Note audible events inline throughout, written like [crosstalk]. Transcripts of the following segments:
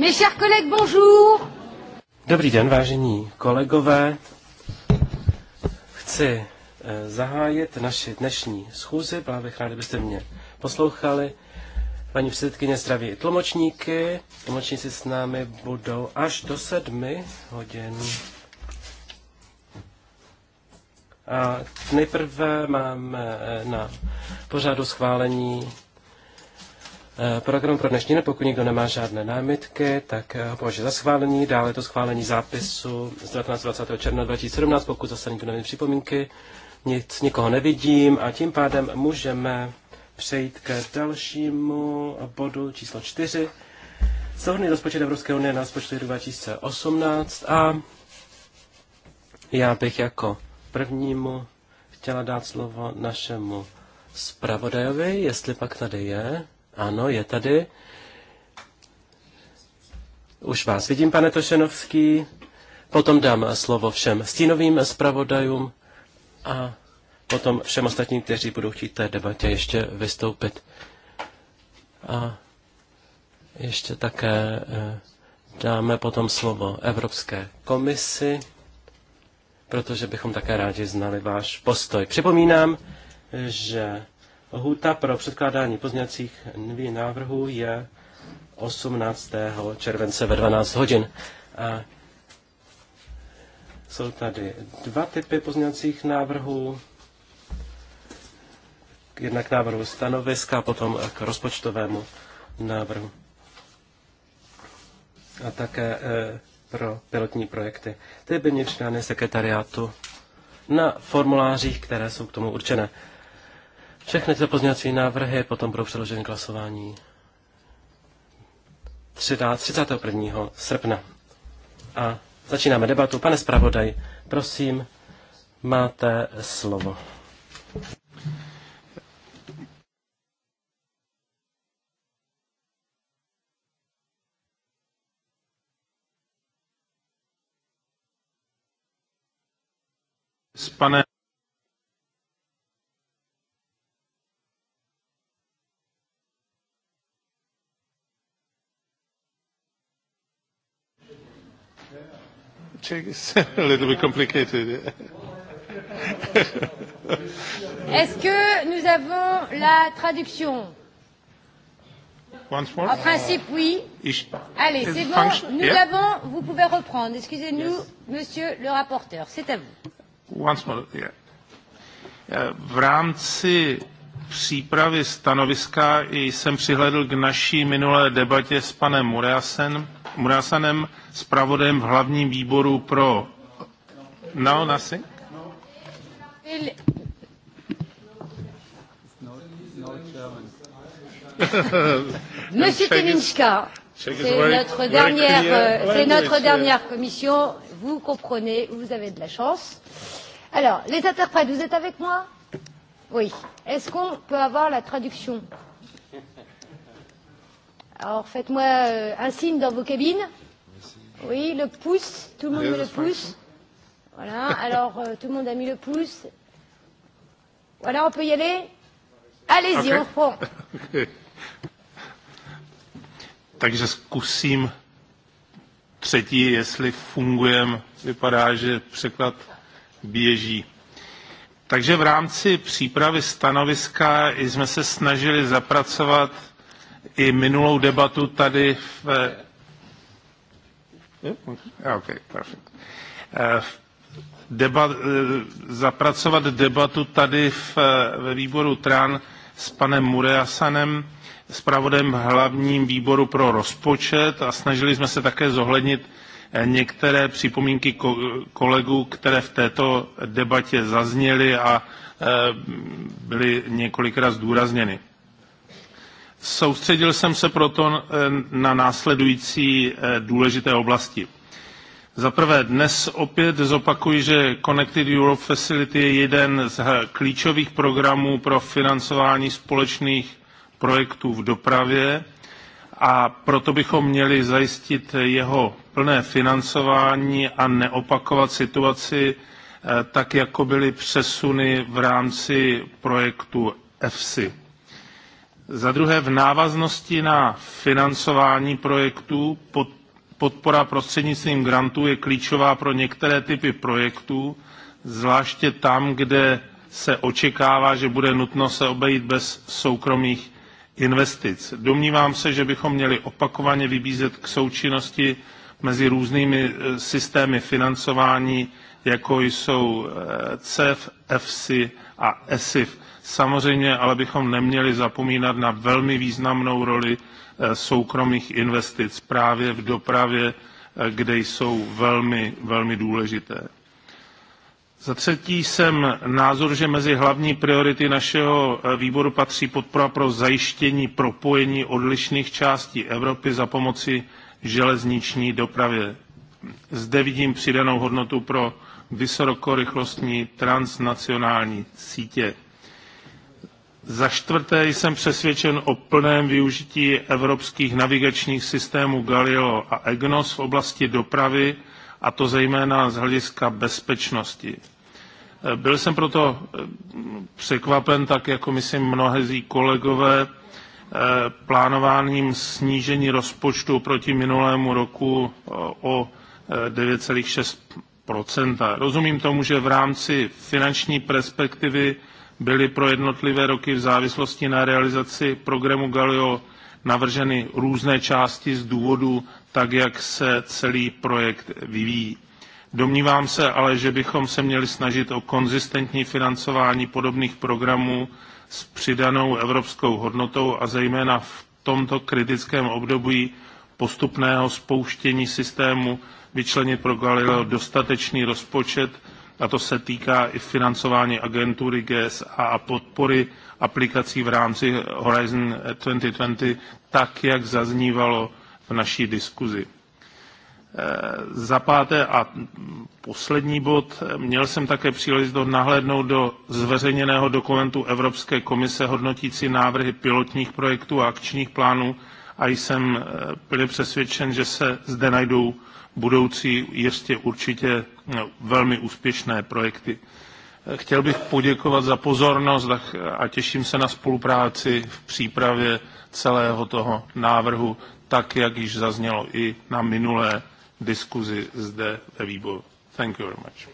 Mes chers collègues, bonjour. Dobrý den, vážení kolegové. Chci eh, zahájit naši dnešní schůzi. Byla bych rád, kdybyste mě poslouchali. Paní předsedkyně zdraví i tlumočníky. Tlumočníci s námi budou až do sedmi hodin. A nejprve máme eh, na pořadu schválení Eh, program pro dnešní den. Pokud nikdo nemá žádné námitky, tak eh, ho považuji za schválení. Dále je to schválení zápisu z 19. 20. června 2017, pokud zase nikdo nemá připomínky. Nic, nikoho nevidím a tím pádem můžeme přejít k dalšímu bodu číslo 4. Souhrný rozpočet Evropské unie na rozpočtu 2018 a já bych jako prvnímu chtěla dát slovo našemu zpravodajovi, jestli pak tady je. Ano, je tady. Už vás vidím, pane Tošenovský. Potom dám slovo všem stínovým zpravodajům a potom všem ostatním, kteří budou chtít té debatě ještě vystoupit. A ještě také eh, dáme potom slovo Evropské komisi, protože bychom také rádi znali váš postoj. Připomínám, že Lhůta pro předkládání pozněcích návrhů je 18. července ve 12 hodin. A jsou tady dva typy pozněcích návrhů. Jednak návrhu stanoviska, potom k rozpočtovému návrhu. A také eh, pro pilotní projekty. Ty by měly sekretariátu na formulářích, které jsou k tomu určené. Všechny ty pozměňovací návrhy potom budou předloženy k hlasování 31. srpna. A začínáme debatu. Pane zpravodaj, prosím, máte slovo. Pane Czech [laughs] a little bit complicated. [laughs] Est-ce que nous avons la traduction Once more? En principe, oui. Ich, Allez, c'est bon. Function, nous yeah. avons. Vous pouvez reprendre. Excusez-nous, yes. Monsieur le rapporteur. C'est à vous. Once more. Yeah. Eh, v rámci přípravy stanoviska jsem přihledl k naší minulé debatě s panem Mureasem Murasanem, zpravodajem v hlavním výboru pro Now Monsieur Teminska, no, c'est notre dernière, euh, c'est notre dernière commission. Vous comprenez, vous avez de la chance. Alors, les interprètes, vous êtes avec moi Oui. Est-ce qu'on peut avoir la traduction Alors faites-moi euh, un signe dans vos cabines. Oui, le pouce. Tout le monde met le pouce. Voilà. Alors euh, tout le monde a mis le pouce. Voilà, on peut y aller. Allez-y, okay. on reprend. [laughs] Okay. Takže zkusím třetí, jestli fungujeme. Vypadá, že překlad běží. Takže v rámci přípravy stanoviska jsme se snažili zapracovat i minulou debatu tady v, eh, okay, perfect. Eh, v debat, eh, zapracovat debatu tady v, ve výboru TRAN s panem Mureasanem, s v hlavním výboru pro rozpočet a snažili jsme se také zohlednit některé připomínky kolegů, které v této debatě zazněly a byly několikrát zdůrazněny. Soustředil jsem se proto eh, na následující eh, důležité oblasti. Za prvé, dnes opět zopakuji, že Connected Europe Facility je jeden z eh, klíčových programů pro financování společných projektů v dopravě a proto bychom měli zajistit jeho plné financování a neopakovat situaci tak, jako byly přesuny v rámci projektu EFSI. Za druhé, v návaznosti na financování projektů podpora prostřednictvím grantů je klíčová pro některé typy projektů, zvláště tam, kde se očekává, že bude nutno se obejít bez soukromých investic. Domnívám se, že bychom měli opakovaně vybízet k součinnosti mezi různými e, systémy financování, jako jsou e, CEF, EFSI a ESIF. Samozřejmě ale bychom neměli zapomínat na velmi významnou roli eh, soukromých investic právě v dopravě, eh, kde jsou velmi, velmi důležité. Za třetí jsem názor, že mezi hlavní priority našeho eh, výboru patří podpora pro zajištění propojení odlišných částí Evropy za pomoci železniční dopravě. Zde vidím přidanou hodnotu pro vysokorychlostní transnacionální sítě. Za čtvrté jsem přesvědčen o plném využití evropských navigačních systémů Galileo a EGNOS v oblasti dopravy, a to zejména z hlediska bezpečnosti. Byl jsem proto eh, překvapen, tak jako myslím mnohezí kolegové, eh, plánováním snížení rozpočtu proti minulému roku eh, o 9,6 Rozumím tomu, že v rámci finanční perspektivy byly pro jednotlivé roky v závislosti na realizaci programu Galileo navrženy různé části z důvodu tak, jak se celý projekt vyvíjí. Domnívám se ale, že bychom se měli snažit o konzistentní financování podobných programů s přidanou evropskou hodnotou a zejména v tomto kritickém období postupného spouštění systému vyčlenit pro Galileo dostatečný rozpočet a to se týká i financování agentury GSA a podpory aplikací v rámci Horizon 2020, tak jak zaznívalo v naší diskuzi. Eh, za páté a poslední bod, měl jsem také příležitost nahlédnout do zveřejněného dokumentu Evropské komise hodnotící návrhy pilotních projektů a akčních plánů a jsem eh, plně přesvědčen, že se zde najdou budoucí ještě určitě No, velmi úspěšné projekty. Chtěl bych poděkovat za pozornost a těším se na spolupráci v přípravě celého toho návrhu, tak jak již zaznělo i na minulé diskuzi zde ve výboru. Thank you very much.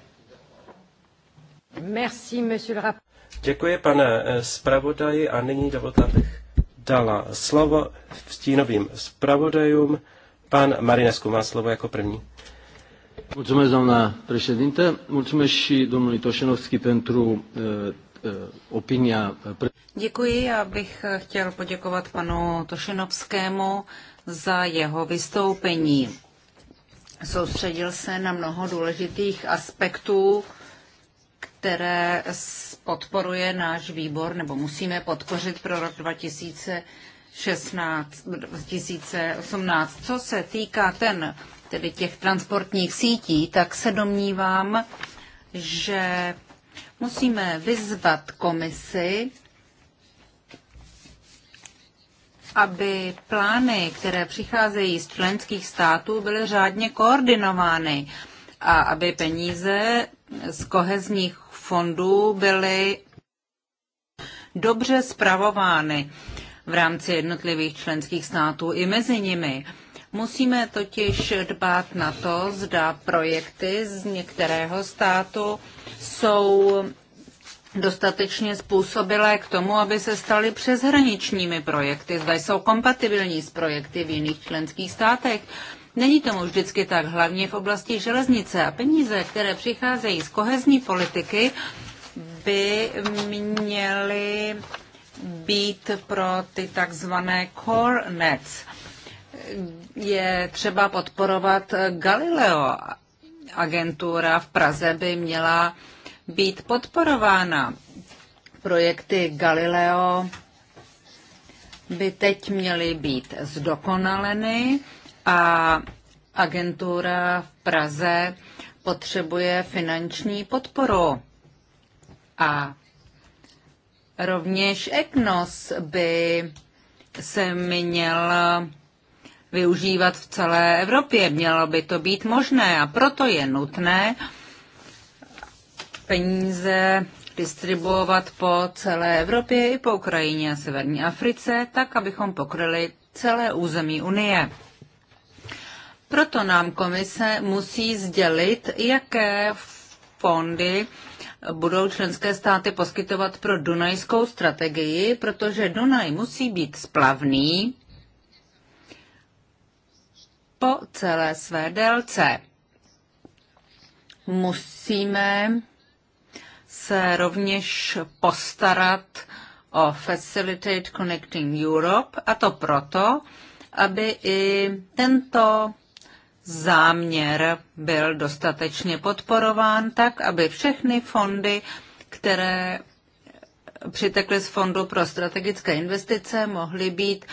Merci, monsieur le Děkuji, pane eh, zpravodaji, a nyní dovolte, abych dala slovo stínovým zpravodajům. Pan Marinesku má slovo jako první. Mulțumesc, doamna președinte. Mulțumesc și domnului Toșenovski pentru e, e, opinia. Děkuji, abych bych chtěl poděkovat panu Tošenovskému za jeho vystoupení. Soustředil se na mnoho důležitých aspektů, které podporuje náš výbor, nebo musíme podpořit pro rok 2016, 2018. Co se týká ten tedy těch transportních sítí, tak se domnívám, že musíme vyzvat komisi, aby plány, které přicházejí z členských států, byly řádně koordinovány a aby peníze z kohezních fondů byly dobře zpravovány v rámci jednotlivých členských států i mezi nimi. Musíme totiž dbát na to, zda projekty z některého státu jsou dostatečně způsobilé k tomu, aby se staly přeshraničními projekty, zda jsou kompatibilní s projekty v jiných členských státech. Není tomu vždycky tak, hlavně v oblasti železnice a peníze, které přicházejí z kohezní politiky, by měly být pro ty takzvané core nets je třeba podporovat Galileo. Agentura v Praze by měla být podporována. Projekty Galileo by teď měly být zdokonaleny a agentura v Praze potřebuje finanční podporu. A rovněž EGNOS by se měl využívat v celé Evropě. Mělo by to být možné a proto je nutné peníze distribuovat po celé Evropě i po Ukrajině a Severní Africe, tak abychom pokryli celé území Unie. Proto nám komise musí sdělit, jaké fondy budou členské státy poskytovat pro Dunajskou strategii, protože Dunaj musí být splavný po celé své délce. Musíme se rovněž postarat o Facilitate Connecting Europe, a to proto, aby i tento záměr byl dostatečně podporován tak, aby všechny fondy, které přitekly z Fondu pro strategické investice, mohly být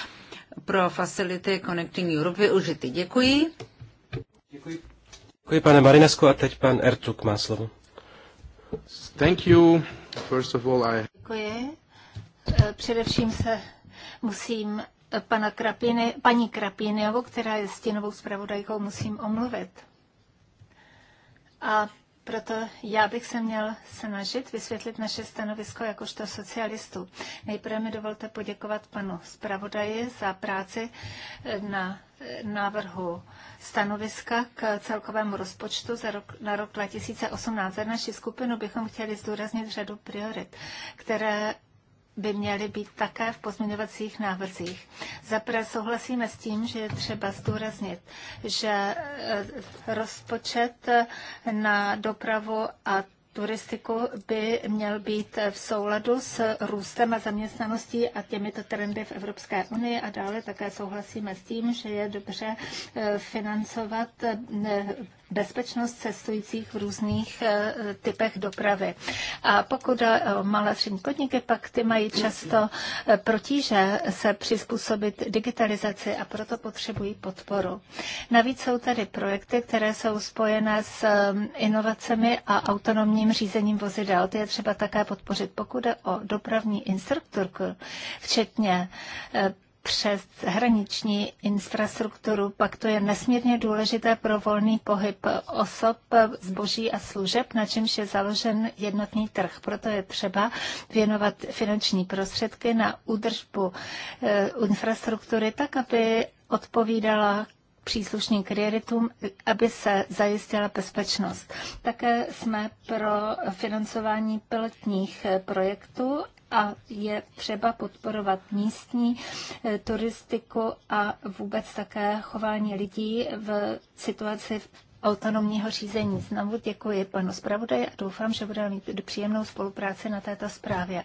pro Facility Connecting Europe využity. Děkuji. Děkuji. Děkuji, pane Marinesku, a teď pan Ertuk má slovo. Thank you. First of all, I... Děkuji. Eh, především se musím eh, pana Krapiny, paní Krapiniovou, která je stěnovou zpravodajkou, musím omluvit. A proto já bych se měl snažit vysvětlit naše stanovisko jakožto socialistů. Nejprve mi dovolte poděkovat panu zpravodaji za práci eh, na eh, návrhu stanoviska k celkovému rozpočtu za rok, na rok 2018. Za naši skupinu bychom chtěli zdůraznit řadu priorit, které by měly být také v pozměňovacích návrzích. Zaprvé souhlasíme s tím, že je třeba zdůraznit, že e, rozpočet e, na dopravu a turistiku by měl být v souladu s růstem a zaměstnaností a těmito trendy v Evropské unii a dále také souhlasíme s tím, že je dobře e, financovat bezpečnost cestujících v různých eh, typech dopravy. A pokud o malé střední podniky, pak ty mají často eh, protíže se přizpůsobit digitalizaci a proto potřebují podporu. Navíc jsou tady projekty, které jsou spojené s eh, inovacemi a autonomním řízením vozidel. Ty je třeba také podpořit. Pokud jde o dopravní instruktorku, včetně přes hraniční infrastrukturu, pak to je nesmírně důležité pro volný pohyb osob, zboží a služeb, na čemž je založen jednotný trh. Proto je třeba věnovat finanční prostředky na údržbu eh, infrastruktury tak, aby odpovídala příslušným kreditům, aby se zajistila bezpečnost. Také jsme pro financování pilotních projektů a je třeba podporovat místní eh, turistiku a vůbec také chování lidí v situaci autonomního řízení. Znovu děkuji panu zpravodaji a doufám, že budeme mít příjemnou spolupráci na této zprávě.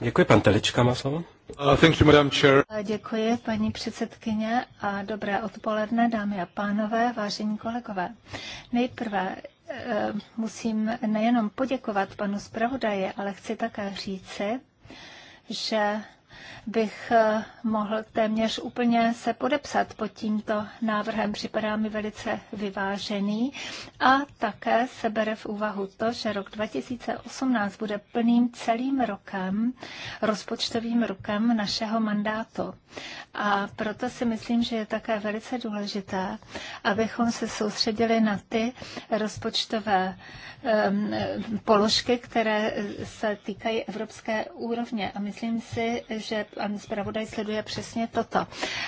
Děkuji, pan Telička má slovo. Uh, thank you, Madam Chair. Eh, děkuji, paní předsedkyně a dobré odpoledne, dámy a pánové, vážení kolegové. Nejprve Eh, musím nejenom poděkovat panu zpravodaji, ale chci také říci, že bych eh, mohl téměř úplně se podepsat pod tímto návrhem. Připadá mi velice vyvážený a také se bere v úvahu to, že rok 2018 bude plným celým rokem, rozpočtovým rokem našeho mandátu. A proto si myslím, že je také velice důležité, abychom se soustředili na ty rozpočtové um, položky, které eh, se týkají evropské úrovně. A myslím si, že že pan zpravodaj sleduje přesně toto.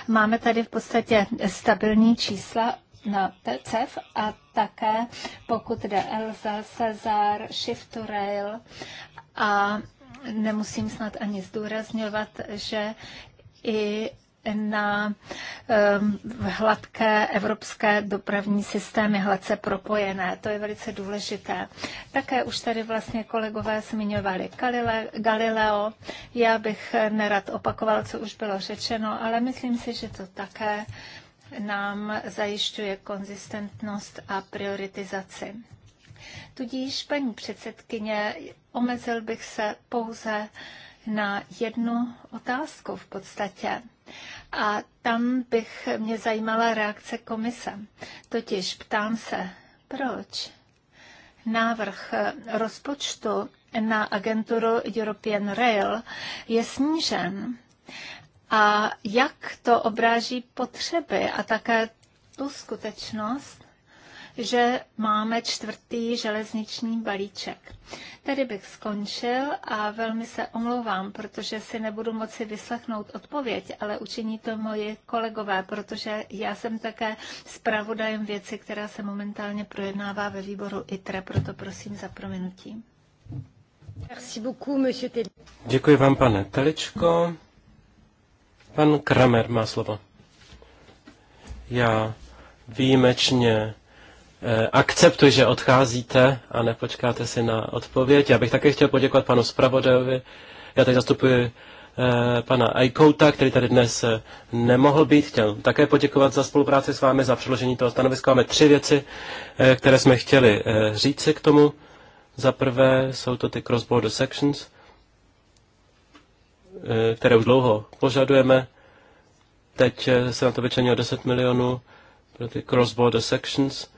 Máme tady v podstatě stabilní čísla na CEF a také, pokud jde Elza, Cezar, Shift to Rail a nemusím snad ani zdůrazňovat, že i na hladké evropské dopravní systémy, hladce propojené. To je velice důležité. Také už tady vlastně kolegové zmiňovali Galileo. Já bych nerad opakoval, co už bylo řečeno, ale myslím si, že to také nám zajišťuje konzistentnost a prioritizaci. Tudíž, paní předsedkyně, omezil bych se pouze na jednu otázku v podstatě. A tam bych mě zajímala reakce komise. Totiž ptám se, proč návrh rozpočtu na agenturu European Rail je snížen a jak to obráží potřeby a také tu skutečnost, že máme čtvrtý železniční balíček. Tady bych skončil a velmi se omlouvám, protože si nebudu moci vyslechnout odpověď, ale učiní to moji kolegové, protože já jsem také zpravodajem věci, která se momentálně projednává ve výboru ITRE, proto prosím za prominutí. Děkuji vám, pane Teličko. Pan Kramer má slovo. Já výjimečně Eh, akceptuji, že odcházíte a nepočkáte si na odpověď. Já bych také chtěl poděkovat panu zpravodajovi. Já teď zastupuji eh, pana Aikouta, který tady dnes eh, nemohl být. Chtěl také poděkovat za spolupráci s vámi, za přeložení toho stanoviska. Máme tři věci, které jsme chtěli si k tomu. Za prvé jsou to ty cross-border sections, které už dlouho požadujeme. Teď se na to vyčlenilo 10 milionů pro ty cross-border sections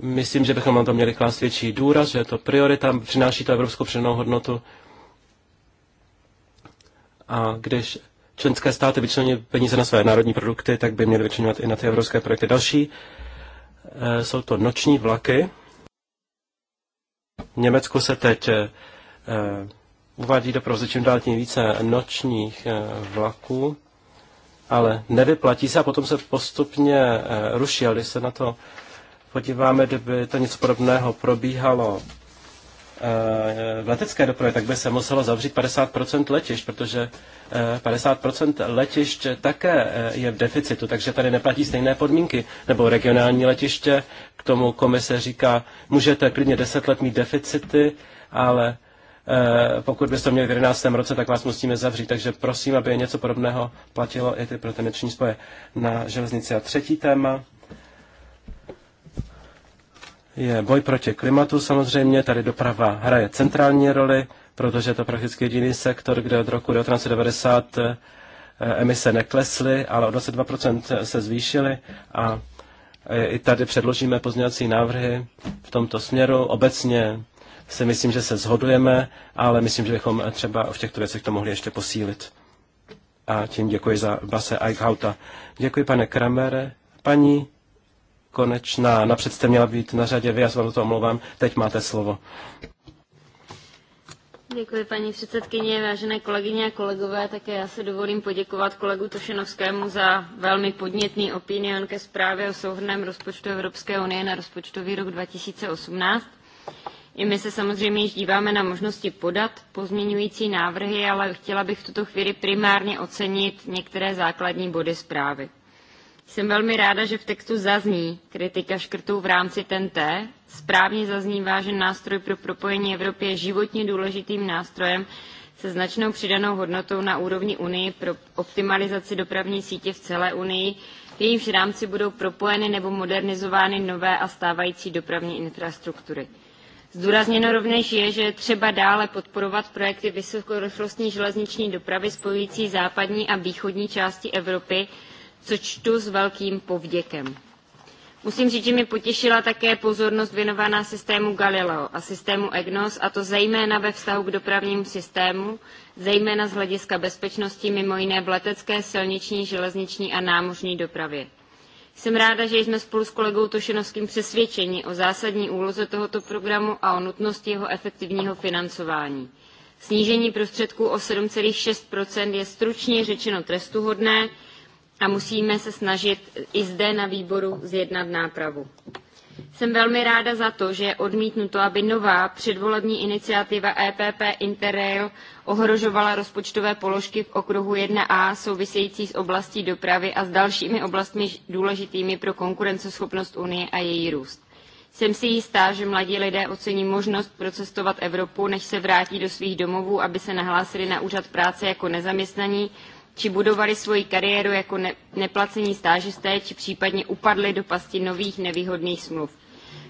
Myslím, že bychom na to měli klást větší důraz, že je to priorita, přináší to evropskou přidanou hodnotu. A když členské státy vyčlení peníze na své národní produkty, tak by měly vyčlenovat i na ty evropské projekty. Další eh, jsou to noční vlaky. V Německu se teď eh, uvádí do provozu čím dál tím více nočních eh, vlaků, ale nevyplatí se a potom se postupně ruší, ale když se na to podíváme, kdyby to něco podobného probíhalo eh, v letecké dopravě, tak by se muselo zavřít 50% letišť, protože 50% eh, letišť také eh, je v deficitu, takže tady neplatí stejné podmínky. Nebo regionální letiště, k tomu komise říká, můžete klidně 10 let mít deficity, ale pokud byste měli v 11. roce, tak vás musíme zavřít. Takže prosím, aby něco podobného platilo i ty pro ty spoje na železnici. A třetí téma, je boj proti klimatu samozřejmě. Tady doprava hraje centrální roli, protože je to prakticky jediný sektor, kde od roku 1990 eh, emise neklesly, ale o 22% se zvýšily a eh, i tady předložíme pozměňovací návrhy v tomto směru. Obecně si myslím, že se zhodujeme, ale myslím, že bychom třeba v těchto věcech to mohli ještě posílit. A tím děkuji za Base Eichhauta. Děkuji, pane Kramere. Paní konečná. Napřed jste měla být na řadě, vy, já se vám to omlouvám. Teď máte slovo. Děkuji paní předsedkyně, vážené kolegyně a kolegové. Také já se dovolím poděkovat kolegu Tošenovskému za velmi podnětný opinion ke zprávě o souhrném rozpočtu Evropské unie na rozpočtový rok 2018. I my se samozřejmě již díváme na možnosti podat pozměňující návrhy, ale chtěla bych v tuto chvíli primárně ocenit některé základní body zprávy. Jsem velmi ráda, že v textu zazní kritika škrtů v rámci TNT. Správně zaznívá, že nástroj pro propojení Evropy je životně důležitým nástrojem se značnou přidanou hodnotou na úrovni Unii pro optimalizaci dopravní sítě v celé Unii, v jejímž rámci budou propojeny nebo modernizovány nové a stávající dopravní infrastruktury. Zdůrazněno rovněž je, že je třeba dále podporovat projekty vysokorychlostní železniční dopravy spojující západní a východní části Evropy co čtu s velkým povděkem. Musím říct, že mi potěšila také pozornost věnovaná systému Galileo a systému EGNOS, a to zejména ve vztahu k dopravnímu systému, zejména z hlediska bezpečnosti mimo jiné v letecké, silniční, železniční a námořní dopravě. Jsem ráda, že jsme spolu s kolegou Tošenovským přesvědčeni o zásadní úloze tohoto programu a o nutnosti jeho efektivního financování. Snížení prostředků o 7,6 je stručně řečeno trestuhodné, a musíme se snažit i zde na výboru zjednat nápravu. Jsem velmi ráda za to, že je odmítnuto, aby nová předvolební iniciativa EPP Interrail ohrožovala rozpočtové položky v okruhu 1a související s oblastí dopravy a s dalšími oblastmi důležitými pro konkurenceschopnost Unie a její růst. Jsem si jistá, že mladí lidé ocení možnost procestovat Evropu, než se vrátí do svých domovů, aby se nahlásili na úřad práce jako nezaměstnaní či budovali svoji kariéru jako ne- neplacení stážisté, či případně upadli do pasti nových nevýhodných smluv.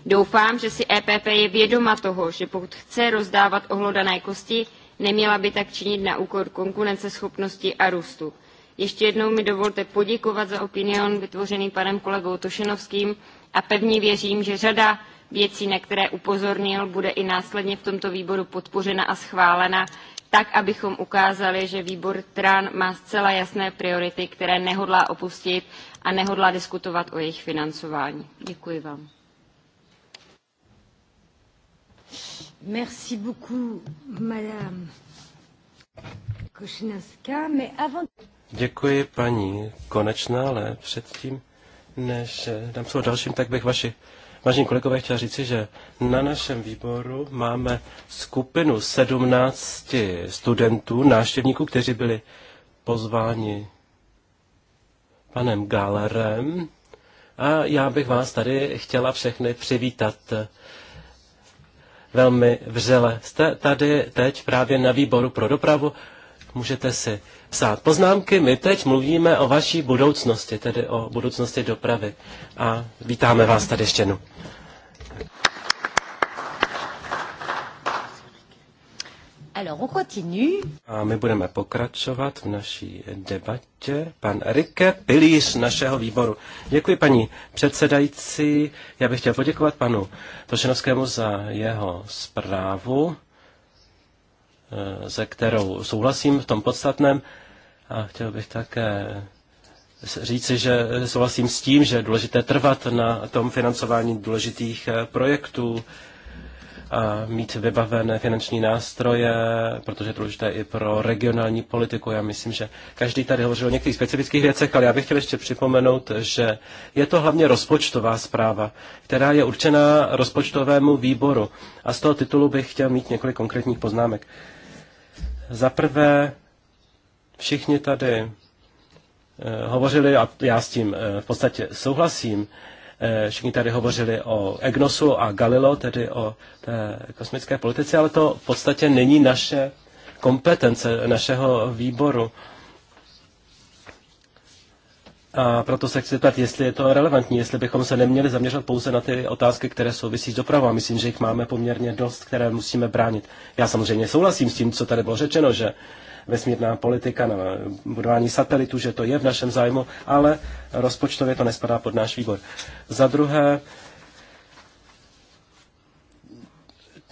Doufám, že si EPP je vědoma toho, že pokud chce rozdávat ohlodané kosti, neměla by tak činit na úkor konkurenceschopnosti a růstu. Ještě jednou mi dovolte poděkovat za opinion vytvořený panem kolegou Tošenovským a pevně věřím, že řada věcí, na které upozornil, bude i následně v tomto výboru podpořena a schválena, tak, abychom ukázali, že výbor TRAN má zcela jasné priority, které nehodlá opustit a nehodlá diskutovat o jejich financování. Děkuji vám. Merci beaucoup, madame avant... Děkuji, paní Konečná, ale předtím, než eh, dám slovo dalším, tak bych vaši Vážení kolegové, chtěl říci, že na našem výboru máme skupinu 17 studentů, návštěvníků, kteří byli pozváni panem Galerem. A já bych vás tady chtěla všechny přivítat velmi vřele. Jste tady teď právě na výboru pro dopravu Můžete si psát poznámky. My teď mluvíme o vaší budoucnosti, tedy o budoucnosti dopravy. A vítáme vás tady ještě jednou. A my budeme pokračovat v naší debatě. Pan Rike, pilíř našeho výboru. Děkuji, paní předsedající. Já bych chtěl poděkovat panu Tošenovskému za jeho zprávu. Eh, se kterou souhlasím v tom podstatném. A chtěl bych také říci, že souhlasím s tím, že je důležité trvat na tom financování důležitých eh, projektů a mít vybavené finanční nástroje, protože je důležité i pro regionální politiku. Já myslím, že každý tady hovořil o některých specifických věcech, ale já bych chtěl ještě připomenout, že je to hlavně rozpočtová zpráva, která je určená rozpočtovému výboru. A z toho titulu bych chtěl mít několik konkrétních poznámek. Uh, za prvé, všichni tady eh, hovořili, a já s tím eh, v podstatě souhlasím, eh, všichni tady hovořili o EGNOSu a Galileo, tedy o té kosmické politice, ale to v podstatě není naše kompetence našeho výboru. A proto se chci zeptat, jestli je to relevantní, jestli bychom se neměli zaměřovat pouze na ty otázky, které souvisí s dopravou. Myslím, že jich máme poměrně dost, které musíme bránit. Já samozřejmě souhlasím s tím, co tady bylo řečeno, že vesmírná politika na budování satelitu, že to je v našem zájmu, ale rozpočtově to nespadá pod náš výbor. Za druhé,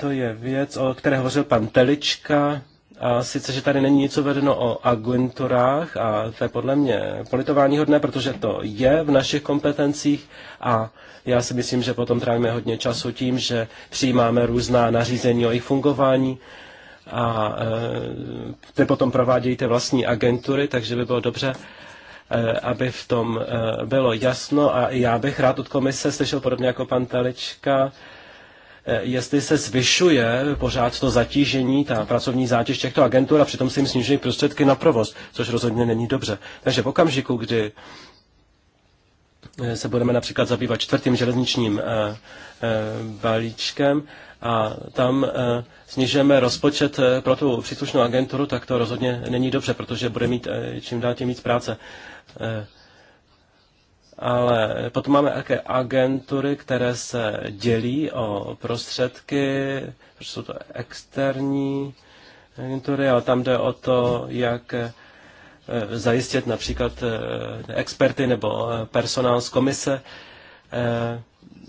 to je věc, o které hovořil pan Telička, a sice, že tady není nic vedeno o agenturách, a to je podle mě politování hodné, protože to je v našich kompetencích a já si myslím, že potom trávíme hodně času tím, že přijímáme různá nařízení o jejich fungování a e, ty potom provádějí ty vlastní agentury, takže by bylo dobře, e, aby v tom e, bylo jasno a já bych rád od komise slyšel podobně jako pan Telička, e, Eh, jestli se zvyšuje pořád to zatížení, ta pracovní zátěž těchto agentur a přitom se jim snižují prostředky na provoz, což rozhodně není dobře. Takže v okamžiku, kdy eh, se budeme například zabývat čtvrtým železničním eh, balíčkem a tam snižujeme rozpočet pro tu příslušnou agenturu, tak to rozhodně není dobře, protože bude mít čím dál tím víc práce ale potom máme také agentury, které se dělí o prostředky, protože jsou to externí agentury, ale tam jde o to, jak eh, zajistit například eh, experty nebo eh, personál z komise.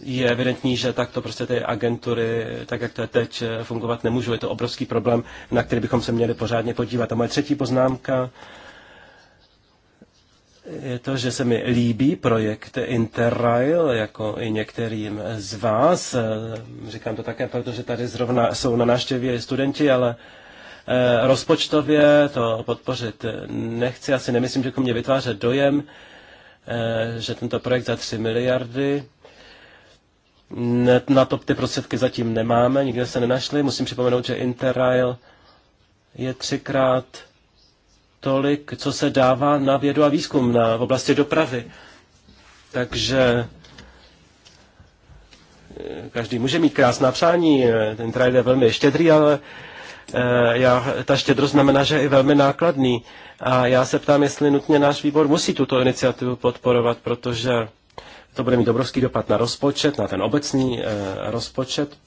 Je evidentní, že takto prostě ty agentury, tak jak to je teď, fungovat nemůžou. Je to obrovský problém, na který bychom se měli pořádně podívat. A moje třetí poznámka, je to, že se mi líbí projekt Interrail, jako i některým z vás. Říkám to také, protože tady zrovna jsou na návštěvě studenti, ale eh, rozpočtově to podpořit nechci. Asi nemyslím, že to mě vytvářet dojem, eh, že tento projekt za 3 miliardy na to ty prostředky zatím nemáme, nikde se nenašly. Musím připomenout, že Interrail je třikrát tolik, co se dává na vědu a výzkum na, v oblasti dopravy. Takže eh, každý může mít krásná přání, eh, ten trail je velmi štědrý, ale eh, já, ta štědrost znamená, že je i velmi nákladný. A já se ptám, jestli nutně náš výbor musí tuto iniciativu podporovat, protože to bude mít obrovský dopad na rozpočet, na ten obecný rozpočet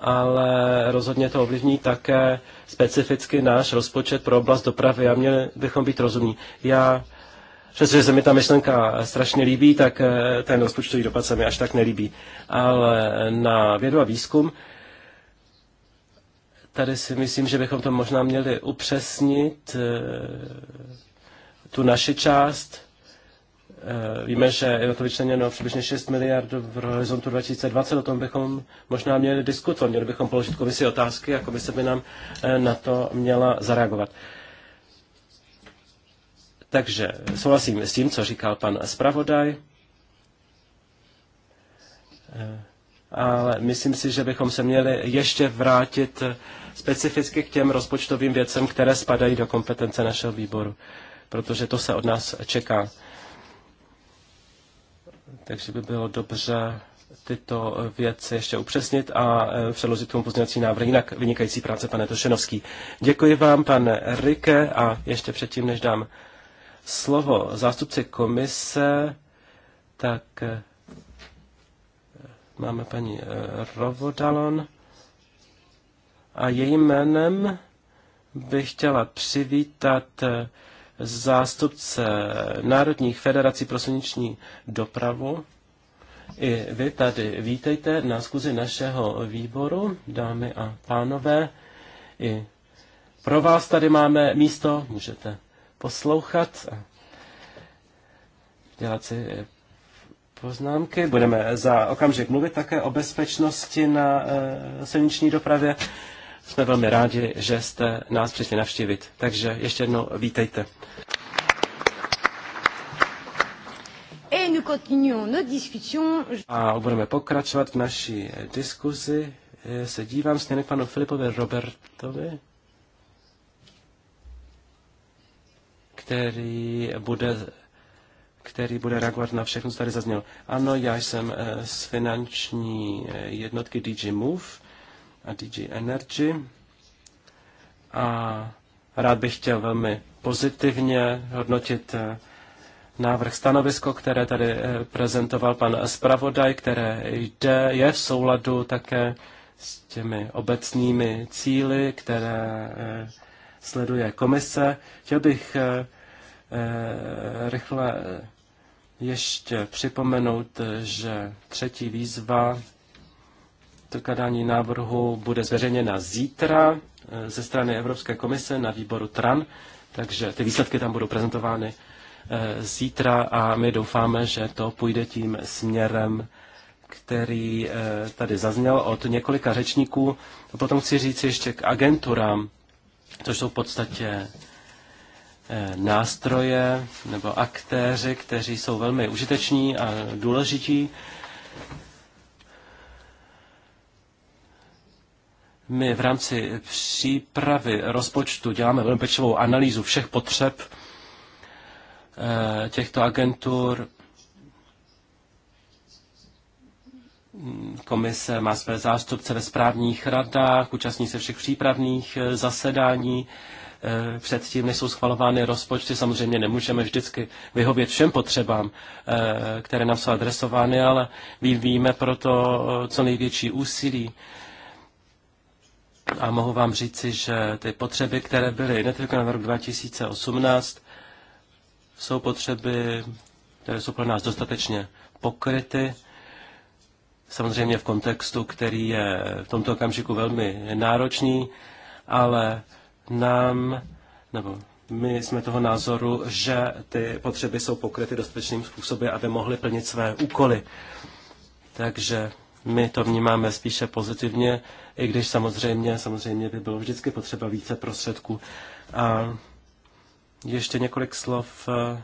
ale rozhodně to ovlivní také specificky náš rozpočet pro oblast dopravy a měli bychom být rozumní. Já, přestože se mi ta myšlenka strašně líbí, tak eh, ten rozpočtový dopad se mi až tak nelíbí. Ale na vědu a výzkum tady si myslím, že bychom to možná měli upřesnit eh, tu naši část, Eh, víme, že je na to vyčleněno přibližně 6 miliard v horizontu 2020, o tom bychom možná měli diskutovat, měli bychom položit komisi otázky a komise by nám eh, na to měla zareagovat. Takže souhlasím s tím, co říkal pan zpravodaj, eh, ale myslím si, že bychom se měli ještě vrátit specificky k těm rozpočtovým věcem, které spadají do kompetence našeho výboru, protože to se od nás čeká. Takže by bylo dobře tyto věci ještě upřesnit a e, předložit tomu pozměňovací návrh. Jinak vynikající práce, pane Tošenovský. Děkuji vám, pan Rike, a ještě předtím, než dám slovo zástupci komise, tak e, máme paní e, Rovodalon a jejím jménem bych chtěla přivítat zástupce Národních federací pro silniční dopravu. I vy tady vítejte na zkuzi našeho výboru, dámy a pánové. I pro vás tady máme místo, můžete poslouchat a dělat si poznámky. Budeme za okamžik mluvit také o bezpečnosti na e, silniční dopravě jsme velmi rádi, že jste nás přišli navštívit. Takže ještě jednou vítejte. A budeme pokračovat v naší diskuzi. Eh, se dívám směrem k panu Filipovi Robertovi, který bude který bude reagovat na všechno, co tady zaznělo. Ano, já jsem eh, z finanční eh, jednotky DG Move a DG Energy. A rád bych chtěl velmi pozitivně hodnotit eh, návrh stanovisko, které tady eh, prezentoval pan zpravodaj, které jde, je v souladu také s těmi obecnými cíly, které eh, sleduje komise. Chtěl bych rychle ještě připomenout, že třetí výzva Předkládání návrhu bude zveřejněna zítra eh, ze strany Evropské komise na výboru TRAN, takže ty výsledky tam budou prezentovány eh, zítra a my doufáme, že to půjde tím směrem, který eh, tady zazněl od několika řečníků. A potom chci říct ještě k agenturám, což jsou v podstatě nástroje nebo aktéři, kteří jsou velmi užiteční a důležití My v rámci přípravy rozpočtu děláme velmi pečlivou analýzu všech potřeb eh, těchto agentur. Komise má své zástupce ve správních radách, účastní se všech přípravných eh, zasedání. Eh, předtím, než jsou schvalovány rozpočty, samozřejmě nemůžeme vždycky vyhovět všem potřebám, které nám jsou adresovány, ale vyvíjíme proto co největší úsilí a mohu vám říci, že ty potřeby, které byly identifikovány v roku 2018, jsou potřeby, které jsou pro nás dostatečně pokryty. Samozřejmě v kontextu, který je v tomto okamžiku velmi náročný, ale nám, nebo my jsme toho názoru, že ty potřeby jsou pokryty dostatečným způsobem, aby mohly plnit své úkoly. Takže my to vnímáme spíše pozitivně, i když samozřejmě, samozřejmě by bylo vždycky potřeba více prostředků. A ještě několik slov eh,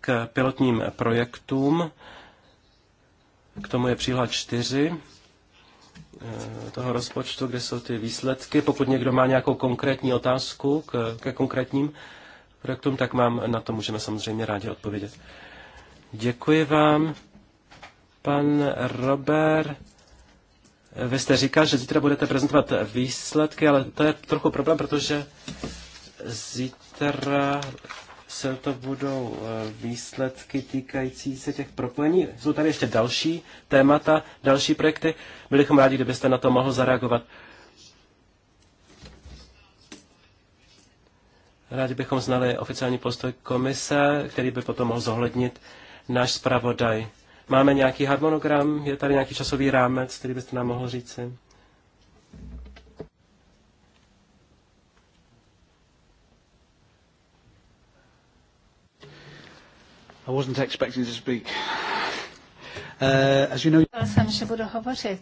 k pilotním projektům. K tomu je příhla 4 eh, toho rozpočtu, kde jsou ty výsledky. Pokud někdo má nějakou konkrétní otázku k, ke konkrétním projektům, tak mám na to můžeme samozřejmě rádi odpovědět. Děkuji vám. Pan Robert, vy jste říkal, že zítra budete prezentovat výsledky, ale to je trochu problém, protože zítra se to budou eh, výsledky týkající se těch propojení. Jsou tady ještě další témata, další projekty. Byli bychom rádi, kdybyste na to mohl zareagovat. Rádi bychom znali oficiální postoj komise, který by potom mohl zohlednit náš zpravodaj. Máme nějaký harmonogram? Je tady nějaký časový rámec, který byste nám mohl říci? I wasn't expecting to speak. Uh, as you know... jsem, že budu hovořit.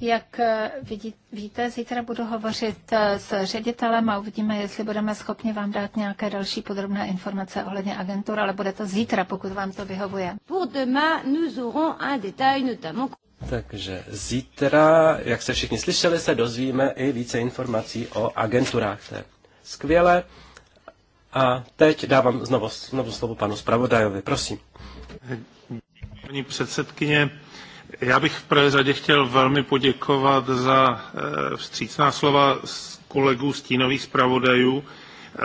Jak eh, vidí, víte, zítra budu hovořit eh, s ředitelem a uvidíme, jestli budeme schopni vám dát nějaké další podrobné informace ohledně agentur, ale bude to zítra, pokud vám to vyhovuje. Takže zítra, jak se všichni slyšeli, se dozvíme i více informací o agenturách. To je skvěle. A teď dávám znovu, znovu slovo panu zpravodajovi. Prosím. Paní předsedkyně, já bych v prvé řadě chtěl velmi poděkovat za eh, vstřícná slova kolegů stínových zpravodajů. Eh,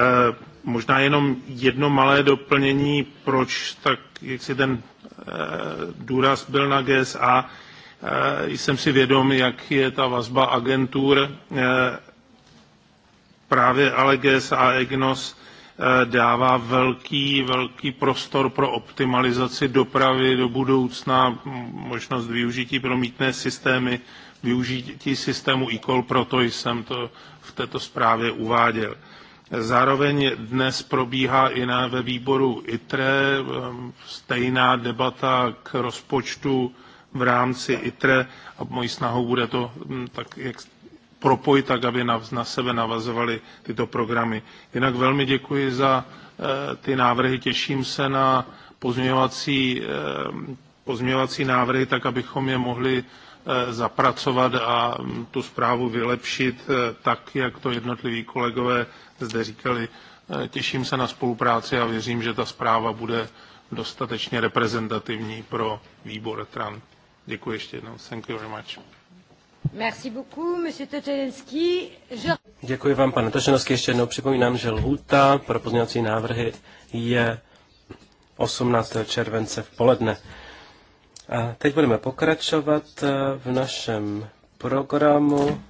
možná jenom jedno malé doplnění, proč tak, jak si ten eh, důraz byl na GSA. Jsem si vědom, jak je ta vazba agentur. Právě ale GSA EGNOS Eh, dává velký, velký prostor pro optimalizaci dopravy do budoucna, možnost využití promítné systémy, využití systému e-call, proto jsem to v této zprávě uváděl. Zároveň dnes probíhá i na, ve výboru ITRE eh, stejná debata k rozpočtu v rámci ITRE a mojí snahou bude to, hm, tak jak propojit tak, aby na sebe navazovaly tyto programy. Jinak velmi děkuji za eh, ty návrhy, těším se na pozměňovací, eh, pozměňovací návrhy, tak abychom je mohli eh, zapracovat a mm, tu zprávu vylepšit tak, jak to jednotliví kolegové zde říkali. Těším se na spolupráci a věřím, že ta zpráva bude dostatečně reprezentativní pro výbor TRAN. Děkuji ještě jednou. Thank you very much. Děkuji vám, pane Tošenovský. Ještě jednou připomínám, že lhůta pro pozměňovací návrhy je 18. července v poledne. A teď budeme pokračovat eh, v našem programu.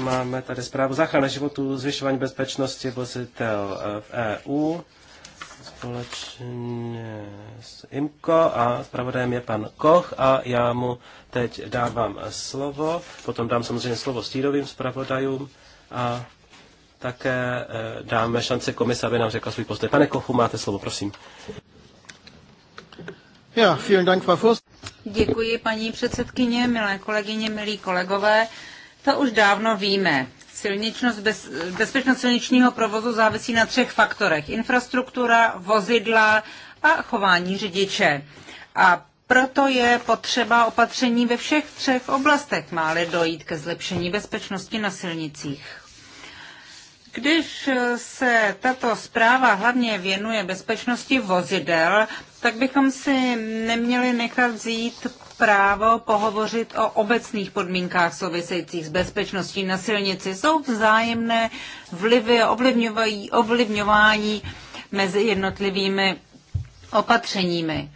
Máme tady zprávu záchrany životů, zvyšování bezpečnosti vozitel eh, v EU společně s Imko a zpravodajem je pan Koch a já mu teď dávám slovo, potom dám samozřejmě slovo stírovým zpravodajům a také eh, dáme šance komise, aby nám řekla svůj postoj. Pane Kochu, máte slovo, prosím. Ja, vielen Dank, Frau Fürst. Děkuji, paní předsedkyně, milé kolegyně, milí kolegové. To už dávno víme. Silničnost bez, bezpečnost silničního provozu závisí na třech faktorech. Infrastruktura, vozidla a chování řidiče. A proto je potřeba opatření ve všech třech oblastech, máli dojít ke zlepšení bezpečnosti na silnicích. Když se tato zpráva hlavně věnuje bezpečnosti vozidel, tak bychom si neměli nechat vzít právo pohovořit o obecných podmínkách souvisejících s bezpečností na silnici. Jsou vzájemné vlivy ovlivňují, ovlivňování mezi jednotlivými opatřeními.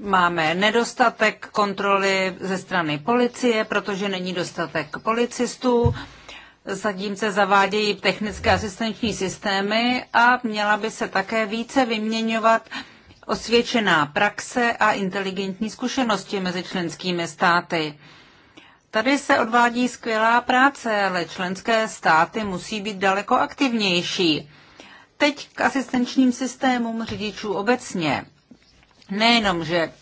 Máme nedostatek kontroly ze strany policie, protože není dostatek policistů. Zatím se zavádějí technické asistenční systémy a měla by se také více vyměňovat uh, osvědčená praxe a inteligentní zkušenosti mezi členskými státy. Tady se odvádí skvělá práce, ale členské státy musí být daleko aktivnější. Teď k asistenčním systémům řidičů obecně. Nejenom, že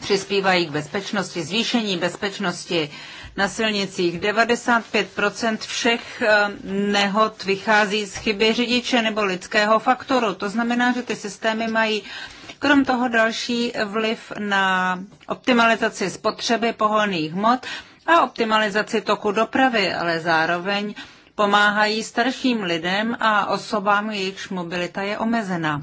přispívají k bezpečnosti, zvýšení bezpečnosti na silnicích. 95% všech eh, nehod vychází z chyby řidiče nebo lidského faktoru. To znamená, že ty systémy mají Krom toho další vliv na optimalizaci spotřeby pohonných hmot a optimalizaci toku dopravy, ale zároveň pomáhají starším lidem a osobám, jejichž mobilita je omezena.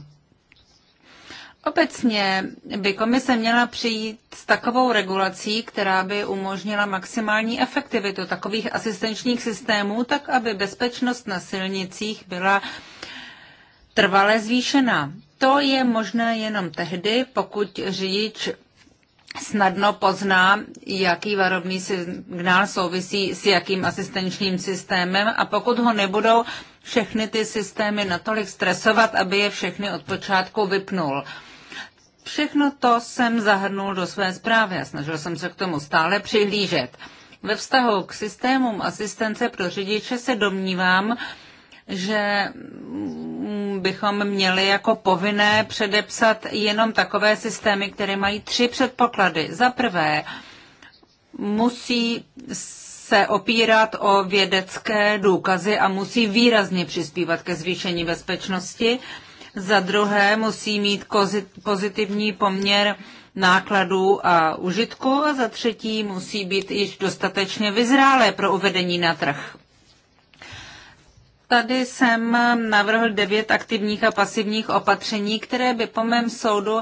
Obecně by komise měla přijít s takovou regulací, která by umožnila maximální efektivitu takových asistenčních systémů, tak aby bezpečnost na silnicích byla trvale zvýšena. To je možné jenom tehdy, pokud řidič snadno pozná, jaký varovný signál souvisí s jakým asistenčním systémem a pokud ho nebudou všechny ty systémy natolik stresovat, aby je všechny od počátku vypnul. Všechno to jsem zahrnul do své zprávy a snažil jsem se k tomu stále přihlížet. Ve vztahu k systémům asistence pro řidiče se domnívám, že bychom měli jako povinné předepsat jenom takové systémy, které mají tři předpoklady. Za prvé, musí se opírat o vědecké důkazy a musí výrazně přispívat ke zvýšení bezpečnosti. Za druhé musí mít pozitivní poměr nákladů a užitku a za třetí musí být již dostatečně vyzrálé pro uvedení na trh. Tady jsem navrhl devět aktivních a pasivních opatření, které by po mém soudu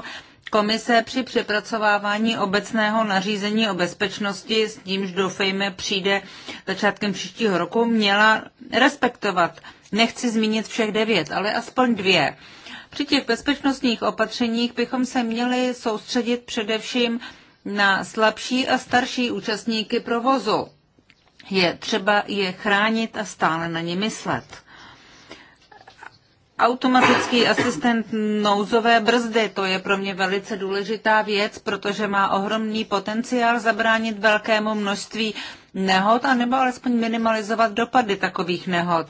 komise při přepracovávání obecného nařízení o bezpečnosti, s nímž doufejme přijde začátkem příštího roku, měla respektovat. Nechci zmínit všech devět, ale aspoň dvě. Při těch bezpečnostních opatřeních bychom se měli soustředit především na slabší a starší účastníky provozu. Je třeba je chránit a stále na ně myslet. Automatický asistent nouzové brzdy, to je pro mě velice důležitá věc, protože má ohromný potenciál zabránit velkému množství nehod, a nebo alespoň minimalizovat dopady takových nehod.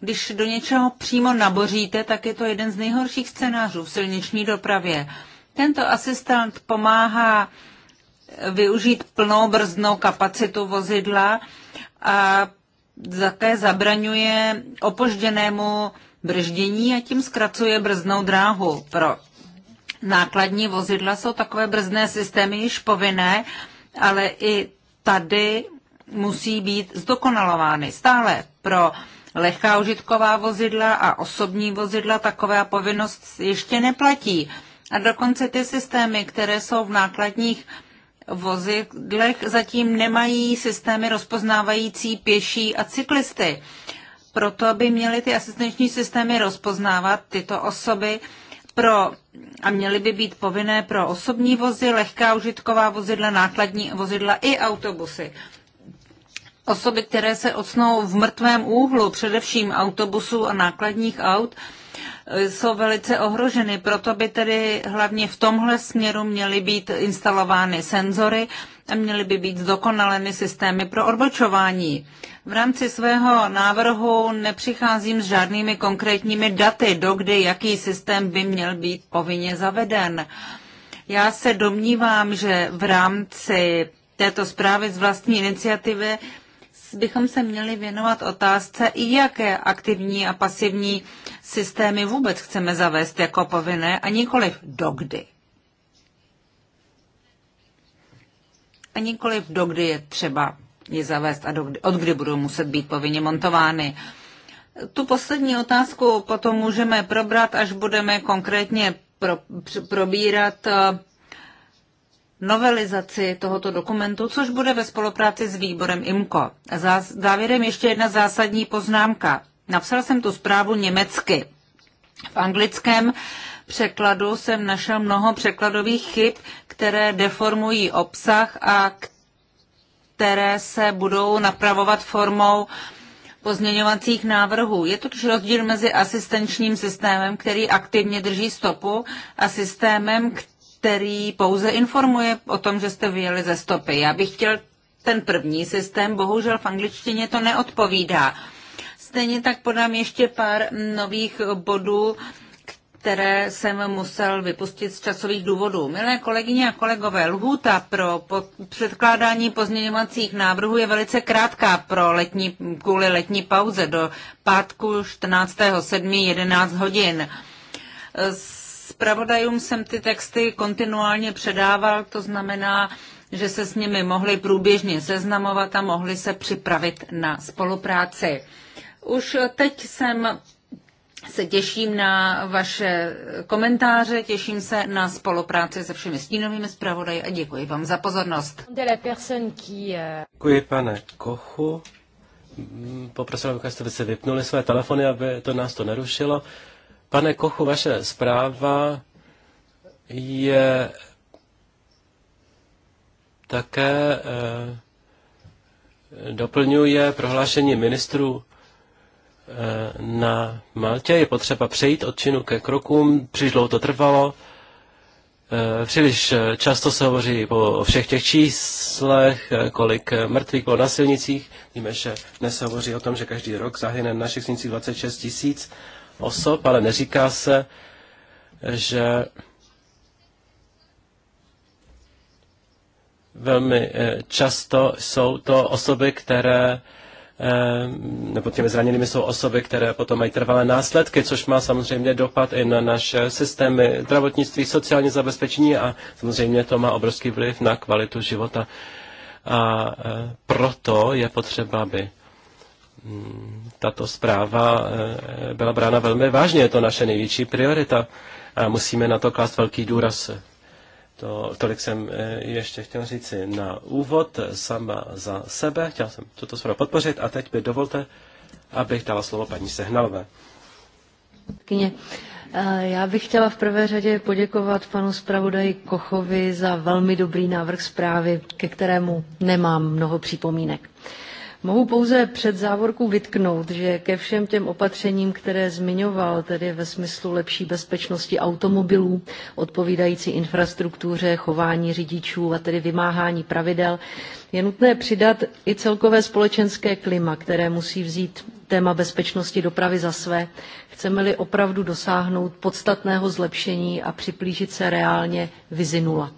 Když do něčeho přímo naboříte, tak je to jeden z nejhorších scénářů v silniční dopravě. Tento asistent pomáhá využít plnou brzdnou kapacitu vozidla a také zabraňuje opožděnému brždění a tím zkracuje brzdnou dráhu. Pro nákladní vozidla jsou takové brzdné systémy již povinné, ale i tady musí být zdokonalovány. Stále pro lehká užitková vozidla a osobní vozidla taková povinnost ještě neplatí. A dokonce ty systémy, které jsou v nákladních vozidlech zatím nemají systémy rozpoznávající pěší a cyklisty. Proto, by měly ty asistenční systémy rozpoznávat tyto osoby pro, a měly by být povinné pro osobní vozy, lehká užitková vozidla, nákladní vozidla i autobusy. Osoby, které se ocnou v mrtvém úhlu, především autobusů a nákladních aut, jsou velice ohroženy. Proto by tedy hlavně v tomhle směru měly být instalovány senzory a měly by být zdokonaleny systémy pro odbočování. V rámci svého návrhu nepřicházím s žádnými konkrétními daty, dokdy jaký systém by měl být povinně zaveden. Já se domnívám, že v rámci této zprávy z vlastní iniciativy bychom se měli věnovat otázce, i jaké aktivní a pasivní systémy vůbec chceme zavést jako povinné a nikoliv dokdy. A nikoliv dokdy je třeba je zavést a dokdy, od kdy budou muset být povinně montovány. Tu poslední otázku potom můžeme probrat, až budeme konkrétně pro, probírat eh, novelizaci tohoto dokumentu, což bude ve spolupráci s výborem IMCO. závěrem ještě jedna zásadní poznámka. Napsal jsem tu zprávu německy. V anglickém překladu jsem našel mnoho překladových chyb, které deformují obsah a které se budou napravovat formou pozměňovacích návrhů. Je totiž rozdíl mezi asistenčním systémem, který aktivně drží stopu, a systémem, který pouze informuje o tom, že jste vyjeli ze stopy. Já bych chtěl ten první systém, bohužel v angličtině to neodpovídá. Stejně tak podám ještě pár nových bodů, které jsem musel vypustit z časových důvodů. Milé kolegyně a kolegové, lhůta pro předkládání pozměňovacích návrhů je velice krátká pro letní, kvůli letní pauze do pátku 14.7. 11 hodin. Spravodajům jsem ty texty kontinuálně předával, to znamená, že se s nimi mohli průběžně seznamovat a mohli se připravit na spolupráci. Už teď jsem se těším na vaše komentáře, těším se na spolupráci se všemi stínovými zpravodaji a děkuji vám za pozornost. Euh, děkuji, pane Kochu. Mm, poprosil, bych, abyste se vypnuli své telefony, aby to nás to nerušilo. Pane Kochu, vaše zpráva je také eh, doplňuje prohlášení ministrů Eh, na Maltě. Je potřeba přejít od činu ke krokům, příliš dlouho to trvalo. Eh, příliš eh, často se hovoří o všech těch číslech, kolik mrtvých bylo na silnicích. Víme, že dnes se hovoří o tom, že každý rok zahyne na našich silnicích 26 tisíc osob, ale neříká se, že velmi často jsou to osoby, které Eh, nebo těmi zraněnými jsou osoby, které potom mají trvalé následky, což má samozřejmě dopad i na naše systémy zdravotnictví, sociální zabezpečení a samozřejmě to má obrovský vliv na kvalitu života. A eh, proto je potřeba, aby mm, tato zpráva eh, byla brána velmi vážně. Je to naše největší priorita. A musíme na to klást velký důraz. To, tolik jsem eh, ještě chtěl říci na úvod, eh, sama za sebe. Chtěl jsem tuto zprávu podpořit a teď by dovolte, abych dala slovo paní Sehnalové. Kyně. Eh, já bych chtěla v prvé řadě poděkovat panu zpravodaji Kochovi za velmi dobrý návrh zprávy, ke kterému nemám mnoho připomínek. Uh, Mohu pouze před závorku vytknout, že ke všem těm opatřením, které zmiňoval, tedy ve smyslu lepší bezpečnosti automobilů, odpovídající infrastruktuře, chování řidičů a tedy vymáhání pravidel, je nutné přidat i celkové společenské klima, které musí vzít téma bezpečnosti dopravy za své, chceme-li opravdu dosáhnout podstatného zlepšení a připlížit se reálně vizi nula.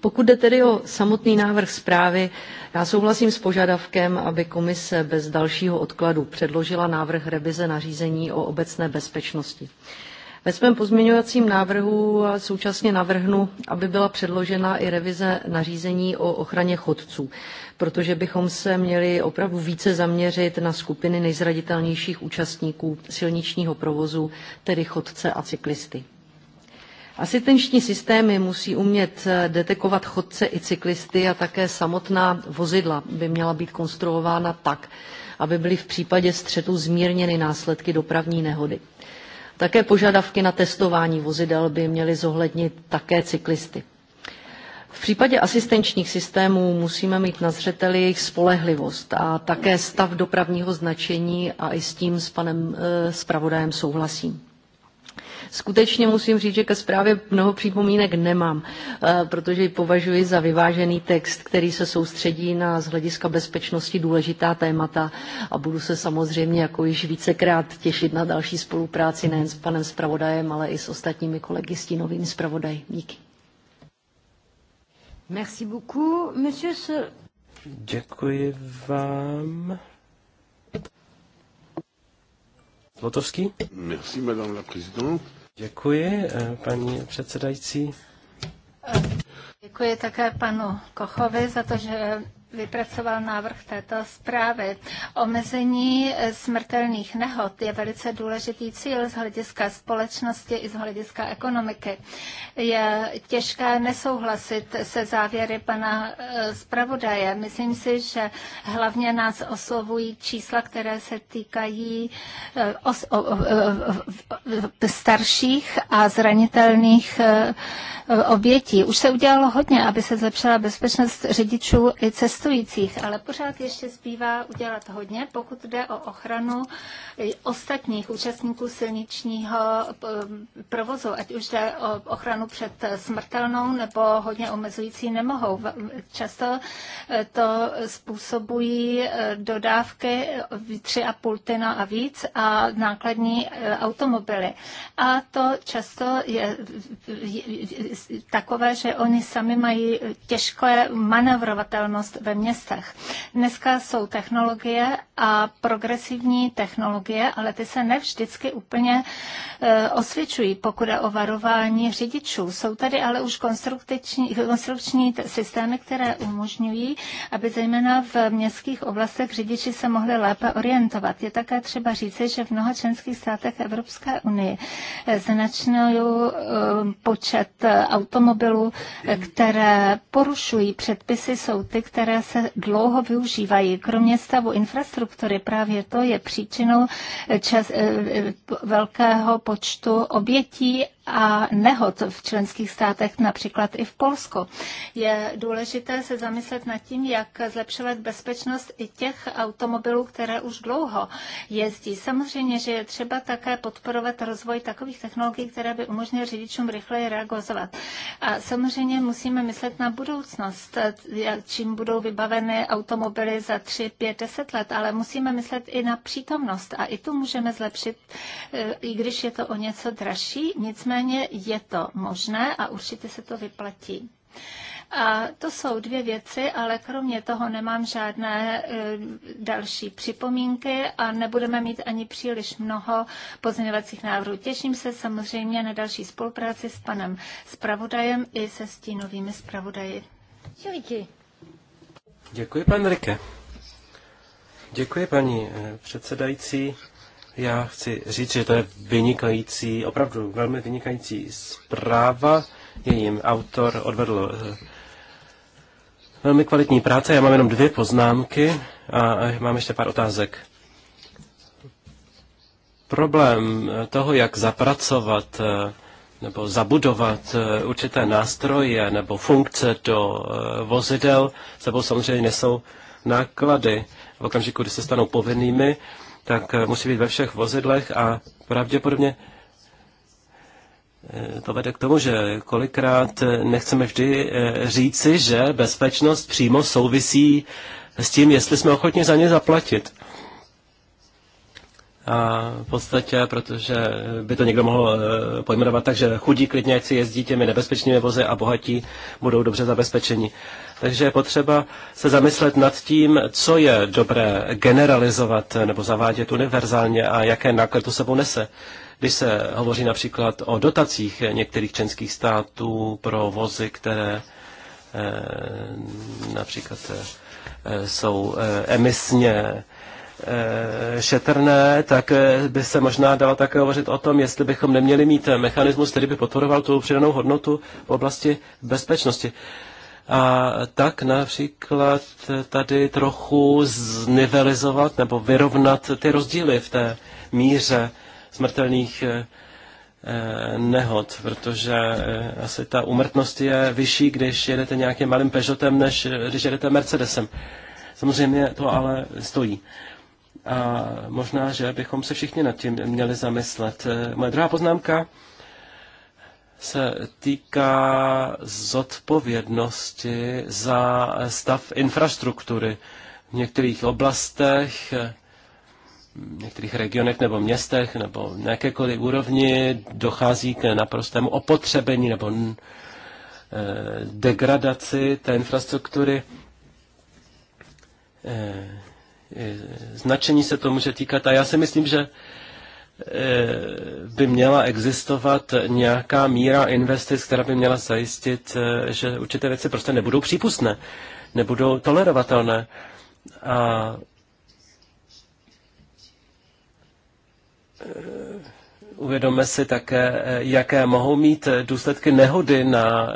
Pokud jde tedy o samotný návrh zprávy, já souhlasím s požadavkem, aby komise bez dalšího odkladu předložila návrh revize nařízení o obecné bezpečnosti. Ve svém pozměňovacím návrhu současně navrhnu, aby byla předložena i revize nařízení o ochraně chodců, protože bychom se měli opravdu více zaměřit na skupiny nejzranitelnějších účastníků silničního provozu, tedy chodce a cyklisty. Asistenční systémy musí umět eh, detekovat chodce i cyklisty a také samotná vozidla by měla být konstruována tak, aby byly v případě střetu zmírněny následky dopravní nehody. Také požadavky na testování vozidel by měly zohlednit také cyklisty. V případě asistenčních systémů musíme mít na zřeteli jejich spolehlivost a také stav dopravního značení a i s tím s panem eh, zpravodajem souhlasím. Skutečně musím říct, že ke zprávě mnoho připomínek nemám, eh, protože ji považuji za vyvážený text, který se soustředí na z hlediska bezpečnosti důležitá témata a budu se samozřejmě jako již vícekrát těšit na další spolupráci nejen s panem zpravodajem, ale i s ostatními kolegy stínovými zpravodaji. Díky. Merci beaucoup, monsieur. Děkuji vám. Lotovský? Merci, madame la présidente. Děkuji, eh, paní předsedající. Děkuji také panu Kochovi za to, že vypracoval návrh této zprávy. Omezení eh, smrtelných nehod je velice důležitý cíl z hlediska společnosti i z hlediska ekonomiky. Je těžké nesouhlasit se závěry pana eh, zpravodaje. Myslím si, že hlavně nás oslovují čísla, které se týkají eh, starších a zranitelných obětí. Už se udělalo hodně, aby se zlepšila bezpečnost řidičů i cestů cestujících, ale pořád ještě zbývá udělat hodně, pokud jde o ochranu ostatních účastníků silničního eh, provozu, ať už jde o ochranu před smrtelnou nebo hodně omezující nemohou. Často eh, to způsobují eh, dodávky 3,5 tyna a víc a nákladní automobily. A to často je takové, že oni sami mají těžké manevrovatelnost ve městech. Dneska jsou technologie a progresivní technologie, ale ty se nevždycky úplně e, osvědčují, pokud je o varování řidičů. Jsou tady ale už konstrukční, systémy, které umožňují, aby zejména v městských oblastech řidiči se mohli lépe orientovat. Je také třeba říci, že v mnoha členských státech Evropské unie e, značný e, počet automobilů, které porušují předpisy, jsou ty, které které se dlouho využívají. Kromě stavu infrastruktury právě to je příčinou čas, eh, eh, velkého počtu obětí a nehod v členských státech, například i v Polsku. Je důležité se zamyslet nad tím, jak zlepšovat bezpečnost i těch automobilů, které už dlouho jezdí. Samozřejmě, že je třeba také podporovat rozvoj takových technologií, které by umožnily řidičům rychleji reagovat. A samozřejmě musíme myslet na budoucnost, čím budou vybaveny automobily za 3, 5, 10 let, ale musíme myslet i na přítomnost a i tu můžeme zlepšit, eh, i když je to o něco dražší. Nicméně Nicméně je to možné a určitě se to vyplatí. A to jsou dvě věci, ale kromě toho nemám žádné e, další připomínky a nebudeme mít ani příliš mnoho pozměňovacích návrhů. Těším se samozřejmě na další spolupráci s panem zpravodajem i se stínovými zpravodaji. Děkuji. Děkuji, pan Rike. Děkuji, paní e, předsedající. Já chci říct, že to je vynikající, opravdu velmi vynikající zpráva. Jejím autor odvedl eh, velmi kvalitní práce. Já mám jenom dvě poznámky a mám ještě pár otázek. Problém eh, toho, jak zapracovat eh, nebo zabudovat určité nástroje nebo funkce do vozidel, sebou samozřejmě nesou náklady. V okamžiku, kdy se stanou povinnými, tak eh, musí být ve všech vozidlech a pravděpodobně eh, to vede k tomu, že kolikrát eh, nechceme vždy říci, že bezpečnost přímo souvisí s tím, jestli jsme ochotni za ně zaplatit. A v podstatě, protože by to někdo mohl eh, pojmenovat tak, že chudí klidně, jak si jezdí těmi nebezpečnými vozy a bohatí budou dobře zabezpečeni. Takže je potřeba se zamyslet nad tím, co je dobré generalizovat nebo zavádět univerzálně a jaké náklady to sebou nese. Když se hovoří například o dotacích některých členských států pro vozy, které eh, například eh, jsou emisně Eh, šetrné, tak eh, by se možná dalo také hovořit o tom, jestli bychom neměli mít mechanismus, který by podporoval tu přidanou hodnotu v oblasti bezpečnosti. A tak například tady trochu znivelizovat nebo vyrovnat ty rozdíly v té míře smrtelných eh, nehod, protože asi ta umrtnost je vyšší, když jedete nějakým malým Peugeotem, než když jedete Mercedesem. Samozřejmě to ale stojí a možná, že bychom se všichni nad tím měli zamyslet. Eh, moje druhá poznámka se týká zodpovědnosti za stav infrastruktury. V některých oblastech, v některých regionech nebo městech nebo v jakékoliv úrovni dochází k naprostému opotřebení nebo eh, degradaci té infrastruktury eh, Eh, značení se to může týkat. A já si myslím, že eh, by měla existovat nějaká míra investic, která by měla zajistit, eh, že určité věci prostě nebudou přípustné, nebudou tolerovatelné. A uvědomme si také, jaké mohou mít důsledky nehody na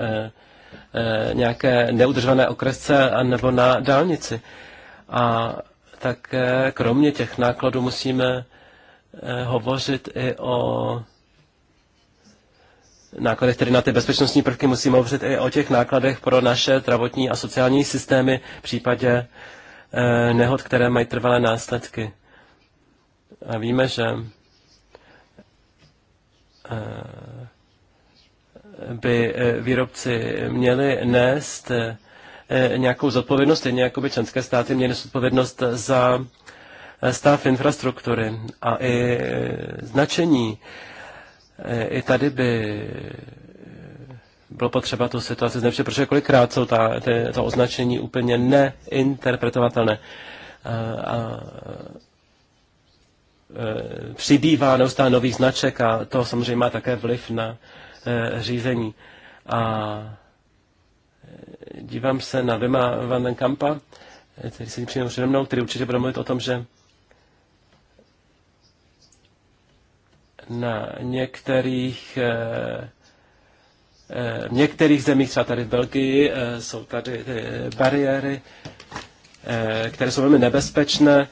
nějaké neudržované okresce nebo na dálnici. A také eh, kromě těch nákladů musíme eh, hovořit i o nákladech, které na ty bezpečnostní prvky musíme hovořit i o těch nákladech pro naše zdravotní a sociální systémy v případě eh, nehod, které mají trvalé následky. A víme, že by výrobci měli nést Eh, nějakou zodpovědnost, stejně jako by členské státy měly zodpovědnost za eh, stav infrastruktury a i eh, značení. I tady by bylo potřeba tu situaci zlepšit, protože kolikrát jsou ta, ty, to označení úplně neinterpretovatelné. A, a, přibývá neustále nových značek a to samozřejmě má také vliv na a, řízení. A dívám se na Vima van den Kampa, který se přijde přede mnou, který určitě bude mluvit o tom, že na některých eh, eh, v některých zemích, třeba tady v Belgii, eh, jsou tady ty bariéry, které jsou velmi nebezpečné,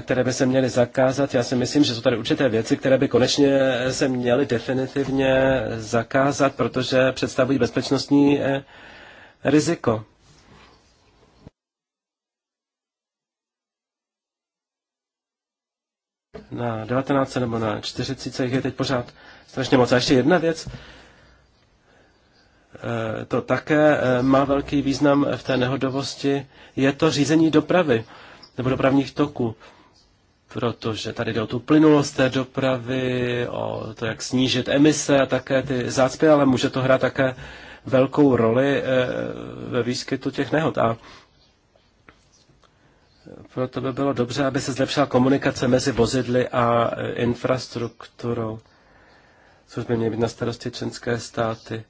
které by se měly zakázat. Já si myslím, že jsou tady určité věci, které by konečně se měly definitivně zakázat, protože představují bezpečnostní riziko. Na 19 nebo na 40 je teď pořád strašně moc. A ještě jedna věc, eh, to také eh, má velký význam v té nehodovosti, je to řízení dopravy nebo dopravních toků protože tady jde o tu plynulost té dopravy, o to, jak snížit emise a také ty zácpy, ale může to hrát také velkou roli eh, ve výskytu těch nehod. A proto by bylo dobře, aby se zlepšila komunikace mezi vozidly a eh, infrastrukturou, což by měly být na starosti členské státy.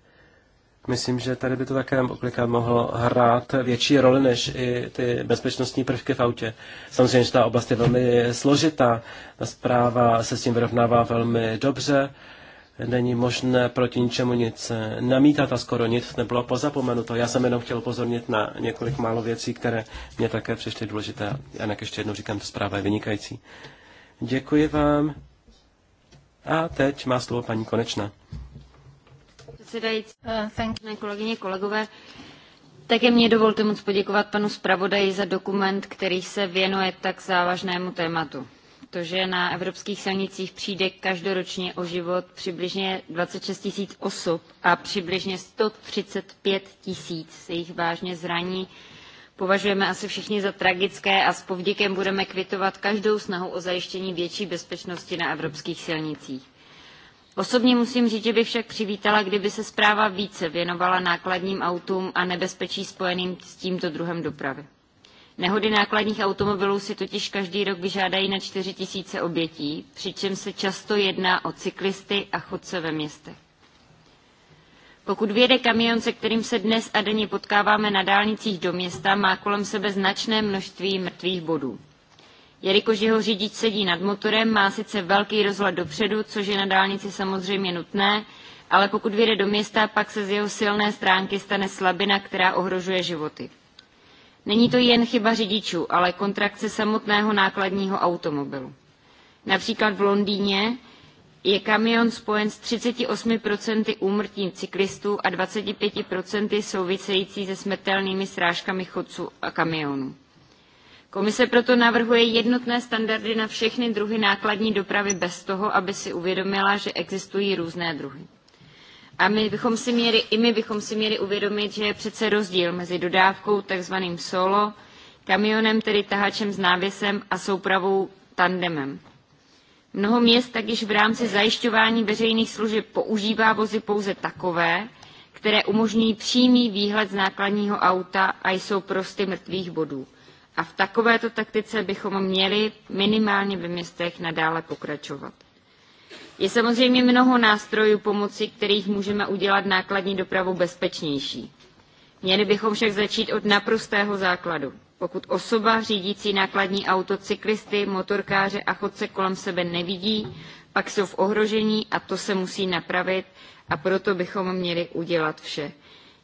Myslím, že tady by to také kolikrát mohlo hrát větší roli než i ty bezpečnostní prvky v autě. Samozřejmě, že ta oblast je velmi složitá, ta zpráva se s tím vyrovnává velmi dobře, není možné proti ničemu nic namítat a skoro nic nebylo pozapomenuto. Já jsem jenom chtěl upozornit na několik málo věcí, které mě také přišly důležité. A jak ještě jednou říkám, to zpráva je vynikající. Děkuji vám. A teď má slovo paní Konečná. Eh, kolegyně, kolegové, také mě dovolte moc poděkovat panu zpravodaji za dokument, který se věnuje tak závažnému tématu to, že na evropských silnicích přijde každoročně o život přibližně 26 tisíc osob a přibližně 135 tisíc se jich vážně zraní, považujeme asi všichni za tragické a s povděkem budeme kvitovat každou snahu o zajištění větší bezpečnosti na evropských silnicích. Osobně musím říct, že bych však přivítala, kdyby se zpráva více věnovala nákladním autům a nebezpečí spojeným s tímto druhem dopravy. Nehody nákladních automobilů si totiž každý rok vyžádají na 4 tisíce obětí, přičem se často jedná o cyklisty a chodce ve městech. Pokud vyjede kamion, se kterým se dnes a denně potkáváme na dálnicích do města, má kolem sebe značné množství mrtvých bodů. Jelikož jeho řidič sedí nad motorem, má sice velký rozhled dopředu, což je na dálnici samozřejmě nutné, ale pokud vyjede do města, pak se z jeho silné stránky stane slabina, která ohrožuje životy. Není to jen chyba řidičů, ale kontrakce samotného nákladního automobilu. Například v Londýně je kamion spojen s 38% úmrtí cyklistů a 25% související se smrtelnými srážkami chodců a kamionů. Komise proto navrhuje jednotné standardy na všechny druhy nákladní dopravy bez toho, aby si uvědomila, že existují různé druhy. A my bychom si měli, i my bychom si měli uvědomit, že je přece rozdíl mezi dodávkou takzvaným solo, kamionem, tedy tahačem s návěsem a soupravou tandemem. Mnoho měst tak již v rámci zajišťování veřejných služeb používá vozy pouze takové, které umožňují přímý výhled z nákladního auta a jsou prosty mrtvých bodů. A v takovéto taktice bychom měli minimálně ve městech nadále pokračovat. Je samozřejmě mnoho nástrojů pomoci, kterých můžeme udělat nákladní dopravu bezpečnější. Měli bychom však začít od naprostého základu. Pokud osoba řídící nákladní auto, cyklisty, motorkáře a chodce kolem sebe nevidí, pak jsou v ohrožení a to se musí napravit a proto bychom měli udělat vše.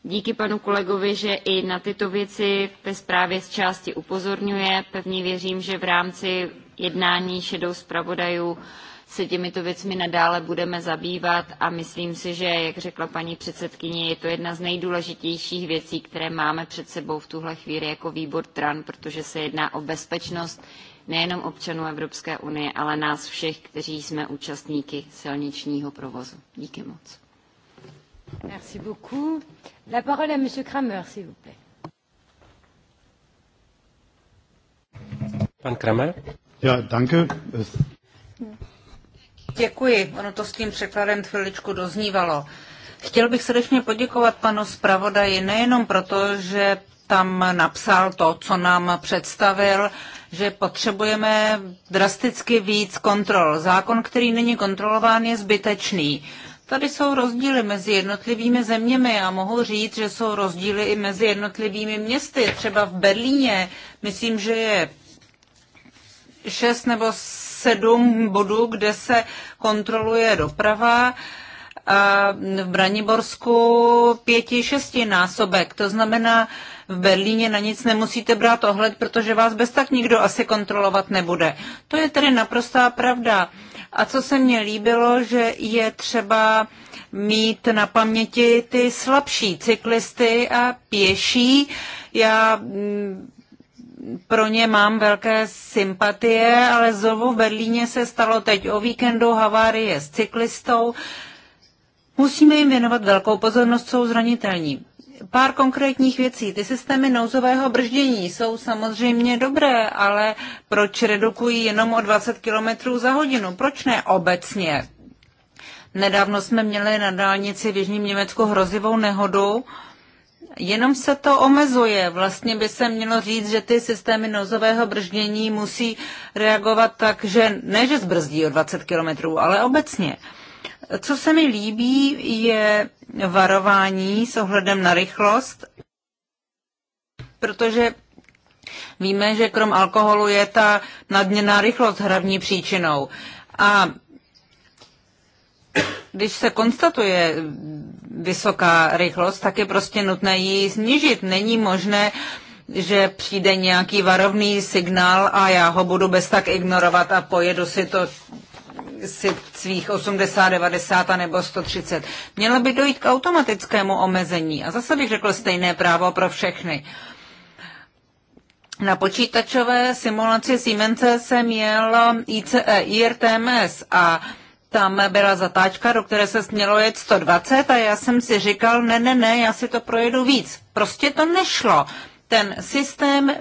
Díky panu kolegovi, že i na tyto věci ve zprávě z části upozorňuje. Pevně věřím, že v rámci jednání šedou zpravodajů se těmito věcmi nadále budeme zabývat a myslím si, že, jak řekla paní předsedkyně, je to jedna z nejdůležitějších věcí, které máme před sebou v tuhle chvíli jako výbor TRAN, protože se jedná o bezpečnost nejenom občanů Evropské unie, ale nás všech, kteří jsme účastníky silničního provozu. Díky moc. Merci beaucoup. La parole à Monsieur Kramer, s'il vous plaît. Pan Kramer. Ja, danke. Děkuji. Ono to s tím překladem chviličku doznívalo. Chtěl bych srdečně poděkovat panu zpravodaji nejenom proto, že tam napsal to, co nám představil, že potřebujeme drasticky víc kontrol. Zákon, který není kontrolován, je zbytečný. Tady jsou rozdíly mezi jednotlivými zeměmi a mohu říct, že jsou rozdíly i mezi jednotlivými městy. Třeba v Berlíně, myslím, že je šest nebo sedm bodů, kde se kontroluje doprava a v Braniborsku pěti, šesti násobek. To znamená, v Berlíně na nic nemusíte brát ohled, protože vás bez tak nikdo asi kontrolovat nebude. To je tedy naprostá pravda. A co se mně líbilo, že je třeba mít na paměti ty slabší cyklisty a pěší. Já mm, pro ně mám velké sympatie, ale znovu v Berlíně se stalo teď o víkendu havárie s cyklistou. Musíme jim věnovat velkou pozornost, jsou zranitelní. Pár konkrétních věcí. Ty systémy nouzového brždění jsou samozřejmě dobré, ale proč redukují jenom o 20 km za hodinu? Proč ne obecně? Nedávno jsme měli na dálnici v Jižním Německu hrozivou nehodu, jenom se to omezuje. Vlastně by se mělo říct, že ty systémy nouzového brždění musí reagovat tak, že ne, že zbrzdí o 20 kilometrů, ale obecně. Co se mi líbí, je varování s ohledem na rychlost, protože víme, že krom alkoholu je ta nadměrná rychlost hlavní příčinou. A když se konstatuje vysoká rychlost, tak je prostě nutné ji snížit. Není možné, že přijde nějaký varovný signál a já ho budu bez tak ignorovat a pojedu si to si svých 80, 90 a nebo 130. Mělo by dojít k automatickému omezení. A zase bych řekl stejné právo pro všechny. Na počítačové simulaci Siemens jsem měl ICE, IRTMS a tam byla zatáčka, do které se smělo jet 120 a já jsem si říkal, ne, ne, ne, já si to projedu víc. Prostě to nešlo. Ten systém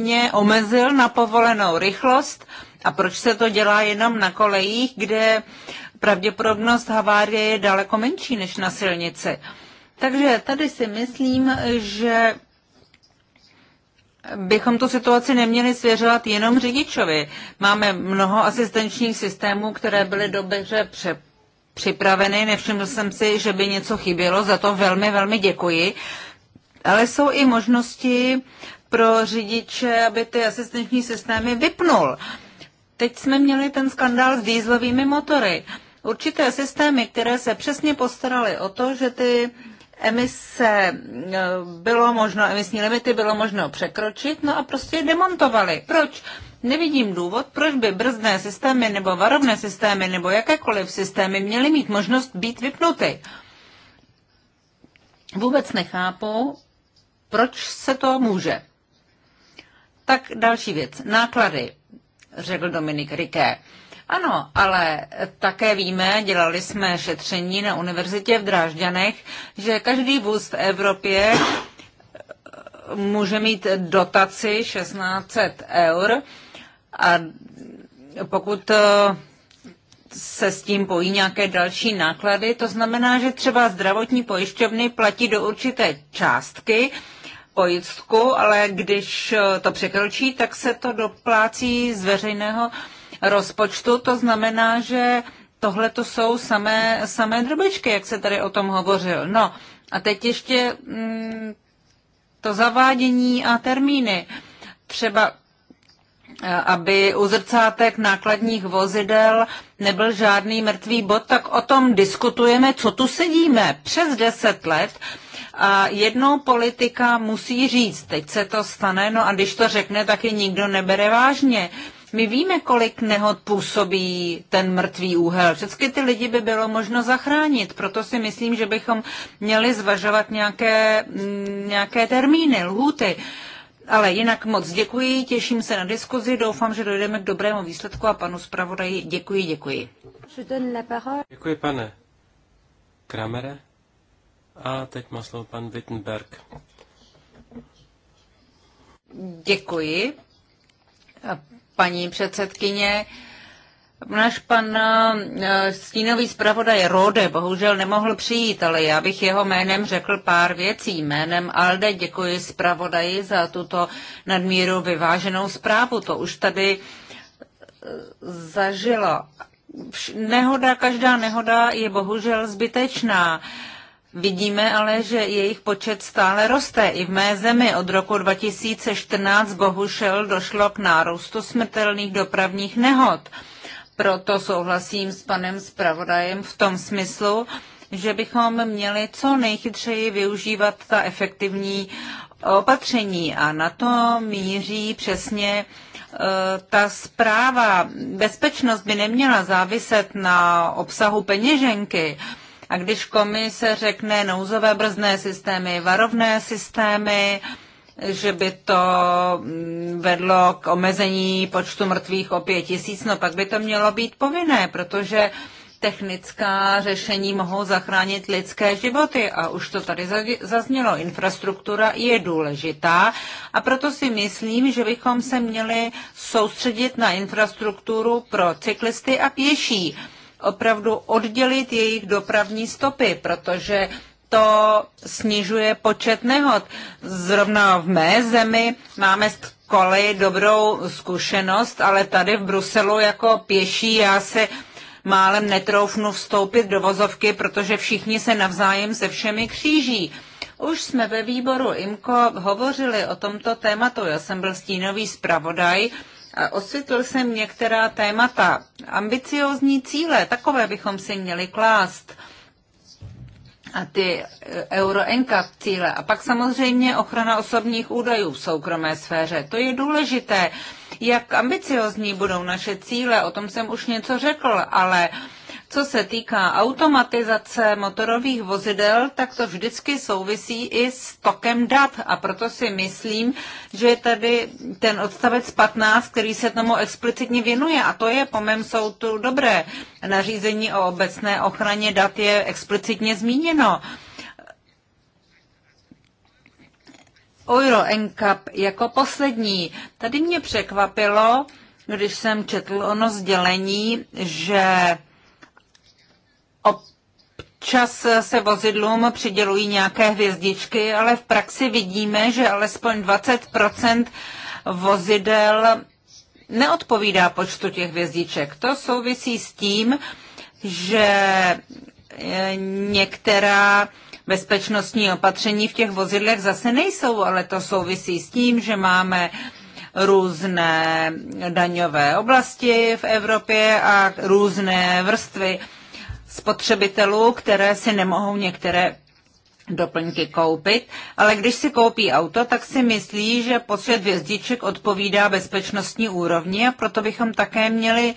mě omezil na povolenou rychlost a proč se to dělá jenom na kolejích, kde pravděpodobnost havárie je daleko menší než na silnici. Takže tady si myslím, že bychom tu situaci neměli svěřovat jenom řidičovi. Máme mnoho asistenčních systémů, které byly dobře pře- připraveny. Nevšiml jsem si, že by něco chybělo, za to velmi, velmi děkuji. Ale jsou i možnosti pro řidiče, aby ty asistenční systémy vypnul. Teď jsme měli ten skandál s dýzlovými motory. Určité systémy, které se přesně postaraly o to, že ty uh, emise e, bylo možno, emisní limity bylo možno překročit, no a prostě je demontovali. Proč? Nevidím důvod, proč by brzdné systémy nebo varovné systémy nebo jakékoliv systémy měly mít možnost být vypnuty. Vůbec nechápu, proč se to může. Tak další věc. Náklady, řekl Dominik Riké. Ano, ale také víme, dělali jsme šetření na univerzitě v Drážďanech, že každý vůz v Evropě eh, může mít dotaci 1600 eur a pokud eh, se s tím pojí nějaké další náklady, to znamená, že třeba zdravotní pojišťovny platí do určité částky pojistku, ale když eh, to překročí, tak se to doplácí z veřejného rozpočtu. To znamená, že tohle to jsou samé, samé drobečky, jak se tady o tom hovořil. No a teď ještě mm, to zavádění a termíny. Třeba eh, aby u zrcátek nákladních vozidel nebyl žádný mrtvý bod, tak o tom diskutujeme, co tu sedíme přes deset let a jednou politika musí říct, teď se to stane, no a když to řekne, tak je nikdo nebere vážně. Uh, my víme, kolik nehod působí ten mrtvý úhel. Všechny ty lidi by bylo možno zachránit, proto si myslím, že bychom měli zvažovat nějaké, mm, nějaké termíny, lhuty. Ale jinak moc děkuji, těším se na diskuzi, doufám, že dojdeme k dobrému výsledku a panu zpravodaji děkuji, děkuji. Děkuji, pane Kramere. A teď má slovo pan Wittenberg. Děkuji paní předsedkyně. Náš pan eh, stínový zpravodaj Rode bohužel nemohl přijít, ale já bych jeho jménem řekl pár věcí. Jménem Alde děkuji zpravodaji za tuto nadmíru vyváženou zprávu. To už tady eh, zažilo. Nehoda, každá nehoda je bohužel zbytečná. Vidíme ale, že jejich počet stále roste. I v mé zemi od roku 2014 bohužel došlo k nárůstu smrtelných dopravních nehod. Proto souhlasím s panem zpravodajem v tom smyslu, že bychom měli co nejchytřeji využívat ta efektivní opatření a na to míří přesně e, ta zpráva. Bezpečnost by neměla záviset na obsahu peněženky. A když komise řekne nouzové brzné systémy, varovné systémy, že by to mm, vedlo k omezení počtu mrtvých o pět tisíc, no pak by to mělo být povinné, protože technická řešení mohou zachránit lidské životy a už to tady zaznělo. Infrastruktura je důležitá a proto si myslím, že bychom se měli soustředit na infrastrukturu pro cyklisty a pěší opravdu oddělit jejich dopravní stopy, protože to snižuje počet nehod. Zrovna v mé zemi máme z koleji dobrou zkušenost, ale tady v Bruselu jako pěší já se málem netroufnu vstoupit do vozovky, protože všichni se navzájem se všemi kříží. Už jsme ve výboru IMKO hovořili o tomto tématu. Já jsem byl stínový zpravodaj Osvětlil jsem některá témata. Ambiciózní cíle, takové bychom si měli klást a ty e, euro cíle. A pak samozřejmě ochrana osobních údajů v soukromé sféře. To je důležité. Jak ambiciozní budou naše cíle, o tom jsem už něco řekl, ale uh, co se týká automatizace motorových vozidel, tak to vždycky souvisí i s tokem dat a proto si myslím, že je tady ten odstavec 15, který se tomu explicitně věnuje a to je po mém soudu dobré. Nařízení o obecné ochraně dat je explicitně zmíněno. Euro NCAP jako poslední. Tady mě překvapilo, když jsem četl ono sdělení, že Občas se vozidlům přidělují nějaké hvězdičky, ale v praxi vidíme, že alespoň 20 vozidel neodpovídá počtu těch hvězdiček. To souvisí s tím, že eh, některá bezpečnostní opatření v těch vozidlech zase nejsou, ale to souvisí s tím, že máme různé daňové oblasti v Evropě a různé vrstvy spotřebitelů, které si nemohou některé doplňky koupit, ale když si koupí auto, tak si myslí, že počet hvězdiček odpovídá bezpečnostní úrovni a proto bychom také měli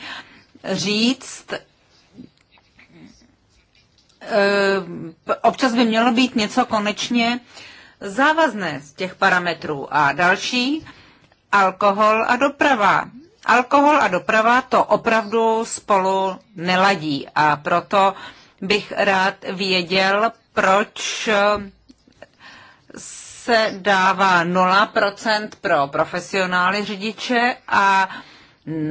říct, eh, občas by mělo být něco konečně závazné z těch parametrů. A další, alkohol a doprava. Alkohol a doprava to opravdu spolu neladí a proto bych rád věděl, proč eh, se dává 0% pro profesionály řidiče a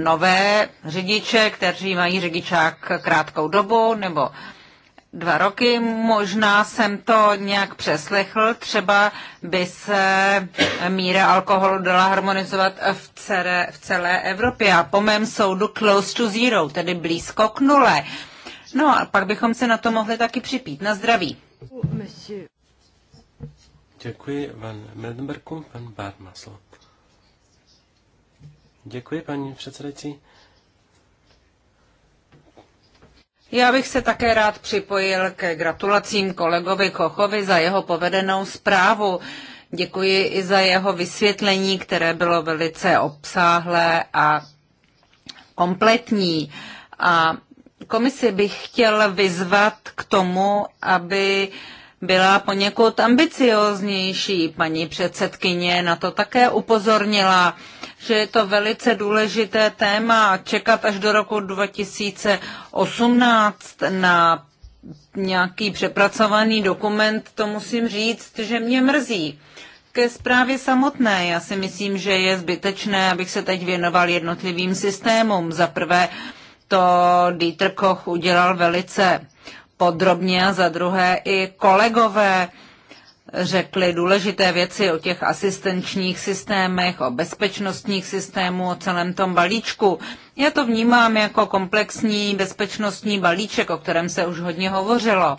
nové řidiče, kteří mají řidičák krátkou dobu nebo dva roky, možná jsem to nějak přeslechl, třeba by se míra alkoholu dala harmonizovat v celé, v celé Evropě a po mém soudu close to zero, tedy blízko k nule. No a pak bychom se na to mohli taky připít. Na zdraví. Děkuji, pan Medenberku, pan Bart Děkuji, paní předsedající. Já bych se také rád připojil ke gratulacím kolegovi Kochovi za jeho povedenou zprávu. Děkuji i za jeho vysvětlení, které bylo velice obsáhlé a kompletní. A komisi bych chtěl vyzvat k tomu, aby byla poněkud ambicioznější. Paní předsedkyně na to také upozornila že je to velice důležité téma čekat až do roku 2018 na nějaký přepracovaný dokument, to musím říct, že mě mrzí. Ke zprávě samotné, já si myslím, že je zbytečné, abych se teď věnoval jednotlivým systémům. Za prvé, to Dieter Koch udělal velice podrobně a za druhé i kolegové řekli důležité věci o těch asistenčních systémech, o bezpečnostních systémů, o celém tom balíčku. Já to vnímám jako komplexní bezpečnostní balíček, o kterém se už hodně hovořilo.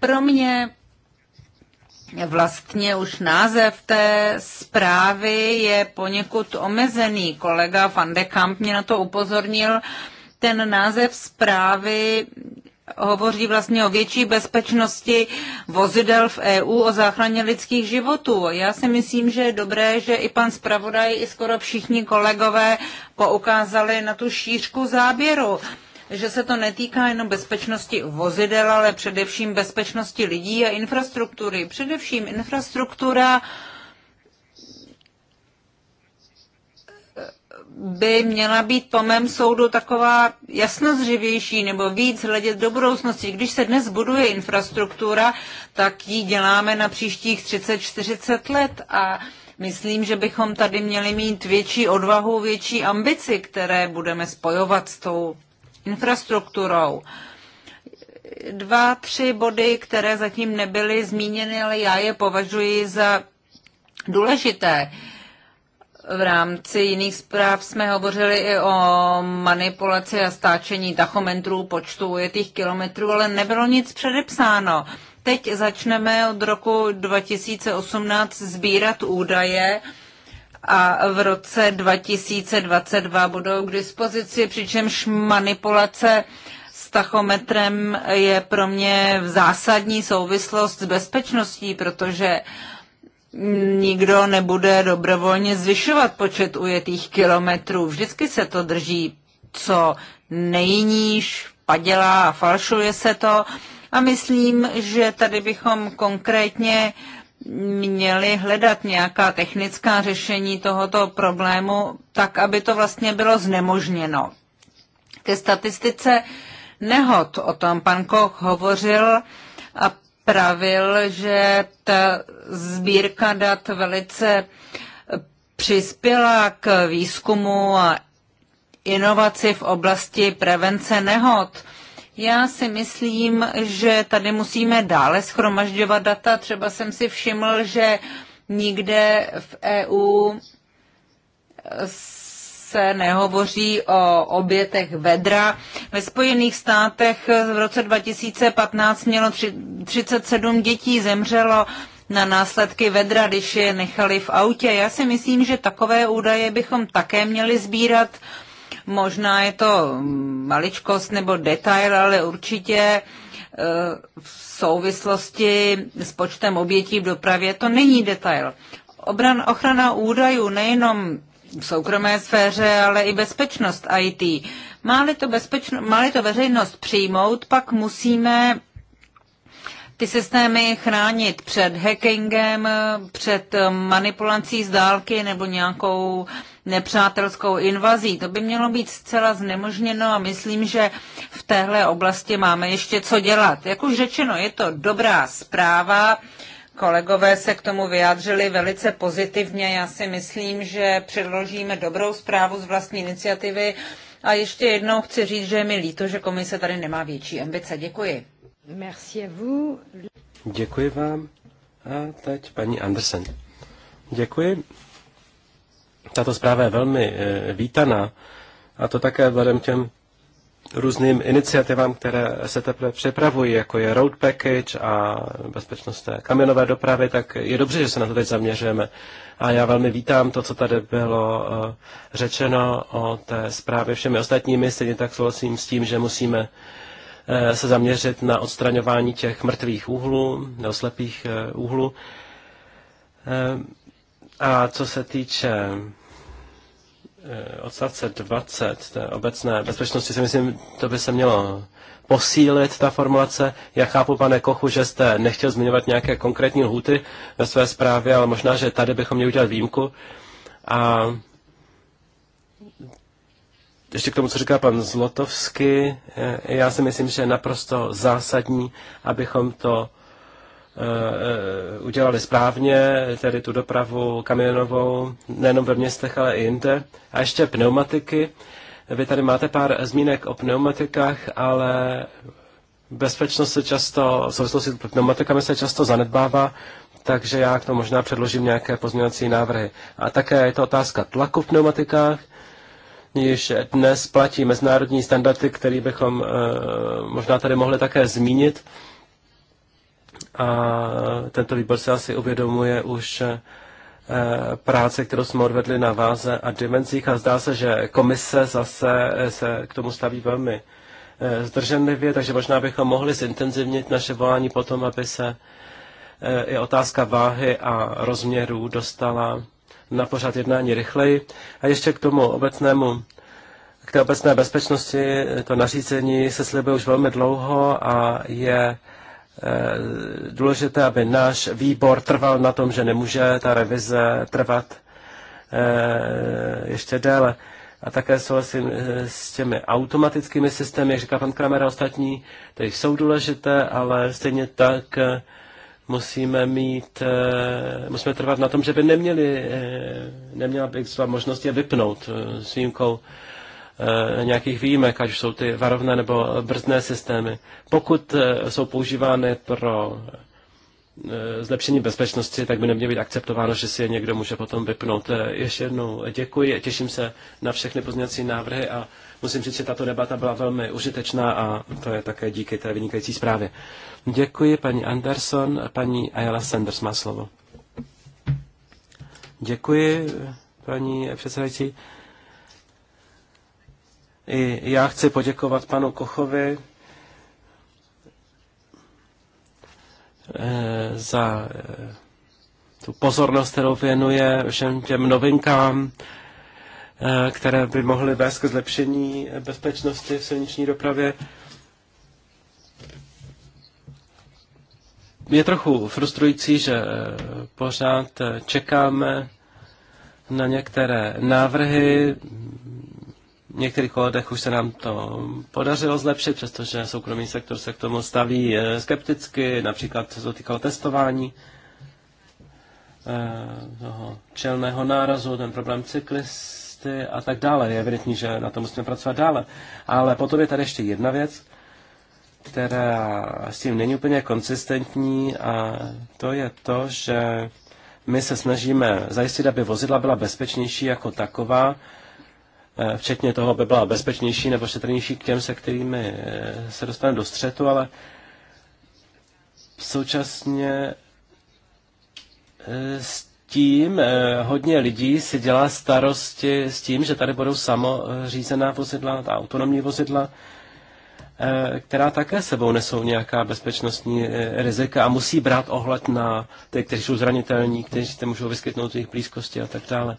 Pro mě vlastně už název té zprávy je poněkud omezený. Kolega Van de Kamp mě na to upozornil. Ten název zprávy hovoří vlastně o větší bezpečnosti vozidel v EU, o záchraně lidských životů. Já si myslím, že je dobré, že i pan zpravodaj, i skoro všichni kolegové poukázali na tu šířku záběru že se to netýká jenom bezpečnosti vozidel, ale především bezpečnosti lidí a infrastruktury. Především infrastruktura uh, by měla být po mém soudu taková jasnozřivější nebo víc hledět do budoucnosti. Když se dnes buduje infrastruktura, tak ji děláme na příštích 30-40 let a myslím, že bychom tady měli mít větší odvahu, větší ambici, které budeme spojovat s tou infrastrukturou. Dva, tři body, které zatím nebyly zmíněny, ale já je považuji za důležité. Uh, v rámci jiných zpráv jsme hovořili i o manipulaci a stáčení tachometrů, počtu ujetých kilometrů, ale nebylo nic předepsáno. Teď začneme od roku 2018 sbírat údaje a v roce 2022 budou k dispozici, přičemž manipulace s tachometrem je pro mě v zásadní souvislost s bezpečností, protože nikdo nebude dobrovolně zvyšovat počet ujetých kilometrů. Vždycky se to drží co nejníž, padělá a falšuje se to. A myslím, že tady bychom konkrétně měli hledat nějaká technická řešení tohoto problému, tak aby to vlastně bylo znemožněno. Ke statistice nehod, o tom pan Koch hovořil, a pravil, že ta sbírka dat velice přispěla k výzkumu a inovaci v oblasti prevence nehod. Já si myslím, že tady musíme dále schromažďovat data. Třeba jsem si všiml, že nikde v EU se nehovoří o obětech vedra. Ve Spojených státech v roce 2015 mělo 37 dětí zemřelo na následky vedra, když je nechali v autě. Já si myslím, že takové údaje bychom také měli sbírat. Možná je to maličkost nebo detail, ale určitě e, v souvislosti s počtem obětí v dopravě to není detail. Obran, ochrana údajů nejenom v soukromé sféře, ale i bezpečnost IT. Má-li to, bezpečno, má to veřejnost přijmout, pak musíme ty systémy chránit před hackingem, před um, manipulací z dálky nebo nějakou nepřátelskou invazí. To by mělo být zcela znemožněno a myslím, že v téhle oblasti máme ještě co dělat. Jak už řečeno, je to dobrá zpráva. Kolegové se k tomu vyjádřili velice pozitivně. Já si myslím, že předložíme dobrou zprávu z vlastní iniciativy. A ještě jednou chci říct, že je mi líto, že komise tady nemá větší ambice. Děkuji. Merci à vous. Děkuji vám. A teď paní Andersen. Děkuji. Tato zpráva je velmi eh, vítaná a to také vzhledem těm různým iniciativám, které se teprve připravují, jako je road package a bezpečnost kamenové dopravy, tak je dobře, že se na to teď zaměřujeme. A já velmi vítám to, co tady bylo eh, řečeno o té zprávě všemi ostatními. Stejně tak souhlasím s tím, že musíme eh, se zaměřit na odstraňování těch mrtvých úhlů, slepých eh, úhlů. A co se týče Eh, odstavce 20 té obecné bezpečnosti si myslím, to by se mělo posílit ta formulace. Já chápu, pane Kochu, že jste nechtěl zmiňovat nějaké konkrétní lhuty ve své zprávě, ale možná, že tady bychom měli udělat výjimku. A ještě k tomu, co říká pan Zlotovsky, eh, já si myslím, že je naprosto zásadní, abychom to Eh, udělali správně, tedy tu dopravu kamionovou, nejenom ve městech, ale i jinde. A ještě pneumatiky. Vy tady máte pár zmínek o pneumatikách, ale bezpečnost se často, v souvislosti s pneumatikami se často zanedbává, takže já k tomu možná předložím nějaké pozměňovací návrhy. A také je to otázka tlaku v pneumatikách. Již dnes platí mezinárodní standardy, které bychom e, možná tady mohli také zmínit. E, a tento výbor se asi uvědomuje už eh, práce, kterou jsme odvedli na váze a dimenzích a zdá se, že komise zase eh, se k tomu staví velmi eh, zdrženlivě, takže možná bychom mohli zintenzivnit naše volání potom, aby se i otázka váhy a rozměrů dostala na pořád jednání rychleji. A ještě k tomu obecnému, k té obecné bezpečnosti, to nařízení se slibuje už velmi dlouho a je Eh, důležité, aby náš výbor trval na tom, že nemůže ta revize trvat eh, ještě déle. A také souhlasím eh, s těmi automatickými systémy, jak říká pan Kramer a ostatní, ty jsou důležité, ale stejně tak musíme mít, musíme trvat na tom, že by neměli, neměla by existovat možnost je vypnout s výjimkou Eh, nějakých výjimek, ať jsou ty varovné nebo brzdné systémy. Pokud eh, jsou používány pro eh, zlepšení bezpečnosti, tak by nemělo být akceptováno, že si je někdo může potom vypnout. Ještě jednou děkuji, těším se na všechny pozměňovací návrhy a musím říct, že tato debata byla velmi užitečná a to je také díky té vynikající zprávě. Děkuji paní Anderson, paní Ayala Sanders má slovo. Děkuji, paní předsedající. I já chci poděkovat panu Kochovi eh, za eh, tu pozornost, kterou věnuje všem těm novinkám, eh, které by mohly vést k zlepšení bezpečnosti v silniční dopravě. Je trochu frustrující, že pořád čekáme na některé návrhy, v některých ohledech už se nám to podařilo zlepšit, přestože soukromý sektor se k tomu staví eh, skepticky, například se týkalo testování eh, toho čelného nárazu, ten problém cyklisty a tak dále. Je evidentní, že na to musíme pracovat dále. Ale potom je tady ještě jedna věc, která s tím není úplně konsistentní a to je to, že my se snažíme zajistit, aby vozidla byla bezpečnější jako taková, Eh, včetně toho, aby byla bezpečnější nebo šetrnější k těm, se kterými eh, se dostaneme do střetu, ale současně eh, s tím hodně lidí si dělá starosti s tím, že tady budou samořízená vozidla, ta autonomní vozidla, která také sebou nesou nějaká bezpečnostní rizika a musí brát ohled na ty, kteří jsou zranitelní, kteří se můžou vyskytnout v jejich blízkosti a tak dále.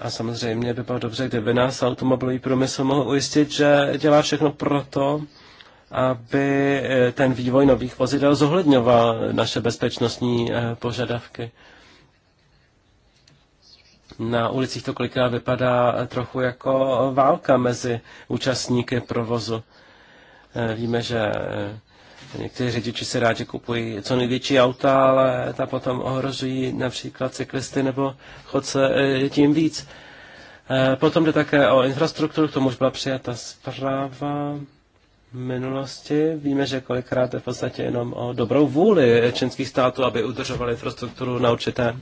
A samozřejmě by bylo dobře, kdyby nás automobilový průmysl mohl ujistit, že dělá všechno proto, aby eh, ten vývoj nových vozidel zohledňoval naše bezpečnostní eh, požadavky. Na ulicích to kolikrát vypadá eh, trochu jako válka mezi účastníky provozu. Víme, že Někteří řidiči se rádi kupují co největší auta, ale ta potom ohrožují například cyklisty nebo chodce e, tím víc. E, potom jde také o infrastrukturu, k tomu už byla přijata zpráva v minulosti. Víme, že kolikrát je v podstatě jenom o dobrou vůli čínských států, aby udržovali infrastrukturu na určitém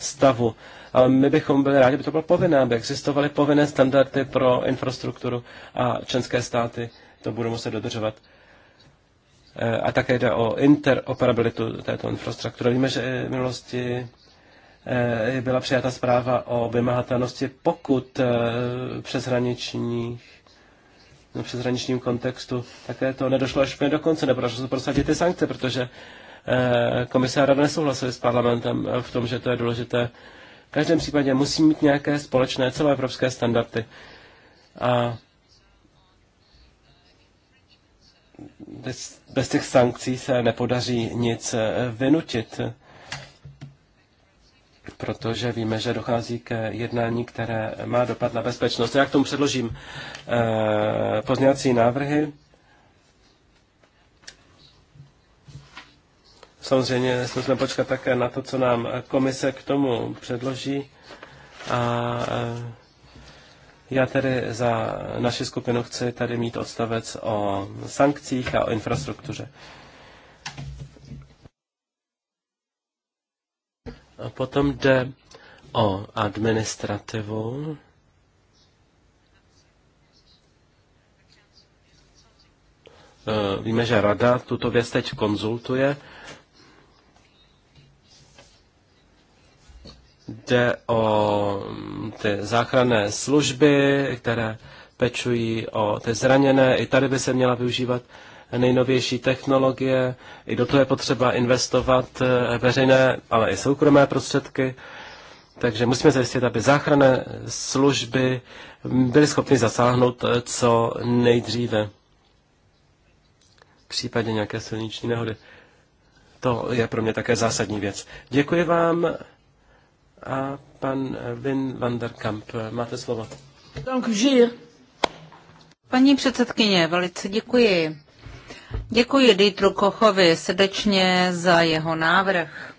stavu. Ale my bychom byli rádi, aby to bylo povinné, aby existovaly povinné standardy pro infrastrukturu a členské státy to budou muset dodržovat. Eh, a také jde o interoperabilitu této infrastruktury. Víme, že v minulosti eh, byla přijata zpráva o vymahatelnosti pokud eh, přeshraničních v přeshraničním kontextu, také to nedošlo až do konce, nebo se prosadit ty sankce, protože komise a rada nesouhlasili s parlamentem v tom, že to je důležité. V každém případě musí mít nějaké společné celoevropské standardy. A bez, bez těch sankcí se nepodaří nic eh, vynutit, protože víme, že dochází k jednání, které má dopad na bezpečnost. Já k tomu předložím eh, pozněvací návrhy. Samozřejmě musíme počkat také na to, co nám komise k tomu předloží. A, eh, já tedy za naši skupinu chci tady mít odstavec o sankcích a o infrastruktuře. A potom jde o administrativu. E, víme, že rada tuto věc teď konzultuje Jde o mm, ty záchranné služby, které pečují o ty zraněné. I tady by se měla využívat nejnovější technologie. I do toho je potřeba investovat eh, veřejné, ale i soukromé prostředky. Takže musíme zajistit, aby záchranné služby byly schopny zasáhnout eh, co nejdříve v případě nějaké silniční nehody. To je pro mě také zásadní věc. Děkuji vám. A pan Vin van der Kamp, máte slovo. Paní předsedkyně, velice děkuji. Děkuji Dietru Kochovi srdečně za jeho návrh.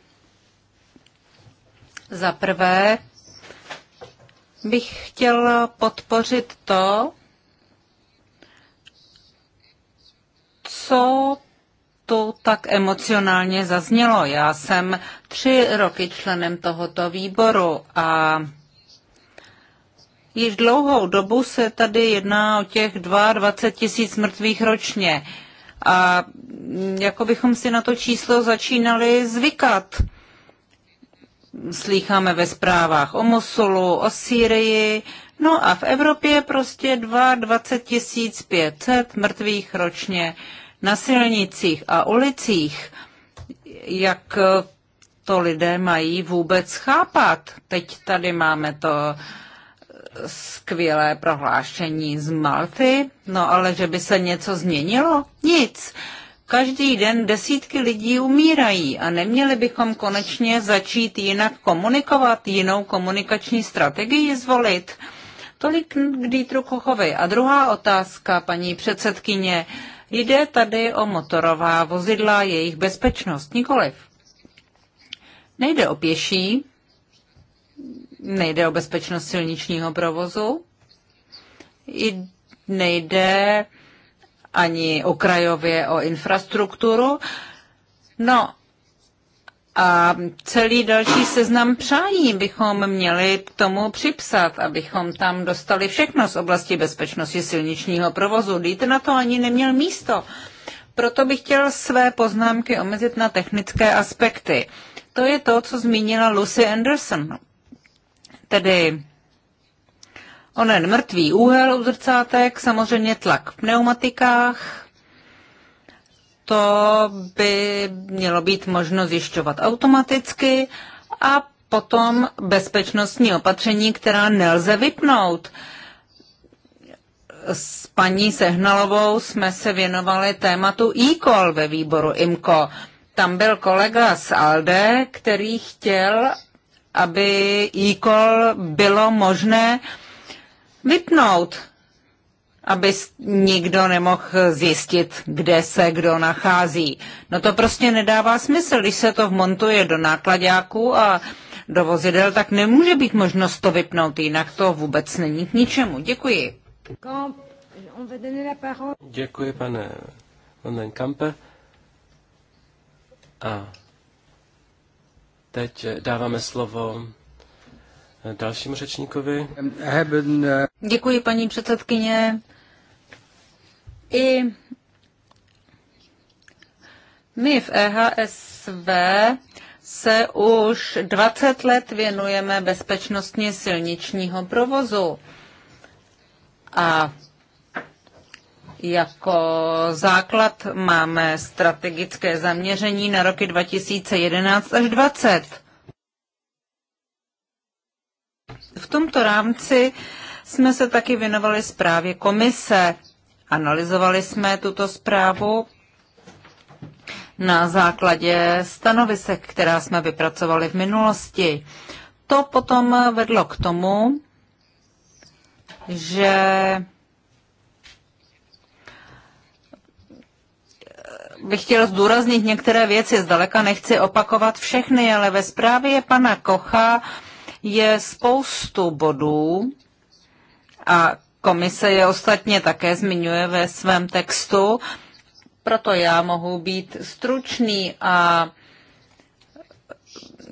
Za prvé bych chtěl podpořit to, co to tak emocionálně zaznělo. Já jsem tři roky členem tohoto výboru a již dlouhou dobu se tady jedná o těch 22 tisíc mrtvých ročně. A jako bychom si na to číslo začínali zvykat. Slýcháme ve zprávách o Mosulu, o Sýrii, no a v Evropě prostě 22 500 mrtvých ročně na silnicích a ulicích, jak to lidé mají vůbec chápat. Teď tady máme to skvělé prohlášení z Malty, no ale že by se něco změnilo? Nic. Každý den desítky lidí umírají a neměli bychom konečně začít jinak komunikovat, jinou komunikační strategii zvolit. Tolik k Dítru Kochovi. A druhá otázka, paní předsedkyně. Jde tady o motorová vozidla, jejich bezpečnost, nikoliv. Nejde o pěší, nejde o bezpečnost silničního provozu, i nejde ani okrajově o infrastrukturu. No, a celý další seznam přání bychom měli k tomu připsat, abychom tam dostali všechno z oblasti bezpečnosti silničního provozu. Dejte na to ani neměl místo. Proto bych chtěl své poznámky omezit na technické aspekty. To je to, co zmínila Lucy Anderson. Tedy onen mrtvý úhel u zrcátek, samozřejmě tlak v pneumatikách, to by mělo být možno zjišťovat automaticky a potom bezpečnostní opatření, která nelze vypnout. S paní Sehnalovou jsme se věnovali tématu e-call ve výboru IMCO. Tam byl kolega z ALDE, který chtěl, aby e-call bylo možné vypnout aby nikdo nemohl zjistit, kde se kdo nachází. No to prostě nedává smysl, když se to vmontuje do nákladáků a do vozidel, tak nemůže být možnost to vypnout, jinak to vůbec není k ničemu. Děkuji. Děkuji, pane Onen Kampe. A teď dáváme slovo dalšímu řečníkovi. Eh, Děkuji, paní předsedkyně. I my v EHSV se už 20 let věnujeme bezpečnostně silničního provozu. A jako základ máme strategické zaměření na roky 2011 až 2020. V tomto rámci jsme se taky věnovali zprávě komise Analyzovali jsme tuto zprávu na základě stanovisek, která jsme vypracovali v minulosti. To potom vedlo k tomu, že bych chtěl zdůraznit některé věci, zdaleka nechci opakovat všechny, ale ve zprávě pana Kocha je spoustu bodů a Komise je ostatně také zmiňuje ve svém textu, proto já mohu být stručný a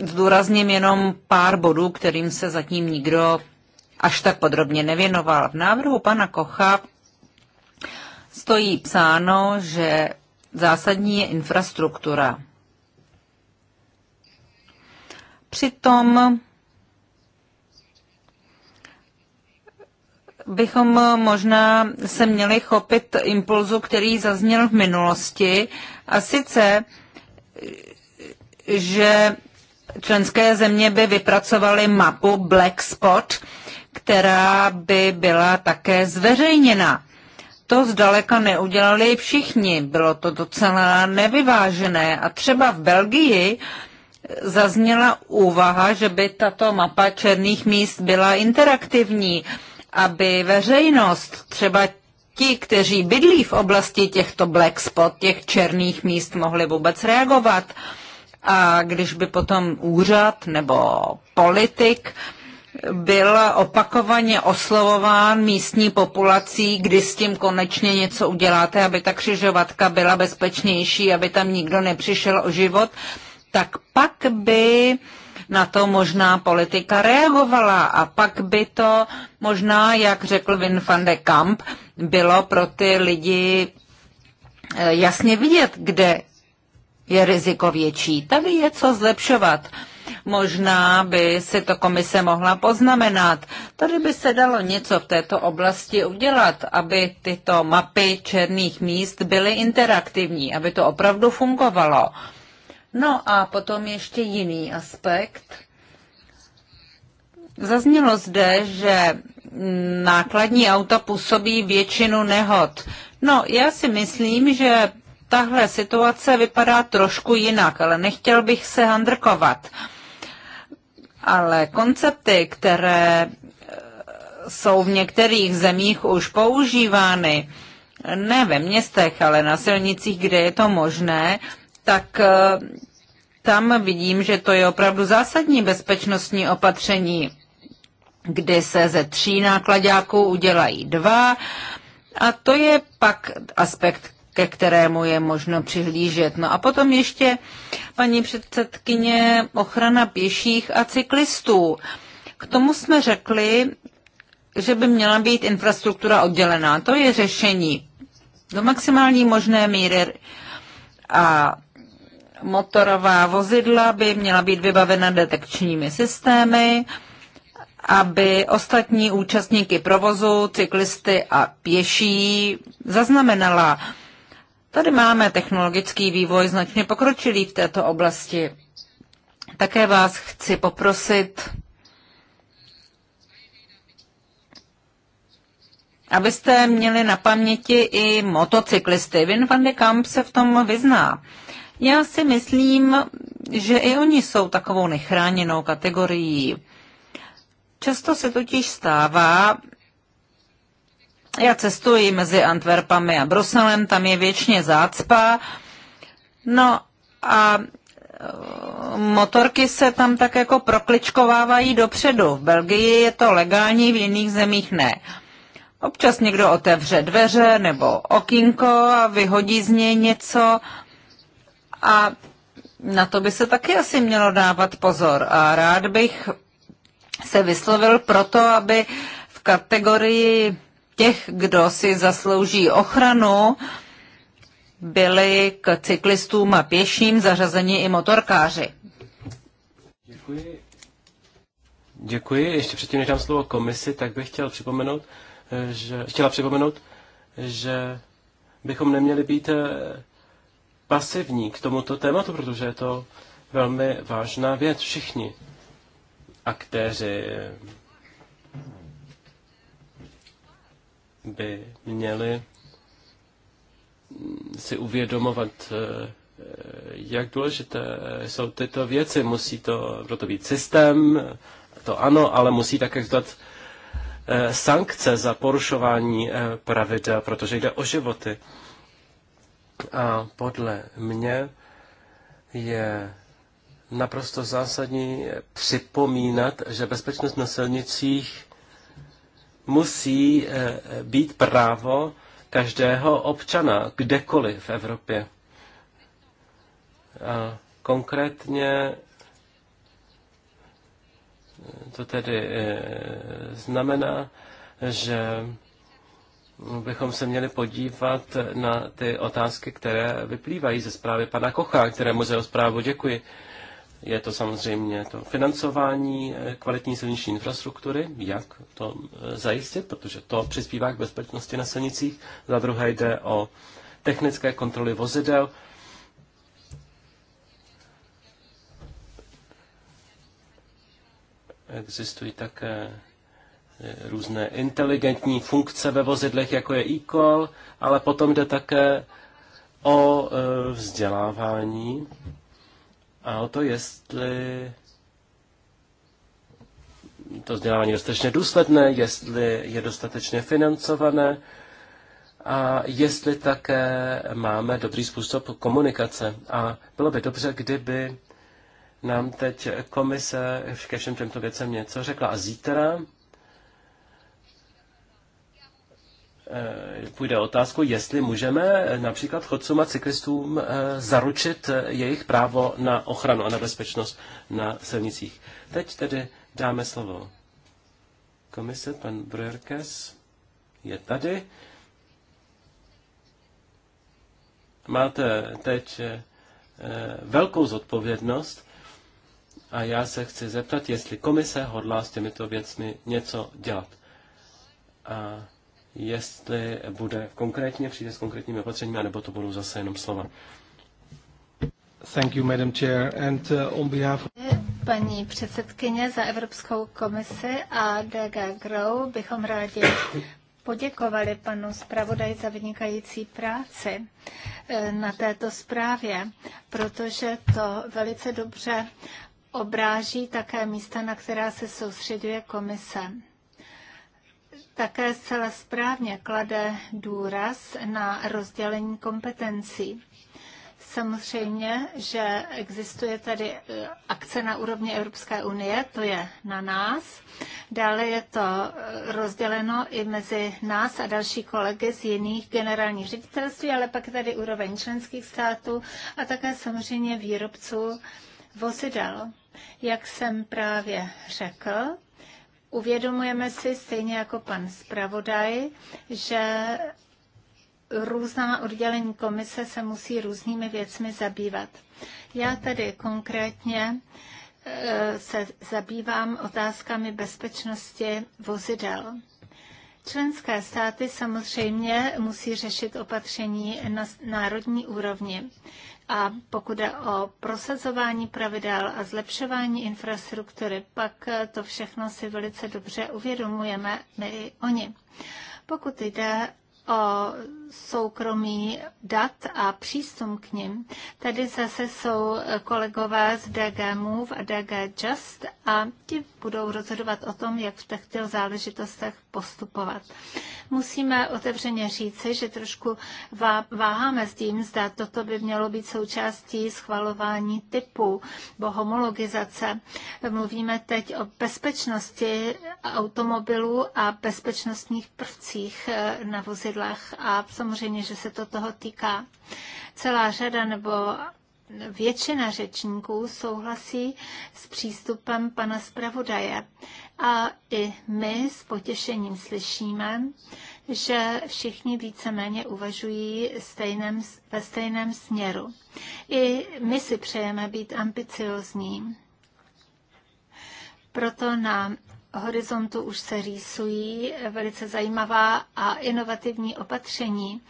zdůrazním jenom pár bodů, kterým se zatím nikdo až tak podrobně nevěnoval. V návrhu pana Kocha stojí psáno, že zásadní je infrastruktura. Přitom bychom možná se měli chopit impulzu, který zazněl v minulosti, a sice, že členské země by vypracovaly mapu Black Spot, která by byla také zveřejněna. To zdaleka neudělali všichni, bylo to docela nevyvážené a třeba v Belgii zazněla úvaha, že by tato mapa černých míst byla interaktivní aby veřejnost, třeba ti, kteří bydlí v oblasti těchto black spot, těch černých míst, mohli vůbec reagovat. A když by potom úřad nebo politik byl opakovaně oslovován místní populací, kdy s tím konečně něco uděláte, aby ta křižovatka byla bezpečnější, aby tam nikdo nepřišel o život, tak pak by uh, na to možná politika reagovala a pak by to možná, jak řekl Win van de Kamp, bylo pro ty lidi eh, jasně vidět, kde je riziko větší. Tady je co zlepšovat. Možná by si to komise mohla poznamenat. Tady by se dalo něco v této oblasti udělat, aby tyto mapy černých míst byly interaktivní, aby to opravdu fungovalo. No a potom ještě jiný aspekt. Zaznělo zde, že nákladní auta působí většinu nehod. No, já si myslím, že tahle situace vypadá trošku jinak, ale nechtěl bych se handrkovat. Ale koncepty, které eh, jsou v některých zemích už používány, ne ve městech, ale na silnicích, kde je to možné, tak eh, tam vidím, že to je opravdu zásadní bezpečnostní opatření, kdy se ze tří nákladáků udělají dva a to je pak aspekt, ke kterému je možno přihlížet. No a potom ještě, paní předsedkyně, ochrana pěších a cyklistů. K tomu jsme řekli, že by měla být infrastruktura oddělená. To je řešení do maximální možné míry. A motorová vozidla by měla být vybavena detekčními systémy, aby ostatní účastníky provozu, cyklisty a pěší zaznamenala. Tady máme technologický vývoj značně pokročilý v této oblasti. Také vás chci poprosit, abyste měli na paměti i motocyklisty. Vin van de Kamp se v tom vyzná. Já si myslím, že i oni jsou takovou nechráněnou kategorií. Často se totiž stává, já cestuji mezi Antwerpami a Bruselem, tam je věčně zácpa, no a eh, motorky se tam tak jako prokličkovávají dopředu. V Belgii je to legální, v jiných zemích ne. Občas někdo otevře dveře nebo okinko a vyhodí z něj něco, a na to by se taky asi mělo dávat pozor. A rád bych se vyslovil proto, aby v kategorii těch, kdo si zaslouží ochranu, byli k cyklistům a pěším zařazeni i motorkáři. Děkuji. Děkuji. Ještě předtím, než dám slovo komisi, tak bych chtěl připomenout, eh, že, chtěla připomenout, že bychom neměli být eh, pasivní k tomuto tématu, protože je to velmi vážná věc. Všichni aktéři by měli si uvědomovat, eh, jak důležité jsou tyto věci. Musí to proto být systém, to ano, ale musí také zdat eh, sankce za porušování eh, pravidel, protože jde o životy. A podle mě je naprosto zásadní připomínat, že bezpečnost na silnicích musí eh, být právo každého občana, kdekoliv v Evropě. A konkrétně to tedy eh, znamená, že bychom se měli podívat na ty otázky, které vyplývají ze zprávy pana Kocha, kterému za zprávu děkuji. Je to samozřejmě to financování eh, kvalitní silniční infrastruktury, jak to eh, zajistit, protože to přispívá k bezpečnosti na silnicích. Za druhé jde o technické kontroly vozidel. Existují také různé inteligentní funkce ve vozidlech, jako je e-call, ale potom jde také o e, vzdělávání a o to, jestli to vzdělávání je dostatečně důsledné, jestli je dostatečně financované a jestli také máme dobrý způsob komunikace. A bylo by dobře, kdyby nám teď komise ke všem těmto věcem něco řekla. A zítra Eh, půjde o otázku, jestli můžeme eh, například chodcům a cyklistům eh, zaručit jejich právo na ochranu a na bezpečnost na silnicích. Teď tedy dáme slovo komise, pan Brujerkes je tady. Máte teď velkou zodpovědnost a já se chci zeptat, jestli komise hodlá s těmito věcmi něco dělat. A jestli bude konkrétně, přijde s konkrétními opatřeními, nebo to budou zase jenom slova. Thank you, Madam Chair. And uh, on behalf Paní předsedkyně za Evropskou komisi a DG Grow bychom rádi poděkovali panu zpravodaji za vynikající práci eh, na této zprávě, protože to velice dobře obráží také místa, na která se soustředuje komise také zcela správně klade důraz na rozdělení kompetencí. Samozřejmě, že existuje tady eh, akce na úrovni Evropské unie, to je na nás. Dále je to eh, rozděleno i mezi nás a další kolegy z jiných generálních ředitelství, ale pak tady úroveň členských států a také samozřejmě výrobců vozidel. Jak jsem právě řekl, Uvědomujeme si, stejně jako pan zpravodaj, že různá oddělení komise se musí různými věcmi zabývat. Já tady konkrétně e, se zabývám otázkami bezpečnosti vozidel. Členské státy samozřejmě musí řešit opatření na národní úrovni. A pokud jde o prosazování pravidel a zlepšování infrastruktury, pak to všechno si velice dobře uvědomujeme my i oni. Pokud jde o soukromí dat a přístup k ním. Tady zase jsou kolegové z DG Move a DG Just a ti budou rozhodovat o tom, jak v těchto záležitostech postupovat. Musíme otevřeně říci, že trošku váháme s tím, zda toto by mělo být součástí schvalování typu bo homologizace. Mluvíme teď o bezpečnosti automobilů a bezpečnostních prvcích eh, na vozidle pravidlech a samozřejmě, že se to toho týká. Celá řada nebo většina řečníků souhlasí s přístupem pana zpravodaje. A i my s potěšením slyšíme, že všichni víceméně uvažují stejném, ve stejném směru. I my si přejeme být ambiciozní. Proto na horizontu už se rýsují velice zajímavá a inovativní opatření.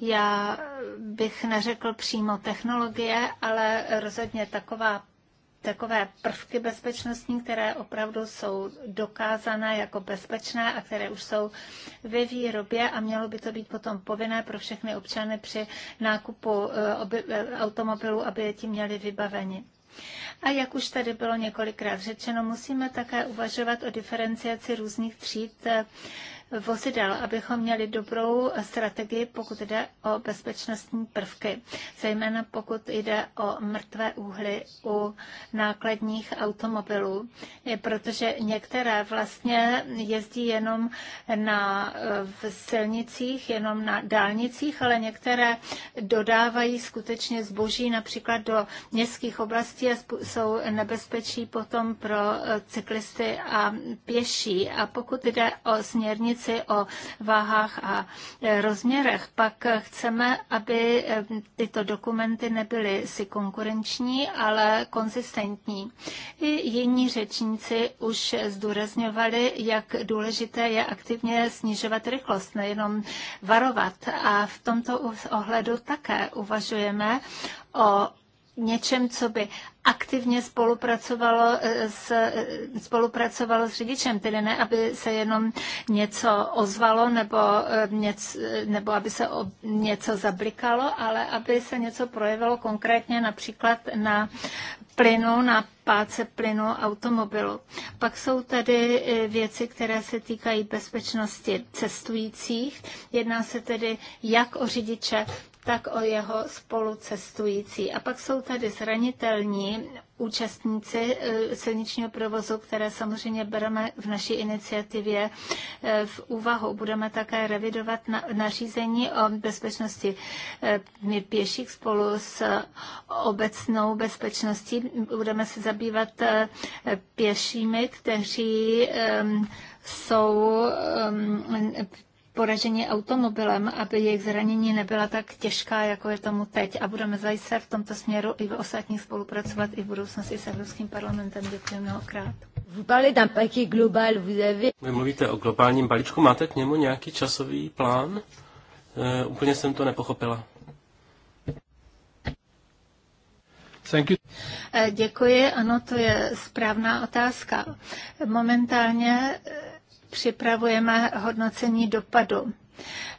Já bych neřekl přímo technologie, ale rozhodně taková takové prvky bezpečnostní, které opravdu jsou dokázané jako bezpečné a které už jsou ve výrobě a mělo by to být potom povinné pro všechny občany při nákupu eh, eh, automobilů, aby tím měli vybaveni. A jak už tady bylo několikrát řečeno, musíme také uvažovat o diferenciaci různých tříd eh, vozidel, abychom měli dobrou strategii, pokud jde o bezpečnostní prvky, zejména pokud jde o mrtvé úhly u nákladních automobilů, protože některé vlastně jezdí jenom na v silnicích, jenom na dálnicích, ale některé dodávají skutečně zboží například do městských oblastí a jsou nebezpečí potom pro e, cyklisty a pěší. A pokud jde o směrnice, směrnici o váhách a e, rozměrech, pak chceme, aby e, tyto dokumenty nebyly si konkurenční, ale konzistentní. I jiní řečníci už zdůrazňovali, jak důležité je aktivně snižovat rychlost, nejenom varovat. A v tomto ohledu také uvažujeme o něčem, co by aktivně spolupracovalo eh, s, eh, spolupracovalo s řidičem, tedy ne, aby se jenom něco ozvalo nebo, eh, něco, nebo aby se o, něco zablikalo, ale aby se něco projevilo konkrétně například na plynu, na páce plynu automobilu. Pak jsou tady věci, které se týkají bezpečnosti cestujících. Jedná se tedy jak o řidiče, tak o jeho spolucestující. A pak jsou tady zranitelní účastníci eh, silničního provozu, které samozřejmě bereme v naší iniciativě eh, v úvahu. Budeme také revidovat nařízení o bezpečnosti eh, pěších spolu s obecnou bezpečností. Budeme se zabývat pěšími, kteří jsou poraženi automobilem, aby jejich zranění nebyla tak těžká, jako je tomu teď. A budeme zajisté v tomto směru i v ostatních spolupracovat i v budoucnosti s Evropským parlamentem. Děkuji mnohokrát. Vy mluvíte o globálním balíčku. Máte k němu nějaký časový plán? E, úplně jsem to nepochopila. Thank you. Eh, děkuji, ano, to je správná otázka. Momentálně eh, připravujeme hodnocení dopadu.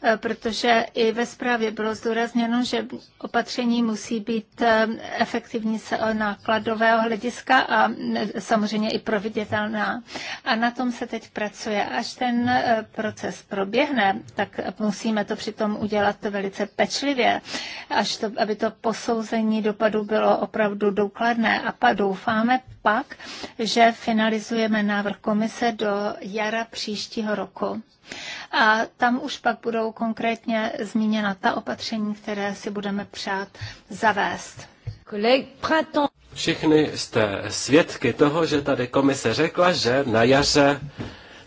Eh, protože i ve zprávě bylo zdůrazněno, že opatření musí být eh, efektivní z nákladového hlediska a eh, samozřejmě i providitelná. A na tom se teď pracuje. Až ten proces proběhne, tak musíme to přitom udělat velice pečlivě, až to, aby to posouzení dopadu bylo opravdu důkladné. A pak doufáme pak, že finalizujeme návrh komise do jara příštího roku a tam už pak budou konkrétně zmíněna ta opatření, které si budeme přát zavést. Všichni jste svědky toho, že tady komise řekla, že na jaře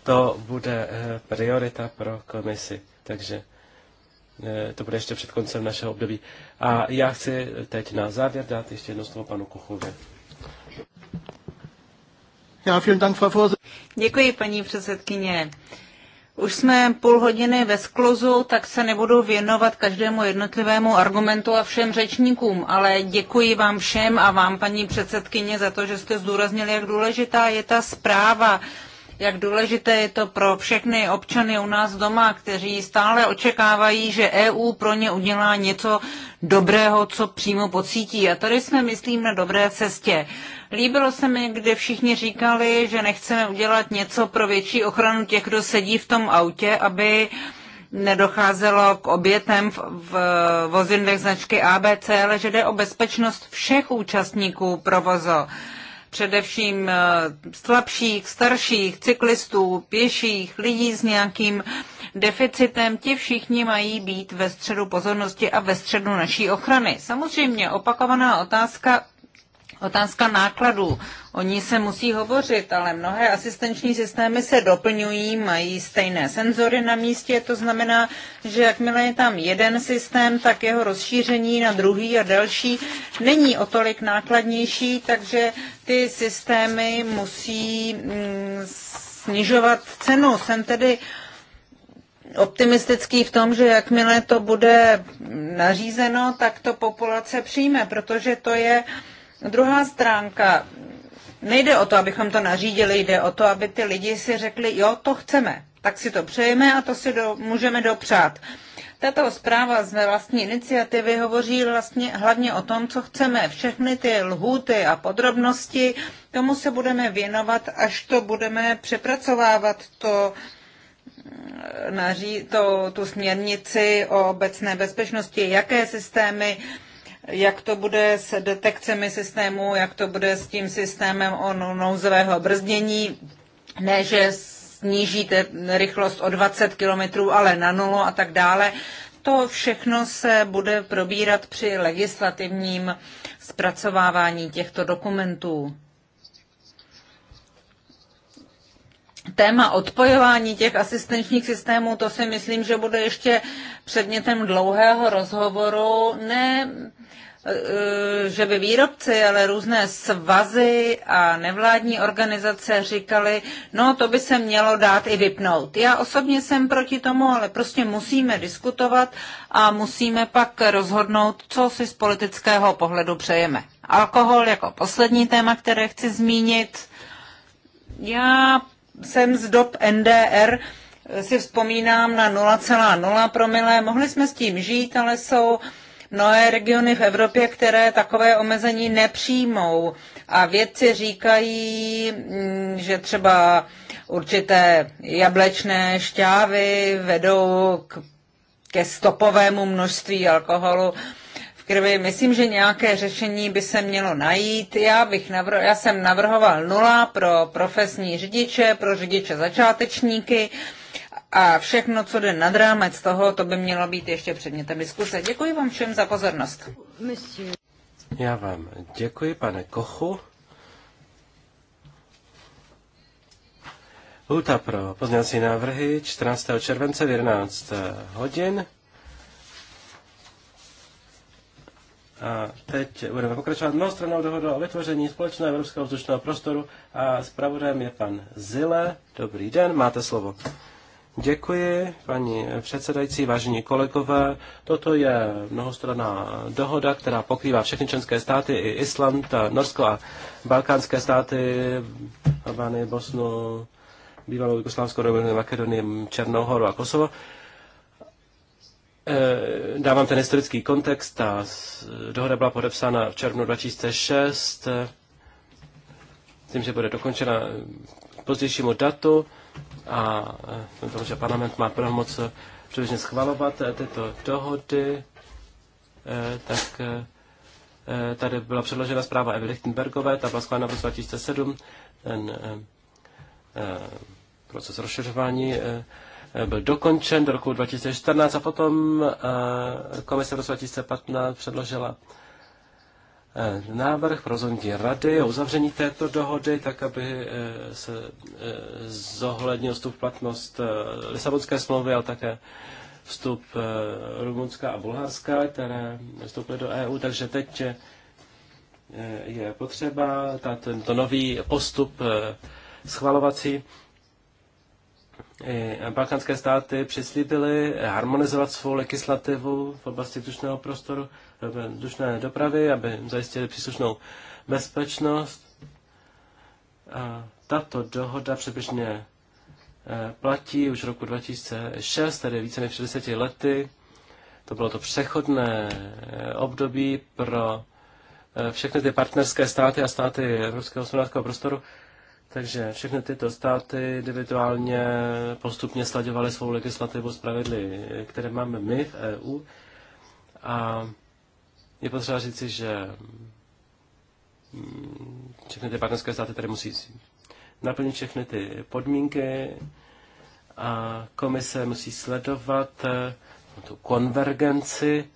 to bude eh, priorita pro komisi. Takže eh, to bude ještě před koncem našeho období. A já chci teď na závěr dát ještě jedno slovo panu Kuchově. Děkuji, paní předsedkyně. Už jsme půl hodiny ve sklozu, tak se nebudu věnovat každému jednotlivému argumentu a všem řečníkům, ale děkuji vám všem a vám, paní předsedkyně, za to, že jste zdůraznili, jak důležitá je ta zpráva jak důležité je to pro všechny občany u nás doma, kteří stále očekávají, že EU pro ně udělá něco dobrého, co přímo pocítí. A tady jsme, myslím, na dobré cestě. Líbilo se mi, kde všichni říkali, že nechceme udělat něco pro větší ochranu těch, kdo sedí v tom autě, aby nedocházelo k obětem v, v vozidlech značky ABC, ale že jde o bezpečnost všech účastníků provozu především eh, slabších, starších, cyklistů, pěších, lidí s nějakým deficitem, ti všichni mají být ve středu pozornosti a ve středu naší ochrany. Samozřejmě opakovaná otázka Otázka nákladů. O ní se musí hovořit, ale mnohé asistenční systémy se doplňují, mají stejné senzory na místě, to znamená, že jakmile je tam jeden systém, tak jeho rozšíření na druhý a další není o tolik nákladnější, takže ty systémy musí mm, snižovat cenu. Jsem tedy optimistický v tom, že jakmile to bude nařízeno, tak to populace přijme, protože to je druhá stránka. Nejde o to, abychom to nařídili, jde o to, aby ty lidi si řekli, jo, to chceme, tak si to přejeme a to si do, můžeme dopřát. Tato zpráva z vlastní iniciativy hovoří vlastně hlavně o tom, co chceme. Všechny ty lhůty a podrobnosti, tomu se budeme věnovat, až to budeme přepracovávat to, mm, naří, to, tu směrnici o obecné bezpečnosti, jaké systémy, jak to bude s detekcemi systému, jak to bude s tím systémem o nouzového brzdění, ne, že snížíte rychlost o 20 km, ale na nulu a tak dále. To všechno se bude probírat při legislativním zpracovávání těchto dokumentů. Téma odpojování těch asistenčních systémů, to si myslím, že bude ještě předmětem dlouhého rozhovoru. Ne že by výrobci, ale různé svazy a nevládní organizace říkali, no to by se mělo dát i vypnout. Já osobně jsem proti tomu, ale prostě musíme diskutovat a musíme pak rozhodnout, co si z politického pohledu přejeme. Alkohol jako poslední téma, které chci zmínit. Já jsem z dob NDR, eh, si vzpomínám na 0,0 promile. Mohli jsme s tím žít, ale jsou mnohé regiony v Evropě, které takové omezení nepřijmou. A vědci říkají, mm, že třeba určité jablečné šťávy vedou k, ke stopovému množství alkoholu v krvi. Myslím, že nějaké řešení by se mělo najít. Já, bych navr- já jsem navrhoval nula pro profesní řidiče, pro řidiče začátečníky a všechno, co jde nad rámec toho, to by mělo být ještě předmětem diskuse. Děkuji vám všem za pozornost. Já vám děkuji, pane Kochu. Luta pro pozměňovací návrhy 14. července v 11 hodin. A teď budeme pokračovat mnohostranou dohodu o vytvoření společného evropského vzdušného prostoru a zpravodajem je pan Zile. Dobrý den, máte slovo. Děkuji, paní předsedající, vážení kolegové. Toto je mnohostranná dohoda, která pokrývá všechny členské státy, i Island, Norsko a balkánské státy, Albánii, Bosnu, bývalou Jugoslávskou republiku, Makedonii, Černou horu a Kosovo. E, dávám ten historický kontext. Ta dohoda byla podepsána v červnu 2006, Myslím, že bude dokončena pozdějšímu datu a e, tomu, že parlament má pravomoc přibližně schvalovat e, tyto dohody, e, tak tady byla předložena zpráva Evy Lichtenbergové, ta byla schválena v roce 2007, ten proces rozšiřování byl dokončen do roku 2014 a potom komise v roce 2015 předložila Eh, návrh rozhodnutí rady o uzavření této dohody, tak aby eh, se eh, zohlednil vstup platnost Lisabonské smlouvy, ale také vstup Rumunska a Bulharska, které vstoupily do EU. Takže teď je potřeba tento nový postup schvalovací. I balkánské státy přislíbily harmonizovat svou legislativu v oblasti vzdušného prostoru dušné dopravy, aby zajistili příslušnou bezpečnost. A tato dohoda přibližně e, platí už roku 2006, tedy více než 60 lety. To bylo to přechodné e, období pro e, všechny ty partnerské státy a státy Evropského hospodářského prostoru. Takže všechny tyto státy individuálně postupně sladěvaly svou legislativu s pravidly, které máme my v EU. A je potřeba říci, že mm, všechny ty partnerské státy tady musí naplnit všechny ty podmínky a komise musí sledovat eh, tu konvergenci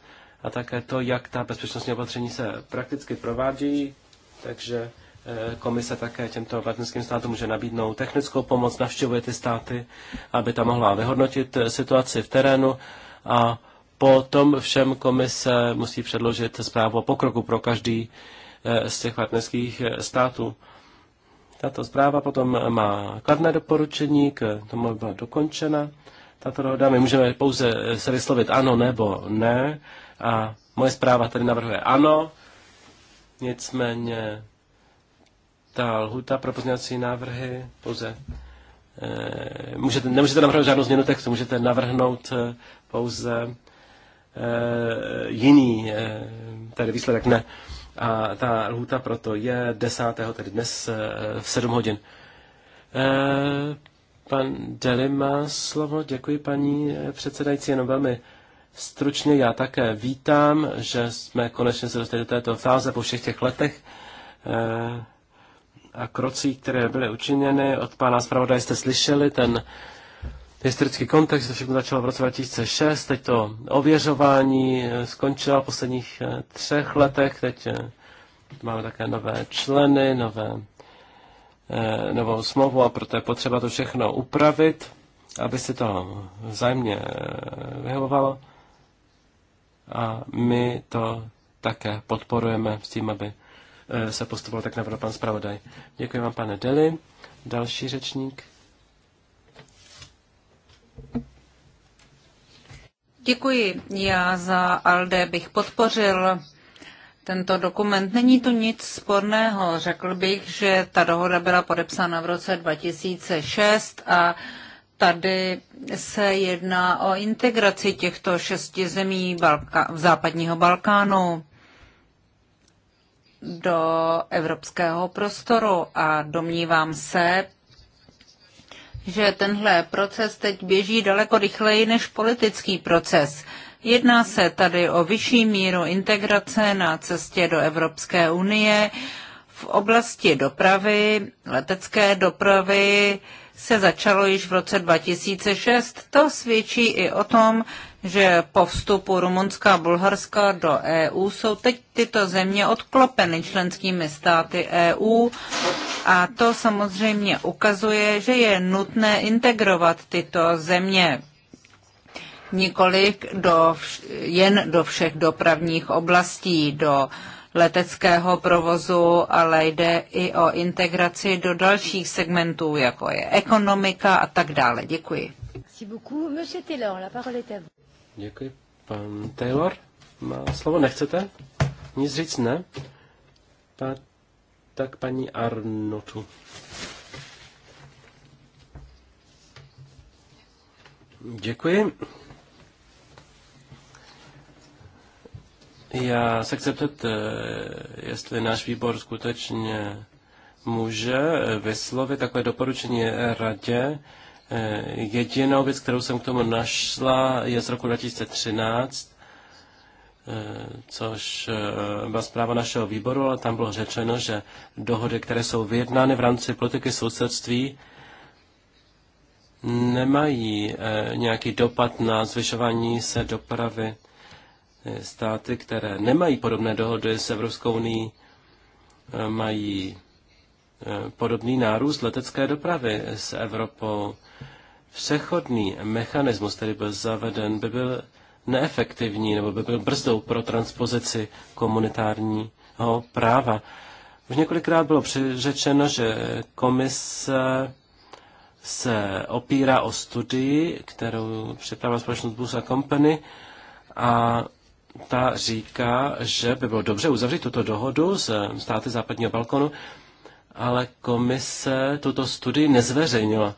a také to, jak ta bezpečnostní opatření se prakticky provádějí, takže eh, komise také těmto partnerským státům může nabídnout technickou pomoc, navštěvuje ty státy, aby ta mohla vyhodnotit eh, situaci v terénu a po tom všem komise musí předložit zprávu o pokroku pro každý eh, z těch partnerských eh, států. Tato zpráva potom má kladné doporučení k tomu, aby byla dokončena. Tato dohoda, my můžeme pouze eh, se vyslovit ano nebo ne. A moje zpráva tedy navrhuje ano, nicméně ta lhuta pro pozměňovací návrhy pouze můžete, nemůžete navrhnout žádnou změnu textu, můžete navrhnout pouze Eh, jiný eh, tedy výsledek ne. A ta lhůta proto je 10. tedy dnes eh, v 7 hodin. Pan Deli má slovo. Děkuji, paní předsedající, jenom velmi stručně. Já také vítám, že jsme konečně se dostali do této fáze po všech těch letech a krocích, které byly učiněny. Od pana zpravodaje jste slyšeli ten historický kontext, to všechno začalo v roce 2006, teď to ověřování eh, skončilo v posledních eh, třech letech, teď eh, máme také nové členy, nové, novou smlouvu a proto je potřeba to všechno upravit, aby se to vzájemně vyhovovalo. A my to také podporujeme s tím, aby se postupoval tak navrhl pan zpravodaj. Děkuji vám, pane Deli. Další řečník. Děkuji. Já za ALDE bych podpořil tento dokument. Není tu nic sporného. Řekl bych, že ta dohoda byla podepsána v roce 2006 a tady se jedná o integraci těchto šesti zemí Balka- v západního Balkánu do evropského prostoru a domnívám se, že tenhle proces teď běží daleko rychleji než politický proces. Jedná se tady o vyšší míru integrace na cestě do Evropské unie v oblasti dopravy, letecké dopravy, se začalo již v roce 2006. To svědčí i o tom, že po vstupu Rumunska a Bulharska do EU jsou teď tyto země odklopeny členskými státy EU a to samozřejmě ukazuje, že je nutné integrovat tyto země nikoliv do, jen do všech dopravních oblastí, do uh, leteckého provozu, ale jde i o integraci do dalších segmentů, jako je ekonomika a tak dále. Děkuji. Děkuji. Pan Taylor má slovo, nechcete? Nic říct ne? Pa, tak paní Arnotu. Děkuji. Já se chci zeptat, eh, jestli náš výbor skutečně může eh, vyslovit takové doporučení radě. Eh, jedinou věc, kterou jsem k tomu našla, je z roku 2013, což byla zpráva našeho výboru, ale tam bylo řečeno, že dohody, které jsou vyjednány v rámci politiky sousedství, nemají nějaký dopad na zvyšování se dopravy státy, které nemají podobné dohody s Evropskou unii, eh, mají eh, podobný nárůst letecké dopravy s Evropou. Přechodný mechanismus, který byl zaveden, by byl neefektivní nebo by byl brzdou pro transpozici komunitárního práva. Už několikrát bylo přiřečeno, že komise se opírá o studii, kterou připravila společnost Bus a Company a ta říká, že by bylo dobře uzavřít tuto dohodu s státy západního balkonu, ale komise tuto studii nezveřejnila.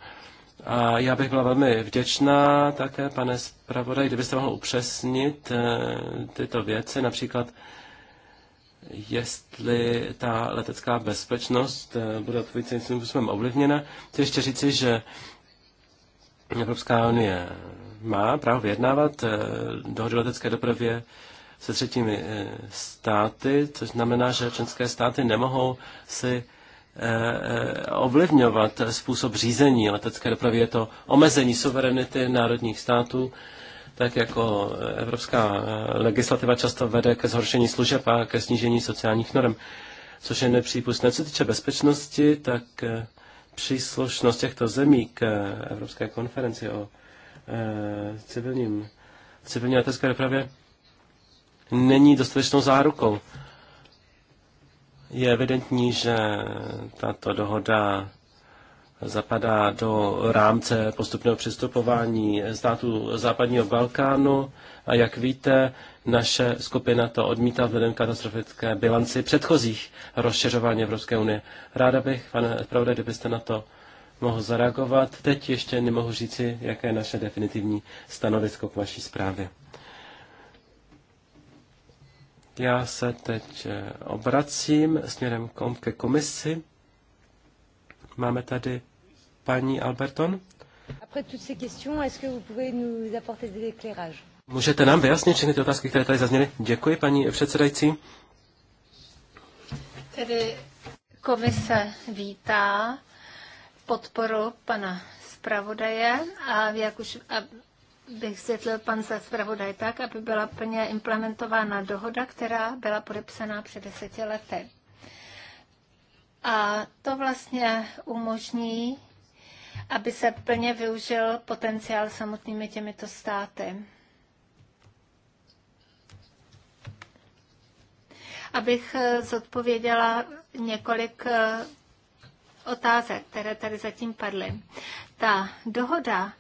A já bych byla velmi vděčná také, pane zpravodaj, kdybyste mohl upřesnit eh, tyto věci, například jestli ta letecká bezpečnost eh, bude odpovídajícím způsobem ovlivněna. Chci ještě říci, že Evropská unie má právo vyjednávat eh, dohody letecké dopravě se třetími eh, státy, což znamená, že členské státy nemohou si eh, eh, ovlivňovat způsob řízení letecké dopravy. Je to omezení suverenity národních států, tak jako evropská legislativa často vede ke zhoršení služeb a ke snížení sociálních norm, což je nepřípustné. Co týče bezpečnosti, tak příslušnost těchto zemí k Evropské konferenci o civilním, civilní letecké dopravě není dostatečnou zárukou. Je evidentní, že tato dohoda zapadá do rámce postupného přistupování států západního Balkánu a jak víte, naše skupina to odmítá vzhledem katastrofické bilanci předchozích rozšiřování Evropské unie. Ráda bych, pane Pravda, kdybyste na to mohl zareagovat. Teď ještě nemohu říci, jaké je naše definitivní stanovisko k vaší zprávě. Já se teď eh, obracím směrem ke komisi. Máme tady paní Alberton. Můžete nám vyjasnit všechny ty otázky, které tady zazněly? Děkuji, paní předsedající. Tedy komise vítá podporu pana zpravodaje a jak už vysvětlil pan zpravodaj tak, aby byla plně implementována dohoda, která byla podepsaná před deseti lety. A to vlastně umožní, aby se plně využil potenciál samotnými těmito státy. Abych zodpověděla několik eh, otázek, které tady zatím padly. Ta dohoda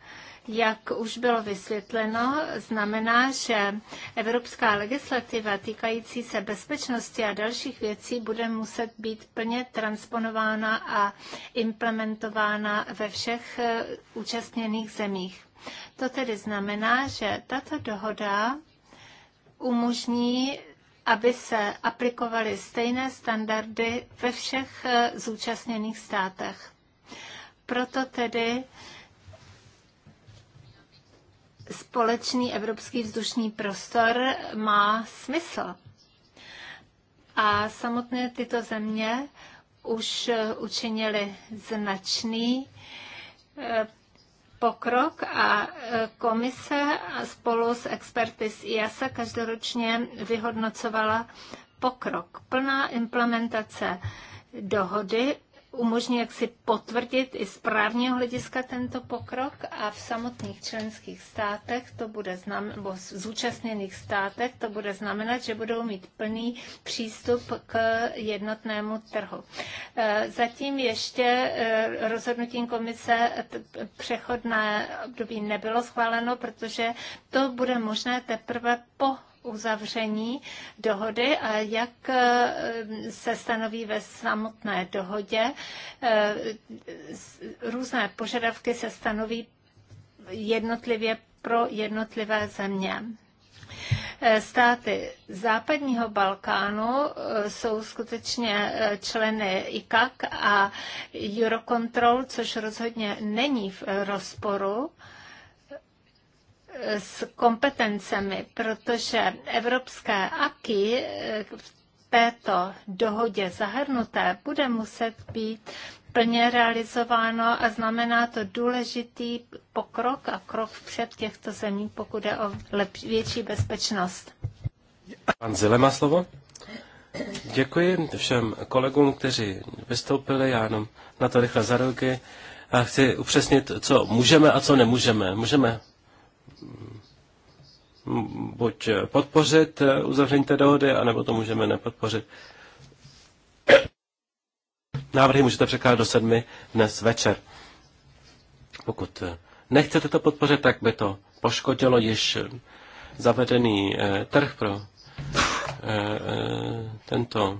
jak už bylo vysvětleno, znamená, že evropská legislativa týkající se bezpečnosti a dalších věcí bude muset být plně transponována a implementována ve všech eh, účastněných zemích. To tedy znamená, že tato dohoda umožní aby se aplikovaly stejné standardy ve všech eh, zúčastněných státech. Proto tedy společný evropský vzdušný prostor má smysl. A samotné tyto země už učinili značný eh, pokrok a eh, komise spolu s experty z IASA každoročně vyhodnocovala pokrok. Plná implementace dohody umožní jak si potvrdit i z právního hlediska tento pokrok a v samotných členských státech to bude znamenat, nebo zúčastněných státech to bude znamenat, že budou mít plný přístup k jednotnému trhu. E, zatím ještě e, rozhodnutím komise přechodné období nebylo schváleno, protože to bude možné teprve po uzavření dohody a jak eh, se stanoví ve samotné dohodě. Eh, různé požadavky se stanoví jednotlivě pro jednotlivé země. Eh, státy západního Balkánu jsou skutečně členy ICAC a Eurocontrol, což rozhodně není v rozporu s kompetencemi, protože evropské aky eh, v této dohodě zahrnuté bude muset být plně realizováno a znamená to důležitý pokrok a krok vpřed těchto zemí, pokud je o lepší, větší bezpečnost. Pan Zile má slovo. Děkuji všem kolegům, kteří vystoupili, já jenom na to rychle za ruky. A chci upřesnit, co můžeme a co nemůžeme. Můžeme buď podpořit uzavření té dohody, anebo to můžeme nepodpořit. Návrhy můžete překládat do sedmi dnes večer. Pokud nechcete to podpořit, tak by to poškodilo již zavedený eh, trh pro eh, eh, tento,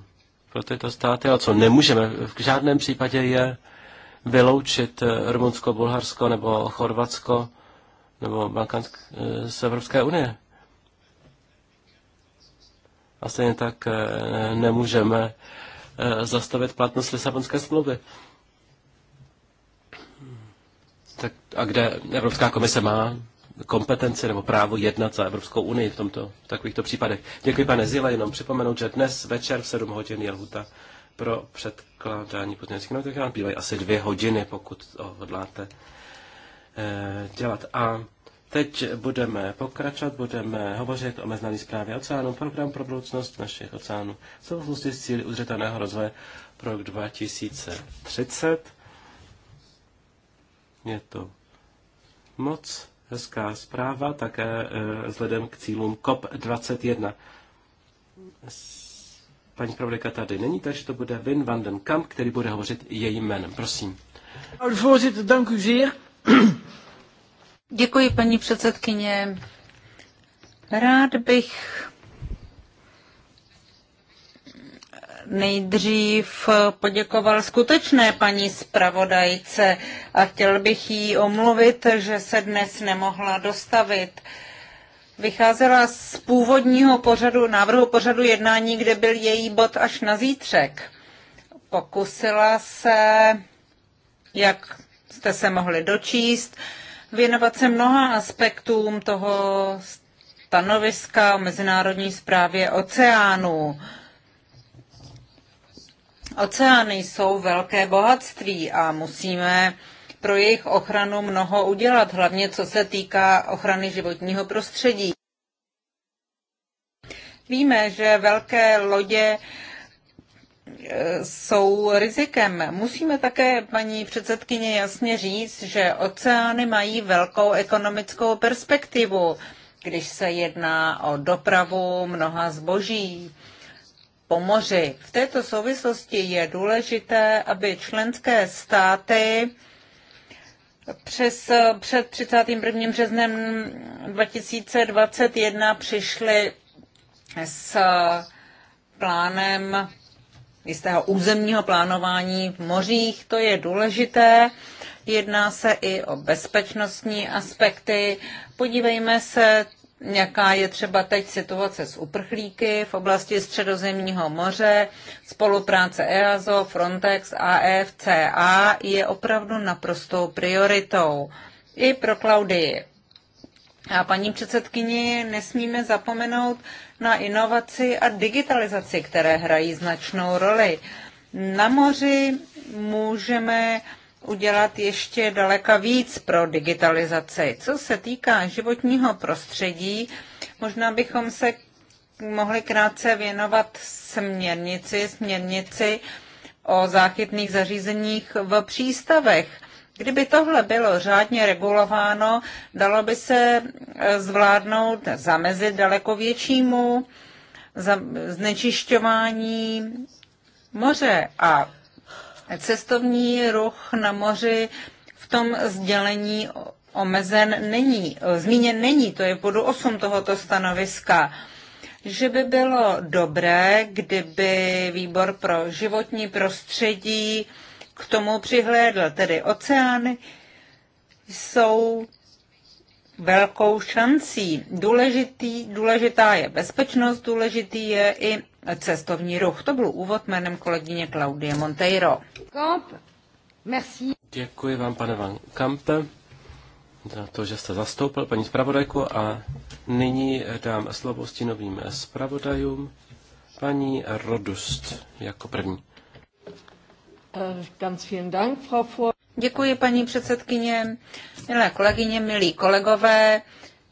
pro tyto státy, ale co nemůžeme v žádném případě je vyloučit Rumunsko, Bulharsko nebo Chorvatsko nebo Balkansk, eh, z Evropské unie. A stejně tak eh, nemůžeme eh, zastavit platnost Lisabonské smlouvy. Tak a kde Evropská komise má kompetenci nebo právo jednat za Evropskou unii v, tomto, v takovýchto případech. Děkuji, pane Zila, jenom připomenout, že dnes večer v 7 hodin je lhuta pro předkládání pozměňovacích návrhů, tak bývají asi dvě hodiny, pokud ho hodláte Eh, dělat. A teď budeme pokračovat, budeme hovořit o mezinárodní zprávě oceánu, program pro budoucnost našich oceánů v souvislosti s cíly udřetelného rozvoje pro rok 2030. Je to moc hezká zpráva, také eh, vzhledem k cílům COP21. Paní pravdeka tady není, takže to bude vin van den Kamp, který bude hovořit jejím jménem. Prosím. Voorzitter, dank u zeer. Děkuji, paní předsedkyně. Rád bych nejdřív poděkoval skutečné paní zpravodajce a chtěl bych jí omluvit, že se dnes nemohla dostavit. Vycházela z původního pořadu, návrhu pořadu jednání, kde byl její bod až na zítřek. Pokusila se, jak jste se mohli dočíst, věnovat se mnoha aspektům toho stanoviska o mezinárodní zprávě oceánů. Oceány jsou velké bohatství a musíme pro jejich ochranu mnoho udělat, hlavně co se týká ochrany životního prostředí. Víme, že velké lodě jsou rizikem. Musíme také, paní předsedkyně, jasně říct, že oceány mají velkou ekonomickou perspektivu, když se jedná o dopravu mnoha zboží po moři. V této souvislosti je důležité, aby členské státy přes, před 31. březnem 2021 přišly s plánem jistého územního plánování v mořích. To je důležité. Jedná se i o bezpečnostní aspekty. Podívejme se, jaká je třeba teď situace s uprchlíky v oblasti Středozemního moře. Spolupráce EASO, Frontex, a CA je opravdu naprostou prioritou. I pro Klaudii. A paní předsedkyni nesmíme zapomenout na inovaci a digitalizaci, které hrají značnou roli. Na moři můžeme udělat ještě daleka víc pro digitalizaci. Co se týká životního prostředí, možná bychom se mohli krátce věnovat směrnici, směrnici o záchytných zařízeních v přístavech. Kdyby tohle bylo řádně regulováno, dalo by se eh, zvládnout, zamezit daleko většímu znečišťování moře a cestovní ruch na moři v tom sdělení omezen není, eh, zmíněn není, to je bodu 8 tohoto stanoviska, že by bylo dobré, kdyby výbor pro životní prostředí k tomu přihlédl. Tedy oceány jsou velkou šancí. Důležitý, důležitá je bezpečnost, důležitý je i cestovní ruch. To byl úvod jménem kolegyně Claudie Monteiro. Kamp, merci. Děkuji vám, pane Van Kampe, za to, že jste zastoupil paní zpravodajku a nyní dám slovo novým zpravodajům. Paní Rodust jako první. Eh, Děkuji, paní předsedkyně, milé kolegyně, milí kolegové.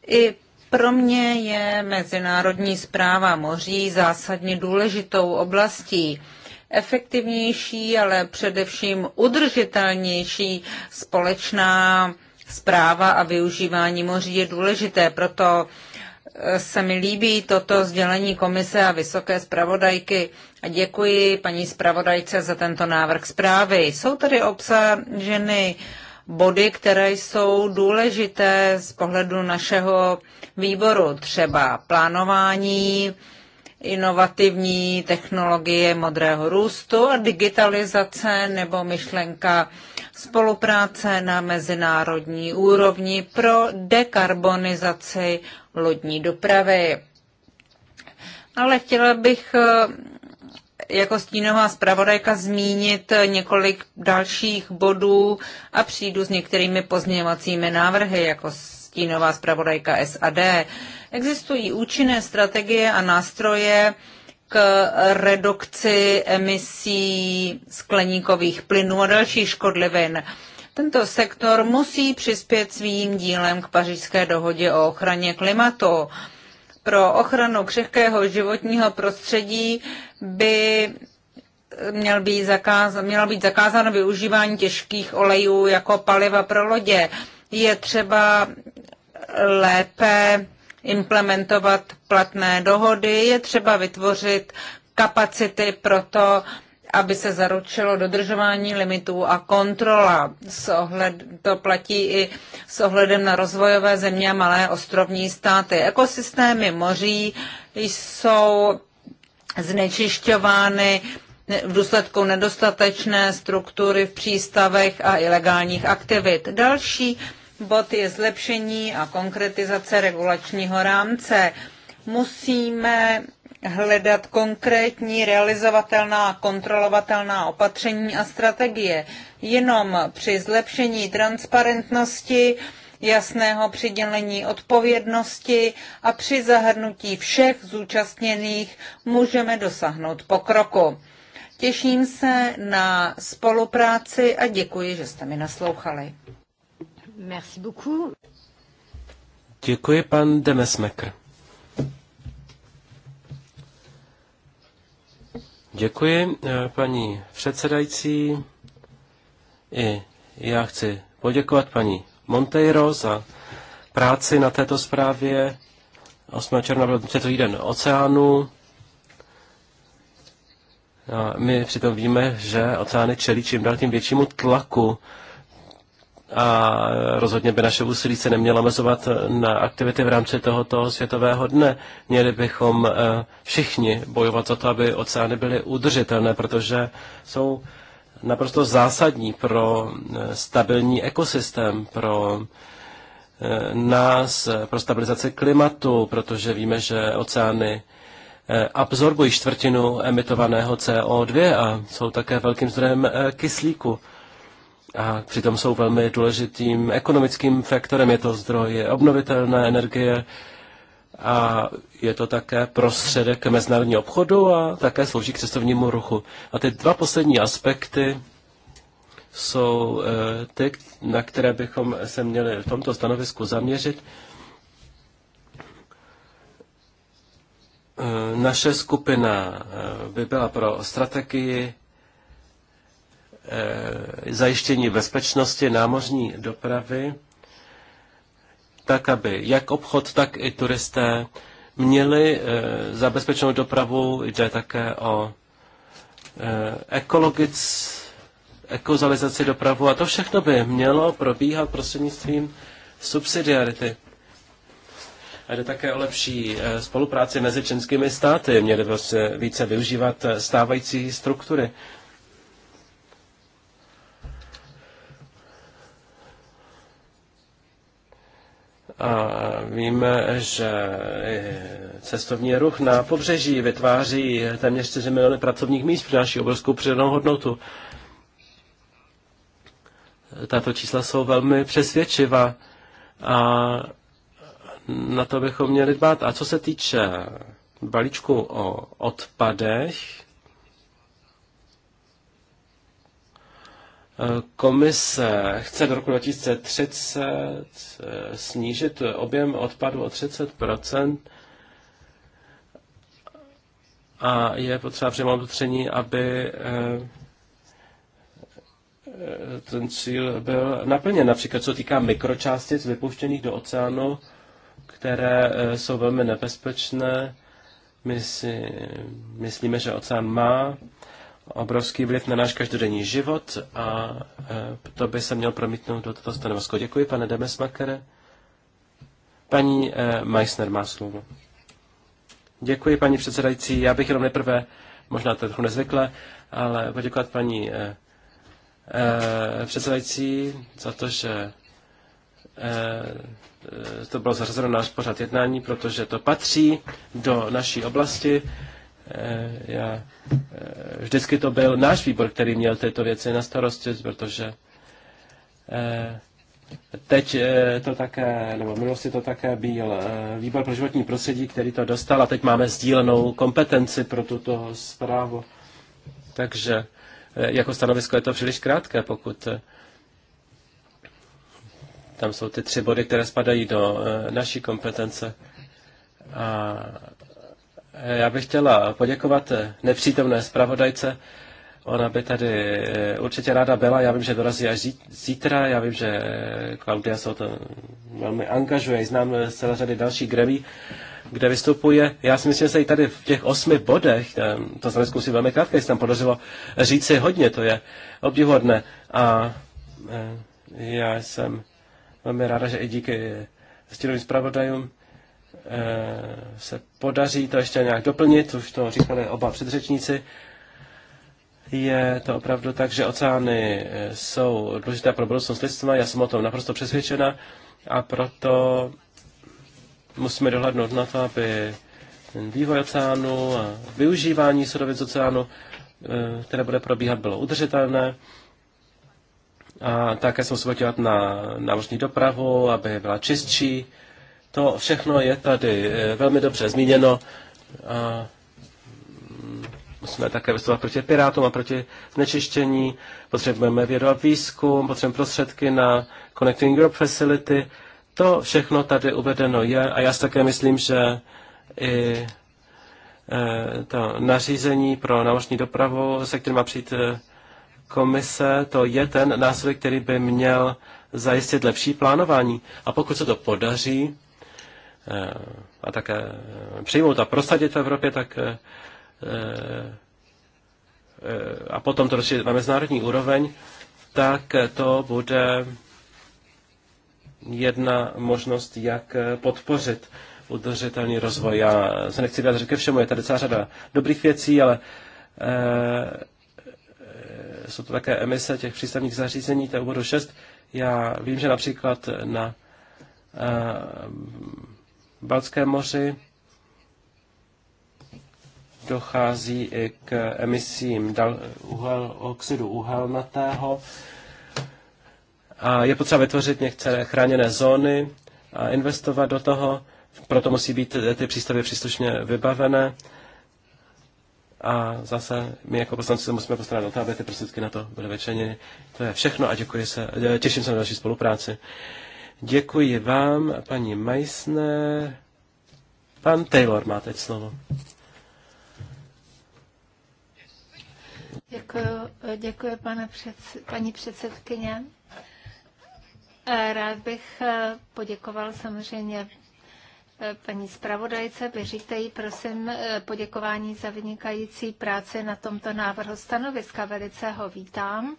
I pro mě je mezinárodní zpráva moří zásadně důležitou oblastí. Efektivnější, ale především udržitelnější společná zpráva a využívání moří je důležité. Proto se mi líbí toto sdělení komise a vysoké zpravodajky a děkuji paní zpravodajce za tento návrh zprávy. Jsou tady obsaženy body, které jsou důležité z pohledu našeho výboru, třeba plánování, inovativní technologie modrého růstu a digitalizace nebo myšlenka spolupráce na mezinárodní úrovni pro dekarbonizaci lodní dopravy. Ale chtěla bych eh, jako stínová zpravodajka zmínit několik dalších bodů a přijdu s některými pozměňovacími návrhy jako stínová zpravodajka SAD. Existují účinné strategie a nástroje, k redukci emisí skleníkových plynů a dalších škodlivin. Tento sektor musí přispět svým dílem k pařížské dohodě o ochraně klimatu. Pro ochranu křehkého životního prostředí by měl být zakázán mělo být zakázáno využívání těžkých olejů jako paliva pro lodě. Je třeba lépe implementovat platné dohody, je třeba vytvořit kapacity pro to, aby se zaručilo dodržování limitů a kontrola. S ohled, to platí i s ohledem na rozvojové země a malé ostrovní státy. Ekosystémy moří jsou znečišťovány v důsledku nedostatečné struktury v přístavech a ilegálních aktivit. Další bod je zlepšení a konkretizace regulačního rámce. Musíme hledat konkrétní, realizovatelná, a kontrolovatelná opatření a strategie. Jenom při zlepšení transparentnosti, jasného přidělení odpovědnosti a při zahrnutí všech zúčastněných můžeme dosáhnout pokroku. Těším se na spolupráci a děkuji, že jste mi naslouchali. Merci beaucoup. Děkuji, pan Demesmekr. Děkuji, eh, paní předsedající. I já chci poděkovat paní Monteiro za práci na této zprávě. 8. června byl Světový den oceánu. A my přitom víme, že oceány čelí čím dál tím většímu tlaku a rozhodně by naše úsilí se nemělo omezovat na aktivity v rámci tohoto světového dne. Měli bychom eh, všichni bojovat za to, aby oceány byly udržitelné, protože jsou naprosto zásadní pro eh, stabilní ekosystém, pro eh, nás, pro stabilizaci klimatu, protože víme, že oceány absorbují čtvrtinu emitovaného CO2 a jsou také velkým zdrojem kyslíku a přitom jsou velmi důležitým ekonomickým faktorem. Je to zdroj obnovitelné energie a je to také prostředek mezinárodního obchodu a také slouží k cestovnímu ruchu. A ty dva poslední aspekty jsou eh, ty, na které bychom se měli v tomto stanovisku zaměřit. Eh, naše skupina eh, by byla pro strategii Eh, zajištění bezpečnosti námořní dopravy, tak aby jak obchod, tak i turisté měli eh, za bezpečnou dopravu, jde také o eh, ekologic, ekozalizaci dopravu a to všechno by mělo probíhat prostřednictvím subsidiarity. A jde také o lepší spolupráci mezi členskými státy. Měli by se více využívat stávající struktury. A víme, že cestovní ruch na pobřeží vytváří téměř 4 miliony pracovních míst, přináší obrovskou přidanou hodnotu. Tato čísla jsou velmi přesvědčivá a na to bychom měli dbát. A co se týče balíčku o odpadech, Komise chce do roku 2030 eh, snížit objem odpadu o 30 a je potřeba přijmout opatření, aby eh, eh, ten cíl byl naplněn. Například co týká mikročástic vypuštěných do oceánu, které jsou velmi nebezpečné. My si myslíme, že oceán má obrovský vliv na náš každodenní život a e, to by se měl promítnout do toto stanovisko. Děkuji, pane Demesmakere. Paní e, Meissner má slovo. Děkuji, paní předsedající. Já bych jenom nejprve, možná to trochu nezvykle, ale poděkovat paní e, předsedající za to, že to bylo zařazeno na náš pořad jednání, protože to patří do naší oblasti Eh, já, eh, vždycky to byl náš výbor, který měl tyto věci na starosti, protože eh, teď to také, nebo v minulosti to také byl výbor pro životní prostředí, který to dostal a teď máme sdílenou kompetenci pro tuto zprávu. Takže jako stanovisko je to příliš krátké, pokud tam jsou ty tři body, které spadají do naší kompetence. A Eh, já bych chtěla poděkovat eh, nepřítomné zpravodajce. Ona by tady eh, určitě ráda byla. Já vím, že dorazí až zítra. Já vím, že Klaudia se o to velmi angažuje. Znám celé řady dalších gremí, kde vystupuje. Já si myslím, že se i tady v těch osmi bodech, to jsem zkusím velmi krátké, se tam podařilo říct si hodně, to je obdivodné. A já jsem velmi ráda, že i díky stínovým zpravodajům Eh, se podaří to ještě nějak doplnit, už to říkali oba předřečníci, je to opravdu tak, že oceány eh, jsou důležité pro budoucnost lidstva, já jsem o tom naprosto přesvědčena a proto musíme dohlednout na to, aby vývoj oceánu a využívání surovic oceánu, eh, které bude probíhat, bylo udržitelné. A také se na námořní dopravu, aby byla čistší, to všechno je tady eh, velmi dobře zmíněno. A mm, musíme také vystupovat proti pirátům a proti znečištění. Potřebujeme vědu a výzkum, potřebujeme prostředky na Connecting Europe Facility. To všechno tady uvedeno je a já si také myslím, že i eh, to nařízení pro námořní dopravu, se kterým má přijít eh, komise, to je ten nástroj, který by měl zajistit lepší plánování. A pokud se to podaří, Eh, a také eh, přijmout a prosadit v Evropě, tak eh, a potom to rozšířit na mezinárodní úroveň, tak to bude jedna možnost, jak podpořit udržitelný rozvoj. Já se nechci vyjádřit ke všemu, je tady celá řada dobrých věcí, ale e, jsou to také emise těch přístavních zařízení, to je 6. Já vím, že například na e, Balckém moři. Dochází i k emisím dal, uhel, oxidu uhelnatého. A je potřeba vytvořit některé chráněné zóny a investovat do toho. Proto musí být ty přístavy příslušně vybavené. A zase my jako poslanci se musíme postarat o to, aby ty prostředky na to byly vyčleněny. To je všechno a děkuji se, eh, těším se na další spolupráci. Děkuji vám, paní Meissner. Pan Taylor má teď slovo. Děkuji, děkuji pane před, paní předsedkyně. Eh, rád bych eh, poděkoval samozřejmě eh, paní zpravodajce. Běžíte jí, prosím, poděkování za vynikající práci na tomto návrhu stanoviska. Velice ho vítám,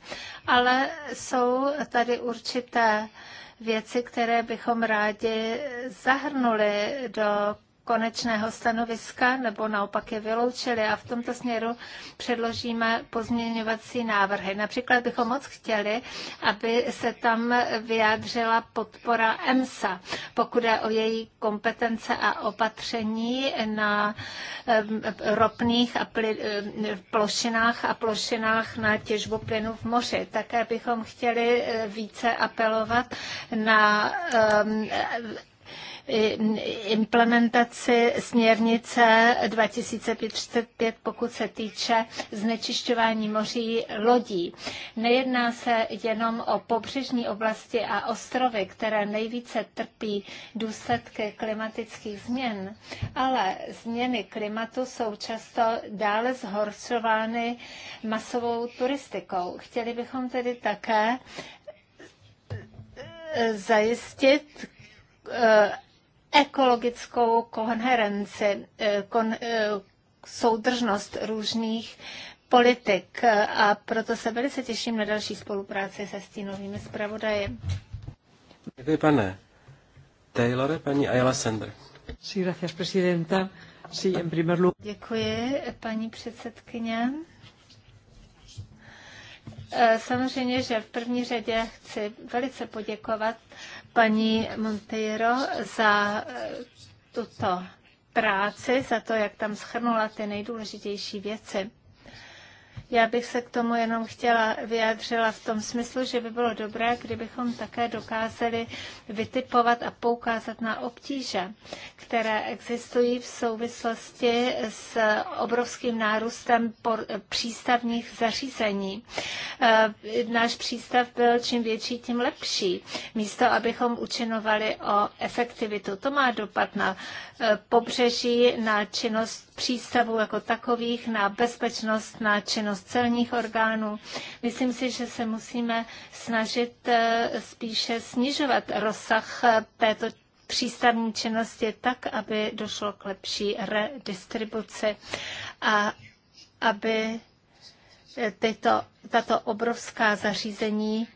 ale jsou tady určité věci, které bychom rádi zahrnuli do konečného stanoviska nebo naopak je vyloučili a v tomto směru předložíme pozměňovací návrhy. Například bychom moc chtěli, aby se tam vyjádřila podpora EMSA, pokud je o její kompetence a opatření na ropných a pli, plošinách a plošinách na těžbu plynu v moři. Také bychom chtěli eh, více apelovat na implementaci směrnice 2035, pokud se týče znečišťování moří lodí. Nejedná se jenom o pobřežní oblasti a ostrovy, které nejvíce trpí důsledky klimatických změn, ale změny klimatu jsou často dále zhoršovány masovou turistikou. Chtěli bychom tedy také zajistit eh, ekologickou koherenci, eh, kon, eh, soudržnost různých politik a proto se velice těším na další spolupráci se stínovými zpravodaji. Děkuji, pane Taylor, paní Ayala Sender. Sí, gracias, presidenta. Sí, en primer lugar. Děkuji, paní předsedkyně. Eh, samozřejmě, že v první řadě chci velice poděkovat paní Monteiro za eh, tuto práci, za to, jak tam schrnula ty nejdůležitější věci. Já bych se k tomu jenom chtěla vyjádřila v tom smyslu, že by bylo dobré, kdybychom také dokázali vytipovat a poukázat na obtíže, které existují v souvislosti s obrovským nárůstem přístavních zařízení. E, náš přístav byl čím větší, tím lepší. Místo, abychom učinovali o efektivitu. To má dopad na e, pobřeží, na činnost přístavů jako takových, na bezpečnost, na činnost činnost celních orgánů. Myslím si, že se musíme snažit eh, spíše snižovat rozsah eh, této přístavní činnosti tak, aby došlo k lepší redistribuci a aby eh, tyto, tato obrovská zařízení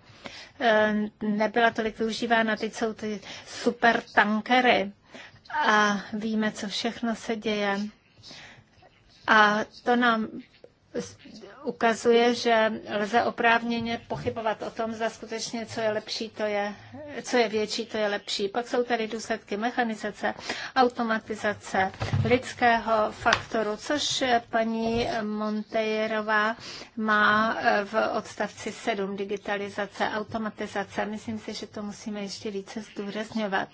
nebyla tolik využívána. Teď jsou ty super tankery a víme, co všechno se děje. A to nám ukazuje, že lze oprávněně pochybovat o tom, zda skutečně co je lepší, to je, co je větší, to je lepší. Pak jsou tady důsledky mechanizace, automatizace, lidského faktoru, což paní Montejerová má eh, v odstavci 7 digitalizace, automatizace. Myslím si, že to musíme ještě více zdůrazňovat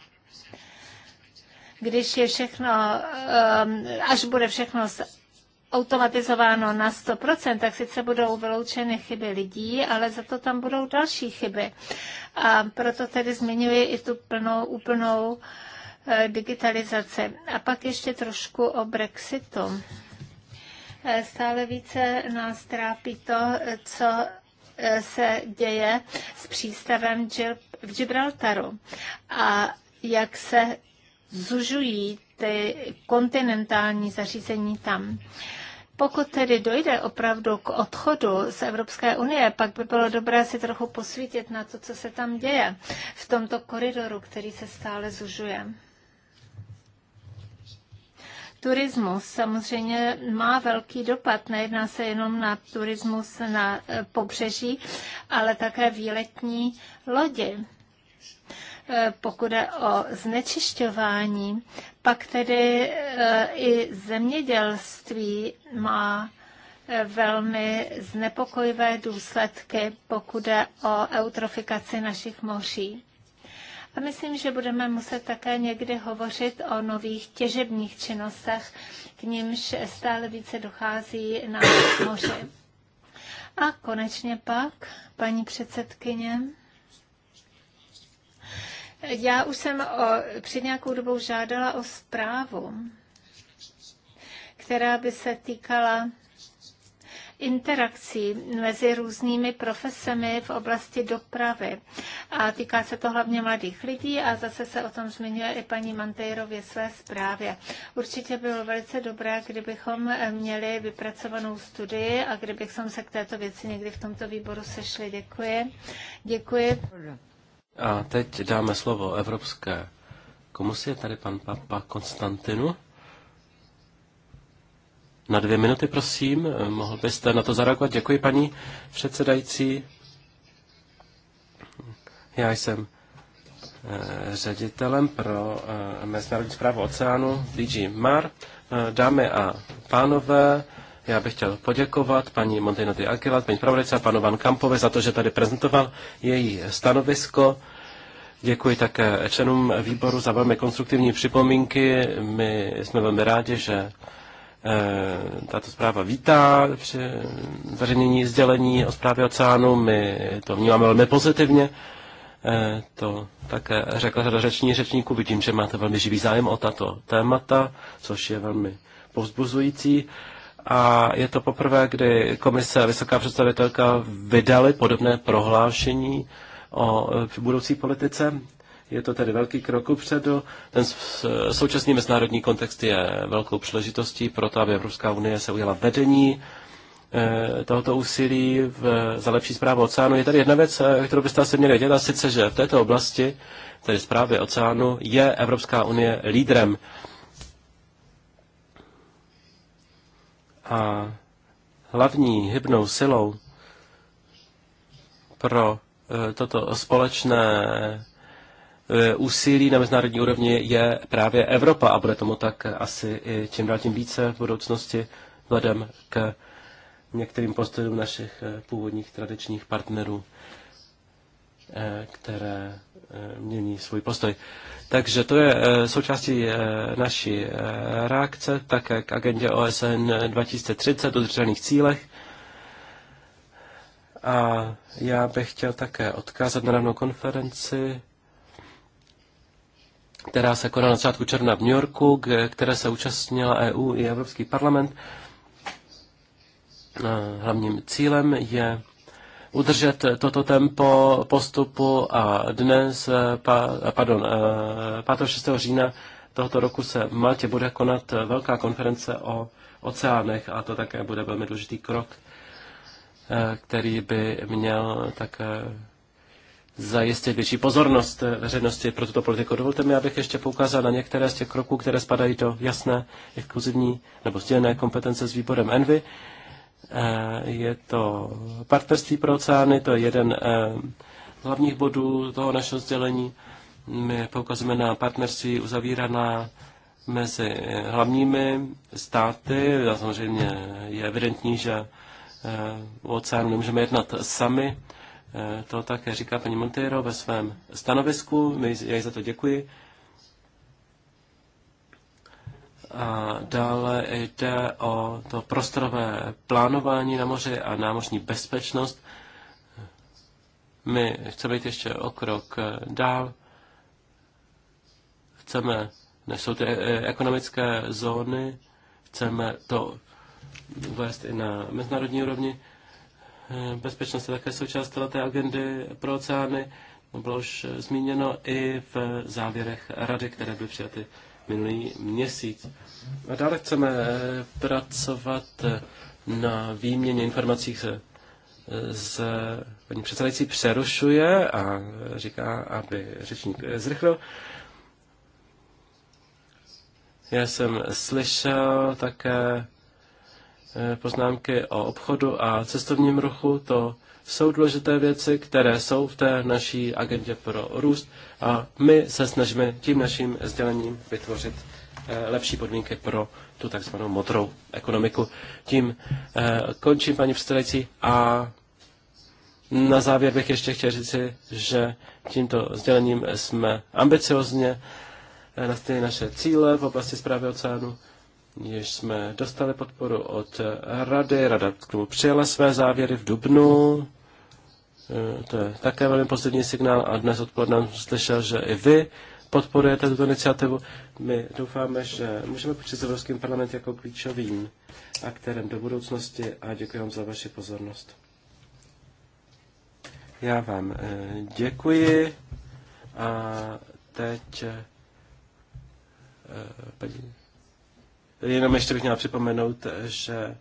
když je všechno, eh, až bude všechno automatizováno na 100%, tak sice budou vyloučeny chyby lidí, ale za to tam budou další chyby. A proto tedy zmiňuji i tu plnou, úplnou eh, digitalizaci. A pak ještě trošku o Brexitu. Eh, stále více nás trápí to, co eh, se děje s přístavem v Gibraltaru a jak se zužují ty kontinentální zařízení tam. Pokud tedy dojde opravdu k odchodu z Evropské unie, pak by bylo dobré si trochu posvítit na to, co se tam děje v tomto koridoru, který se stále zužuje. Turismus samozřejmě má velký dopad. Nejedná se jenom na turismus na eh, pobřeží, ale také výletní lodi. Eh, pokud je o znečišťování, pak tedy eh, i zemědělství má eh, velmi znepokojivé důsledky, pokud je o eutrofikaci našich moří. A myslím, že budeme muset také někdy hovořit o nových těžebních činnostech, k nímž stále více dochází na moři. A konečně pak, paní předsedkyně, já už jsem o, před nějakou dobou žádala o zprávu, která by se týkala interakcí mezi různými profesemi v oblasti dopravy. A týká se to hlavně mladých lidí a zase se o tom zmiňuje i paní Mantejrově své zprávě. Určitě bylo velice dobré, kdybychom měli vypracovanou studii a kdybychom se k této věci někdy v tomto výboru sešli. Děkuji. Děkuji. A teď dáme slovo Evropské komisi. je Tady pan Papa Konstantinu. Na dvě minuty, prosím. Mohl byste na to zareagovat? Děkuji, paní předsedající. Já jsem eh, ředitelem pro eh, Mezinárodní zprávu oceánu DG MAR. Eh, dámy a pánové, já bych chtěl poděkovat paní Montinoty Akilat, paní Pravodice a panu Van Kampovi za to, že tady prezentoval její stanovisko. Děkuji také členům výboru za velmi konstruktivní připomínky. My jsme velmi rádi, že eh, tato zpráva vítá při zveřejnění sdělení o zprávě oceánu. My to vnímáme velmi pozitivně. Eh, to také řekla řada řeční řečníků. Vidím, že máte velmi živý zájem o tato témata, což je velmi povzbuzující a je to poprvé, kdy komise a vysoká představitelka vydali podobné prohlášení o e, budoucí politice. Je to tedy velký krok upředu. Ten současný mezinárodní kontext je velkou příležitostí pro to, aby Evropská unie se ujala vedení e, tohoto úsilí v, za lepší zprávu oceánu. Je tady jedna věc, e, kterou byste asi měli vědět, a sice, že v této oblasti, tedy zprávy oceánu, je Evropská unie lídrem. A hlavní hybnou silou pro e, toto společné e, úsilí na mezinárodní úrovni je právě Evropa a bude tomu tak asi i čím dál tím více v budoucnosti vzhledem k některým postojům našich e, původních tradičních partnerů, které mění svůj postoj. Takže to je eh, součástí eh, naší eh, reakce, také k agendě OSN 2030 o držených cílech. A já bych chtěl také odkázat na rovnou konferenci, která se konala na začátku června v New Yorku, které se účastnila EU i Evropský parlament. Hlavním cílem je udržet toto tempo postupu a dnes, eh, eh, pardon, 5. Eh, 6. října tohoto roku se v Maltě bude konat velká konference o oceánech a to také bude velmi důležitý krok, který by měl také zajistit větší pozornost veřejnosti pro tuto politiku. Dovolte mi, abych ještě poukázal na některé z těch kroků, které spadají do jasné, exkluzivní nebo sdělené kompetence s výborem Envy. Eh, je to partnerství pro oceány, to je jeden z eh, hlavních bodů toho našeho sdělení. My poukazujeme na partnerství uzavíraná mezi hlavními státy. A samozřejmě je evidentní, že eh, u oceánu nemůžeme jednat sami. To také říká paní Monteiro ve svém stanovisku. My jej za to děkuji. A dále jde o to prostorové plánování na moři a námořní bezpečnost. My chceme jít ještě o krok dál. Chceme, než jsou ty eh, ekonomické zóny, chceme to uvést i na mezinárodní úrovni. Eh, bezpečnost je také součást té agendy pro oceány. Bylo už zmíněno i v závěrech rady, které byly přijaty minulý měsíc. A dále chceme eh, pracovat eh, na výměně informací se eh, z paní předsedající přerušuje a říká, aby řečník zrychlil. Já jsem slyšel také poznámky o obchodu a cestovním ruchu. To jsou důležité věci, které jsou v té naší agendě pro růst a my se snažíme tím naším sdělením vytvořit eh, lepší podmínky pro tu takzvanou modrou ekonomiku. Tím eh, končím, paní předsedající, a na závěr bych ještě chtěl říci, že tímto sdělením jsme ambiciozně eh, nastavili naše cíle v oblasti zprávy oceánu, jež jsme dostali podporu od Rady. Rada k tomu přijala své závěry v Dubnu Eh, to je také velmi pozitivní signál a dnes odpoledne jsem slyšel, že i vy podporujete tuto iniciativu. My doufáme, že můžeme počít s Evropským parlament jako klíčovým aktérem do budoucnosti a děkuji vám za vaši pozornost. Já vám eh, děkuji a teď eh, paní, jenom ještě bych měla připomenout, že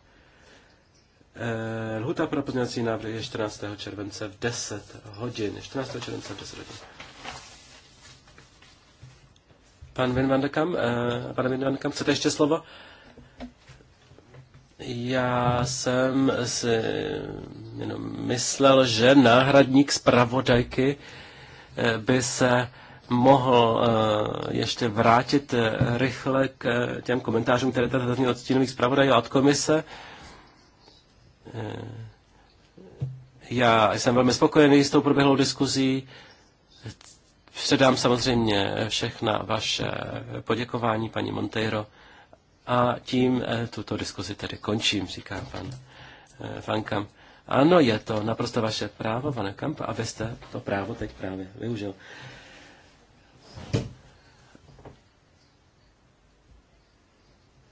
Eh, lhuta pro pozměňovací návrh je 14. července v 10 hodin. 14. července v 10 hodin. Pan Vin van Kam, eh, pane Vin van Kam, chcete ještě slovo? Já jsem si jenom myslel, že náhradník zpravodajky eh, by se mohl eh, ještě vrátit rychle k těm komentářům, které tady zazněly od stínových zpravodajů a od komise. Eh, já jsem velmi spokojený s tou proběhlou diskuzí. Předám samozřejmě všechna vaše poděkování, paní Monteiro. A tím eh, tuto diskuzi tedy končím, říká pan Fankam. Eh, ano, je to naprosto vaše právo, pane Kampa, a to právo teď právě využil.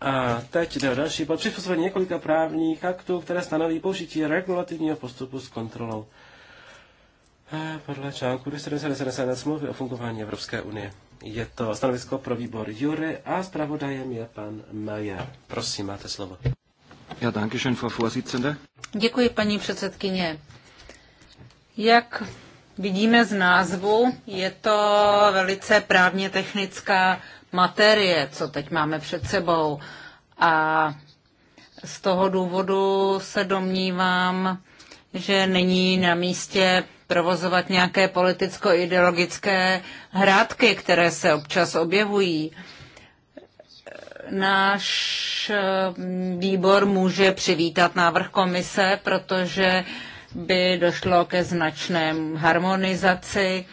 A teď jde o další bod přizpůsobení několika právních aktů, které stanoví použití regulativního postupu s kontrolou. E, podle článku 270 smlouvy o fungování Evropské unie. Je to stanovisko pro výbor Jury a zpravodajem je pan Majer. Prosím, máte slovo. Ja, danke schön, Frau Vorsitzende. Děkuji, paní předsedkyně. Jak vidíme z názvu, je to velice právně technická materie, co teď máme před sebou. A z toho důvodu se domnívám, že není na místě provozovat nějaké politicko-ideologické hrátky, které se občas objevují. Náš eh, výbor může přivítat návrh komise, protože by došlo ke značné harmonizaci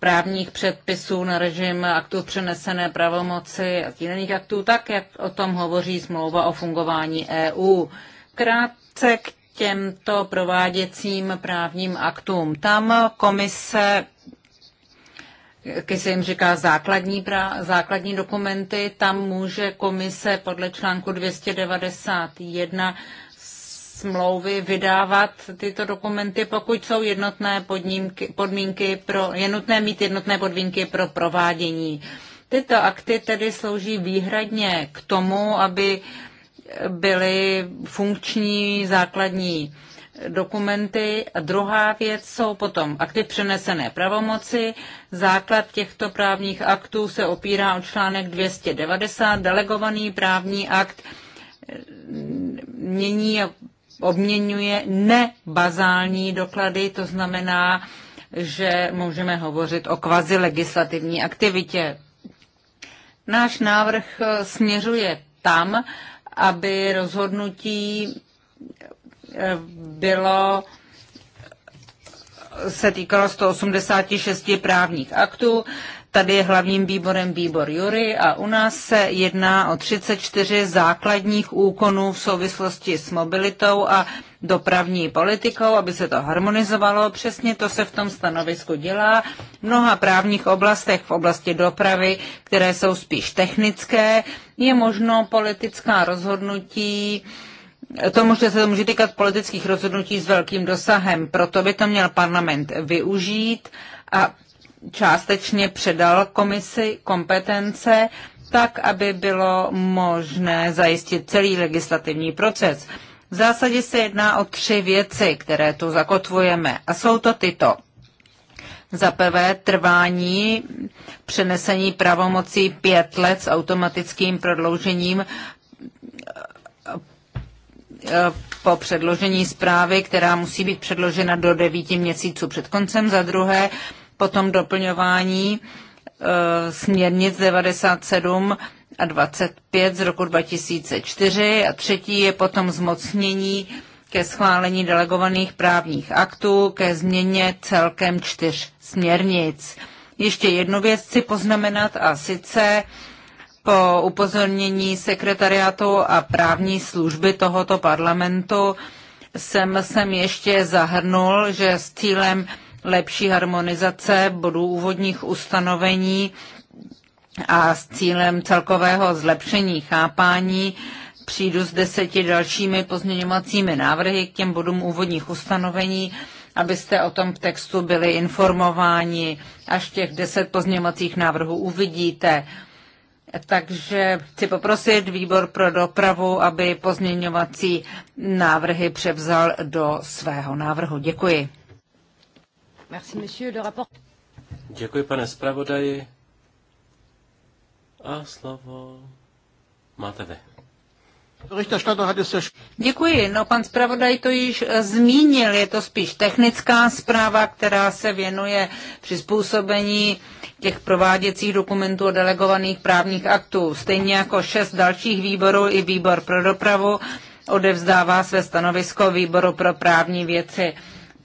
právních předpisů na režim aktů přenesené pravomoci a jiných aktů, tak jak o tom hovoří smlouva o fungování EU. Krátce k těmto prováděcím právním aktům. Tam komise když se jim říká základní, pra, základní dokumenty, tam může komise podle článku 291 smlouvy vydávat tyto dokumenty, pokud jsou jednotné podmínky, podmínky pro, je nutné mít jednotné podmínky pro provádění. Tyto akty tedy slouží výhradně k tomu, aby byly funkční základní dokumenty. A druhá věc jsou potom akty přenesené pravomoci. Základ těchto právních aktů se opírá o článek 290, delegovaný právní akt mění obměňuje nebazální doklady, to znamená, že můžeme hovořit o kvazi legislativní aktivitě. Náš návrh směřuje tam, aby rozhodnutí eh, bylo se týkalo 186 právních aktů Tady je hlavním výborem výbor Jury a u nás se jedná o 34 základních úkonů v souvislosti s mobilitou a dopravní politikou, aby se to harmonizovalo. Přesně to se v tom stanovisku dělá. V mnoha právních oblastech, v oblasti dopravy, které jsou spíš technické, je možno politická rozhodnutí, to může, se to může týkat politických rozhodnutí s velkým dosahem, proto by to měl parlament využít a částečně předal komisi kompetence tak, aby bylo možné zajistit celý legislativní proces. V zásadě se jedná o tři věci, které tu zakotvujeme a jsou to tyto. Za prvé trvání přenesení pravomocí pět let s automatickým prodloužením eh, po předložení zprávy, která musí být předložena do devíti měsíců před koncem. Za druhé potom doplňování eh, směrnic 97 a 25 z roku 2004 a třetí je potom zmocnění ke schválení delegovaných právních aktů ke změně celkem čtyř směrnic. Ještě jednu věc chci poznamenat a sice po upozornění sekretariátu a právní služby tohoto parlamentu jsem sem ještě zahrnul, že s cílem lepší harmonizace bodů úvodních ustanovení a s cílem celkového zlepšení chápání přijdu s deseti dalšími pozměňovacími návrhy k těm bodům úvodních ustanovení, abyste o tom v textu byli informováni. Až těch deset pozměňovacích návrhů uvidíte. Takže chci poprosit výbor pro dopravu, aby pozměňovací návrhy převzal do svého návrhu. Děkuji. Merci, monsieur le rapport. Děkuji, pane zpravodaji. A slovo máte vy. Děkuji. No, pan zpravodaj to již eh, zmínil. Je to spíš technická zpráva, která se věnuje přizpůsobení těch prováděcích dokumentů o delegovaných právních aktů. Stejně jako šest dalších výborů i výbor pro dopravu odevzdává své stanovisko výboru pro právní věci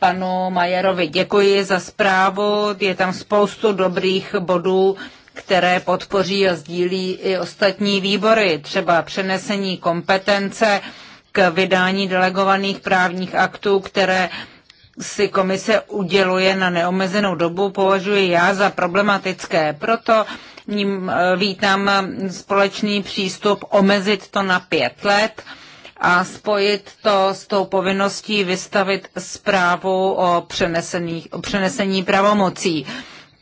panu Majerovi děkuji za zprávu. Je tam spoustu dobrých bodů, které podpoří a sdílí i ostatní výbory, třeba přenesení kompetence k vydání delegovaných právních aktů, které si komise uděluje na neomezenou dobu, považuji já za problematické. Proto ním eh, vítám společný přístup omezit to na pět let a spojit to s tou povinností vystavit zprávu o, o přenesení pravomocí.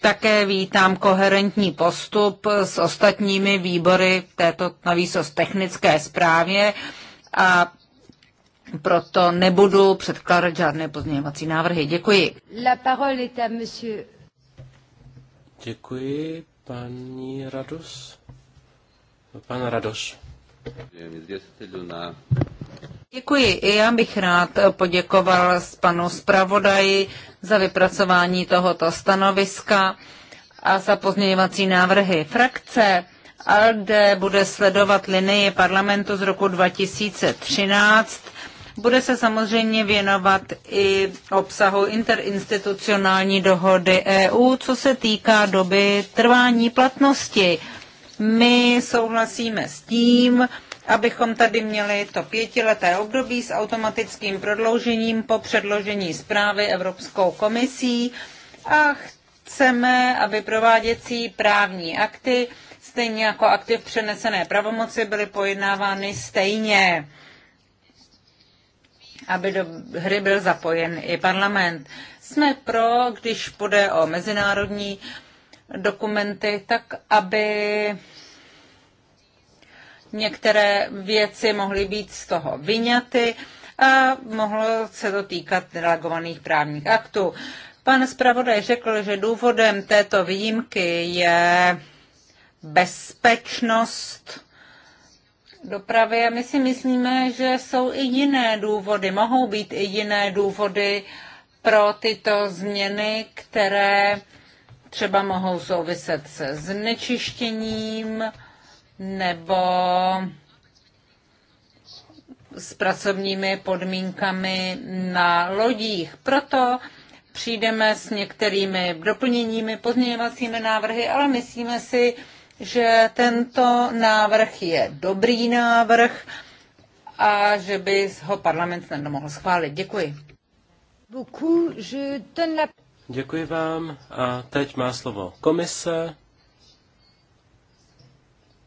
Také vítám koherentní postup s ostatními výbory této navýsost technické zprávě a proto nebudu předkládat žádné pozměňovací návrhy. Děkuji. La parole est à monsieur. Děkuji, paní Rados. Pan Rados. Děkuji. já bych rád poděkoval panu zpravodaji za vypracování tohoto stanoviska a za pozměňovací návrhy frakce. ALDE bude sledovat linii parlamentu z roku 2013. Bude se samozřejmě věnovat i obsahu interinstitucionální dohody EU, co se týká doby trvání platnosti. My souhlasíme s tím, abychom tady měli to pětileté období s automatickým prodloužením po předložení zprávy Evropskou komisí a chceme, aby prováděcí právní akty, stejně jako akty v přenesené pravomoci, byly pojednávány stejně aby do hry byl zapojen i parlament. Jsme pro, když půjde o mezinárodní dokumenty tak, aby některé věci mohly být z toho vyňaty a mohlo se to týkat delegovaných právních aktů. Pan zpravodaj řekl, že důvodem této výjimky je bezpečnost dopravy a my si myslíme, že jsou i jiné důvody, mohou být i jiné důvody pro tyto změny, které třeba mohou souviset se znečištěním nebo s pracovními podmínkami na lodích. Proto přijdeme s některými doplněními, pozměňovacími návrhy, ale myslíme si, že tento návrh je dobrý návrh a že by ho parlament snadno mohl schválit. Děkuji. Děkuji vám a teď má slovo komise.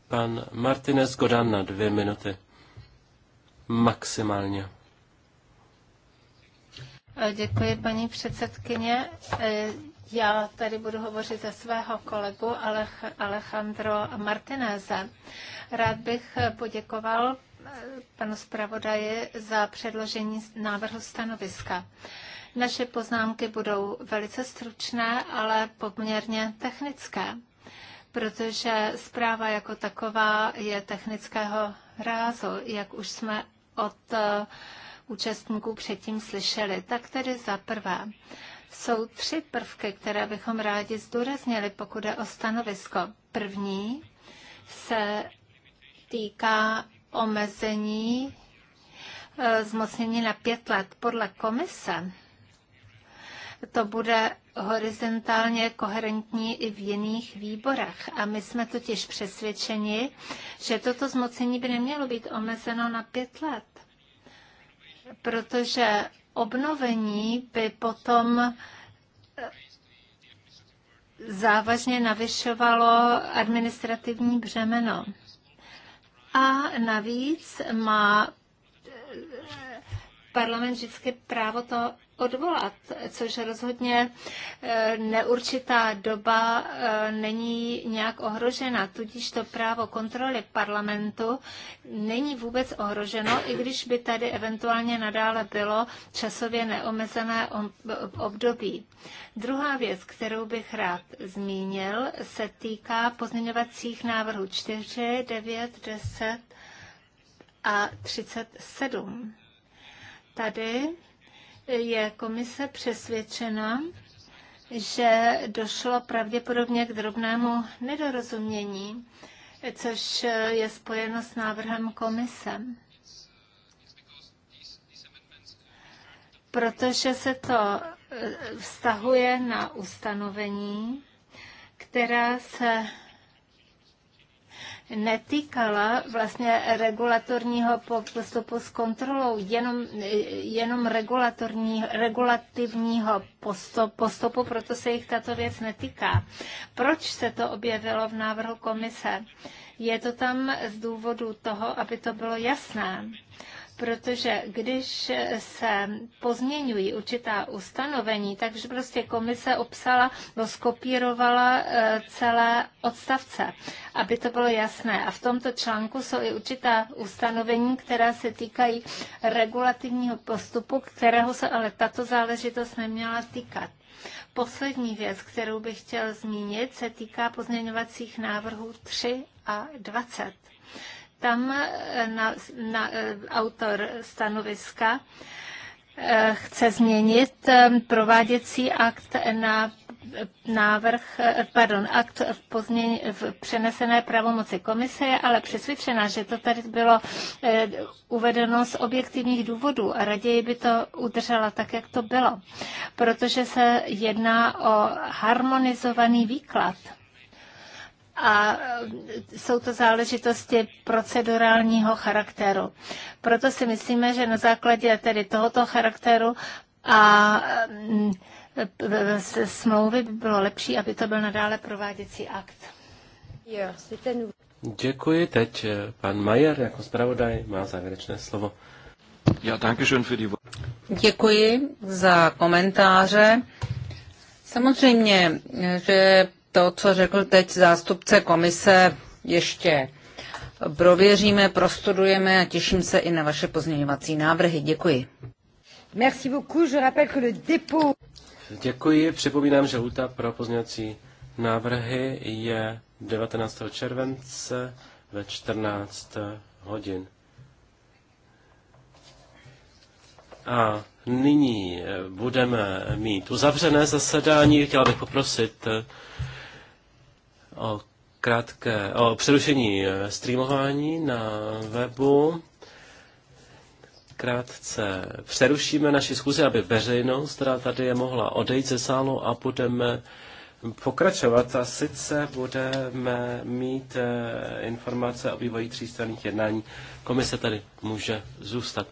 Pan Martinez Godan na dvě minuty. Maximálně. Eh, děkuji, paní předsedkyně. Eh, já tady budu hovořit za svého kolegu Alech, Alejandro Martineze. Rád bych eh, poděkoval panu zpravodaji za předložení návrhu stanoviska. Naše poznámky budou velice stručné, ale poměrně technické, protože zpráva jako taková je technického rázu, jak už jsme od eh, účastníků předtím slyšeli. Tak tedy za prvé, jsou tři prvky, které bychom rádi zdůraznili, pokud je o stanovisko. První se týká omezení eh, zmocnění na pět let podle komise to bude horizontálně koherentní i v jiných výborech. A my jsme totiž přesvědčeni, že toto zmocnění by nemělo být omezeno na pět let, protože obnovení by potom eh, závažně navyšovalo administrativní břemeno. A navíc má eh, parlament vždycky právo to odvolat, což rozhodně eh, neurčitá doba eh, není nějak ohrožena. Tudíž to právo kontroly parlamentu není vůbec ohroženo, i když by tady eventuálně nadále bylo časově neomezené období. Druhá věc, kterou bych rád zmínil, se týká pozměňovacích návrhů 4, 9, 10 a 37. Tady je komise přesvědčena, že došlo pravděpodobně k drobnému nedorozumění, což je spojeno s návrhem komise. Protože se to eh, vztahuje na ustanovení, která se netýkala vlastně regulatorního postupu s kontrolou, jenom, jenom regulatorní, regulativního postupu, postupu, proto se jich tato věc netýká. Proč se to objevilo v návrhu komise? Je to tam z důvodu toho, aby to bylo jasné protože když se pozměňují určitá ustanovení, takže prostě komise obsala, no skopírovala eh, celé odstavce, aby to bylo jasné. A v tomto článku jsou i určitá ustanovení, která se týkají regulativního postupu, kterého se ale tato záležitost neměla týkat. Poslední věc, kterou bych chtěl zmínit, se týká pozměňovacích návrhů 3 a 20 tam eh, na, na, eh, autor stanoviska eh, chce změnit prováděcí akt na návrh, pardon, akt v, pozměň, v přenesené pravomoci komise, ale přesvědčena, že to tady bylo uvedeno z objektivních důvodů a raději by to udržela tak, jak to bylo, protože se jedná o harmonizovaný výklad a eh, jsou to záležitosti procedurálního charakteru. Proto si myslíme, že na základě tedy tohoto charakteru a mm, smlouvy by bylo lepší, aby to byl nadále prováděcí akt. Děkuji. Teď eh, pan Majer jako zpravodaj má závěrečné slovo. Děkuji za komentáře. Samozřejmě, eh, že to, co řekl teď zástupce komise, ještě prověříme, prostudujeme a těším se i na vaše pozměňovací návrhy. Děkuji. Merci beaucoup. Je rappelle que le dépôt... Děkuji. Připomínám, že lhůta pro pozměňovací návrhy je 19. července ve 14 hodin. A nyní budeme mít uzavřené zasedání. Chtěla bych poprosit o krátké, o přerušení eh, streamování na webu. Krátce přerušíme naši schůzi, aby veřejnost, která tady je, mohla odejít ze sálu a budeme pokračovat. A sice budeme mít eh, informace o vývoji třístranných jednání. Komise tady může zůstat.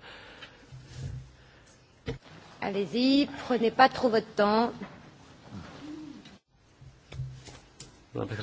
Allez-y, prenez pas trop votre temps.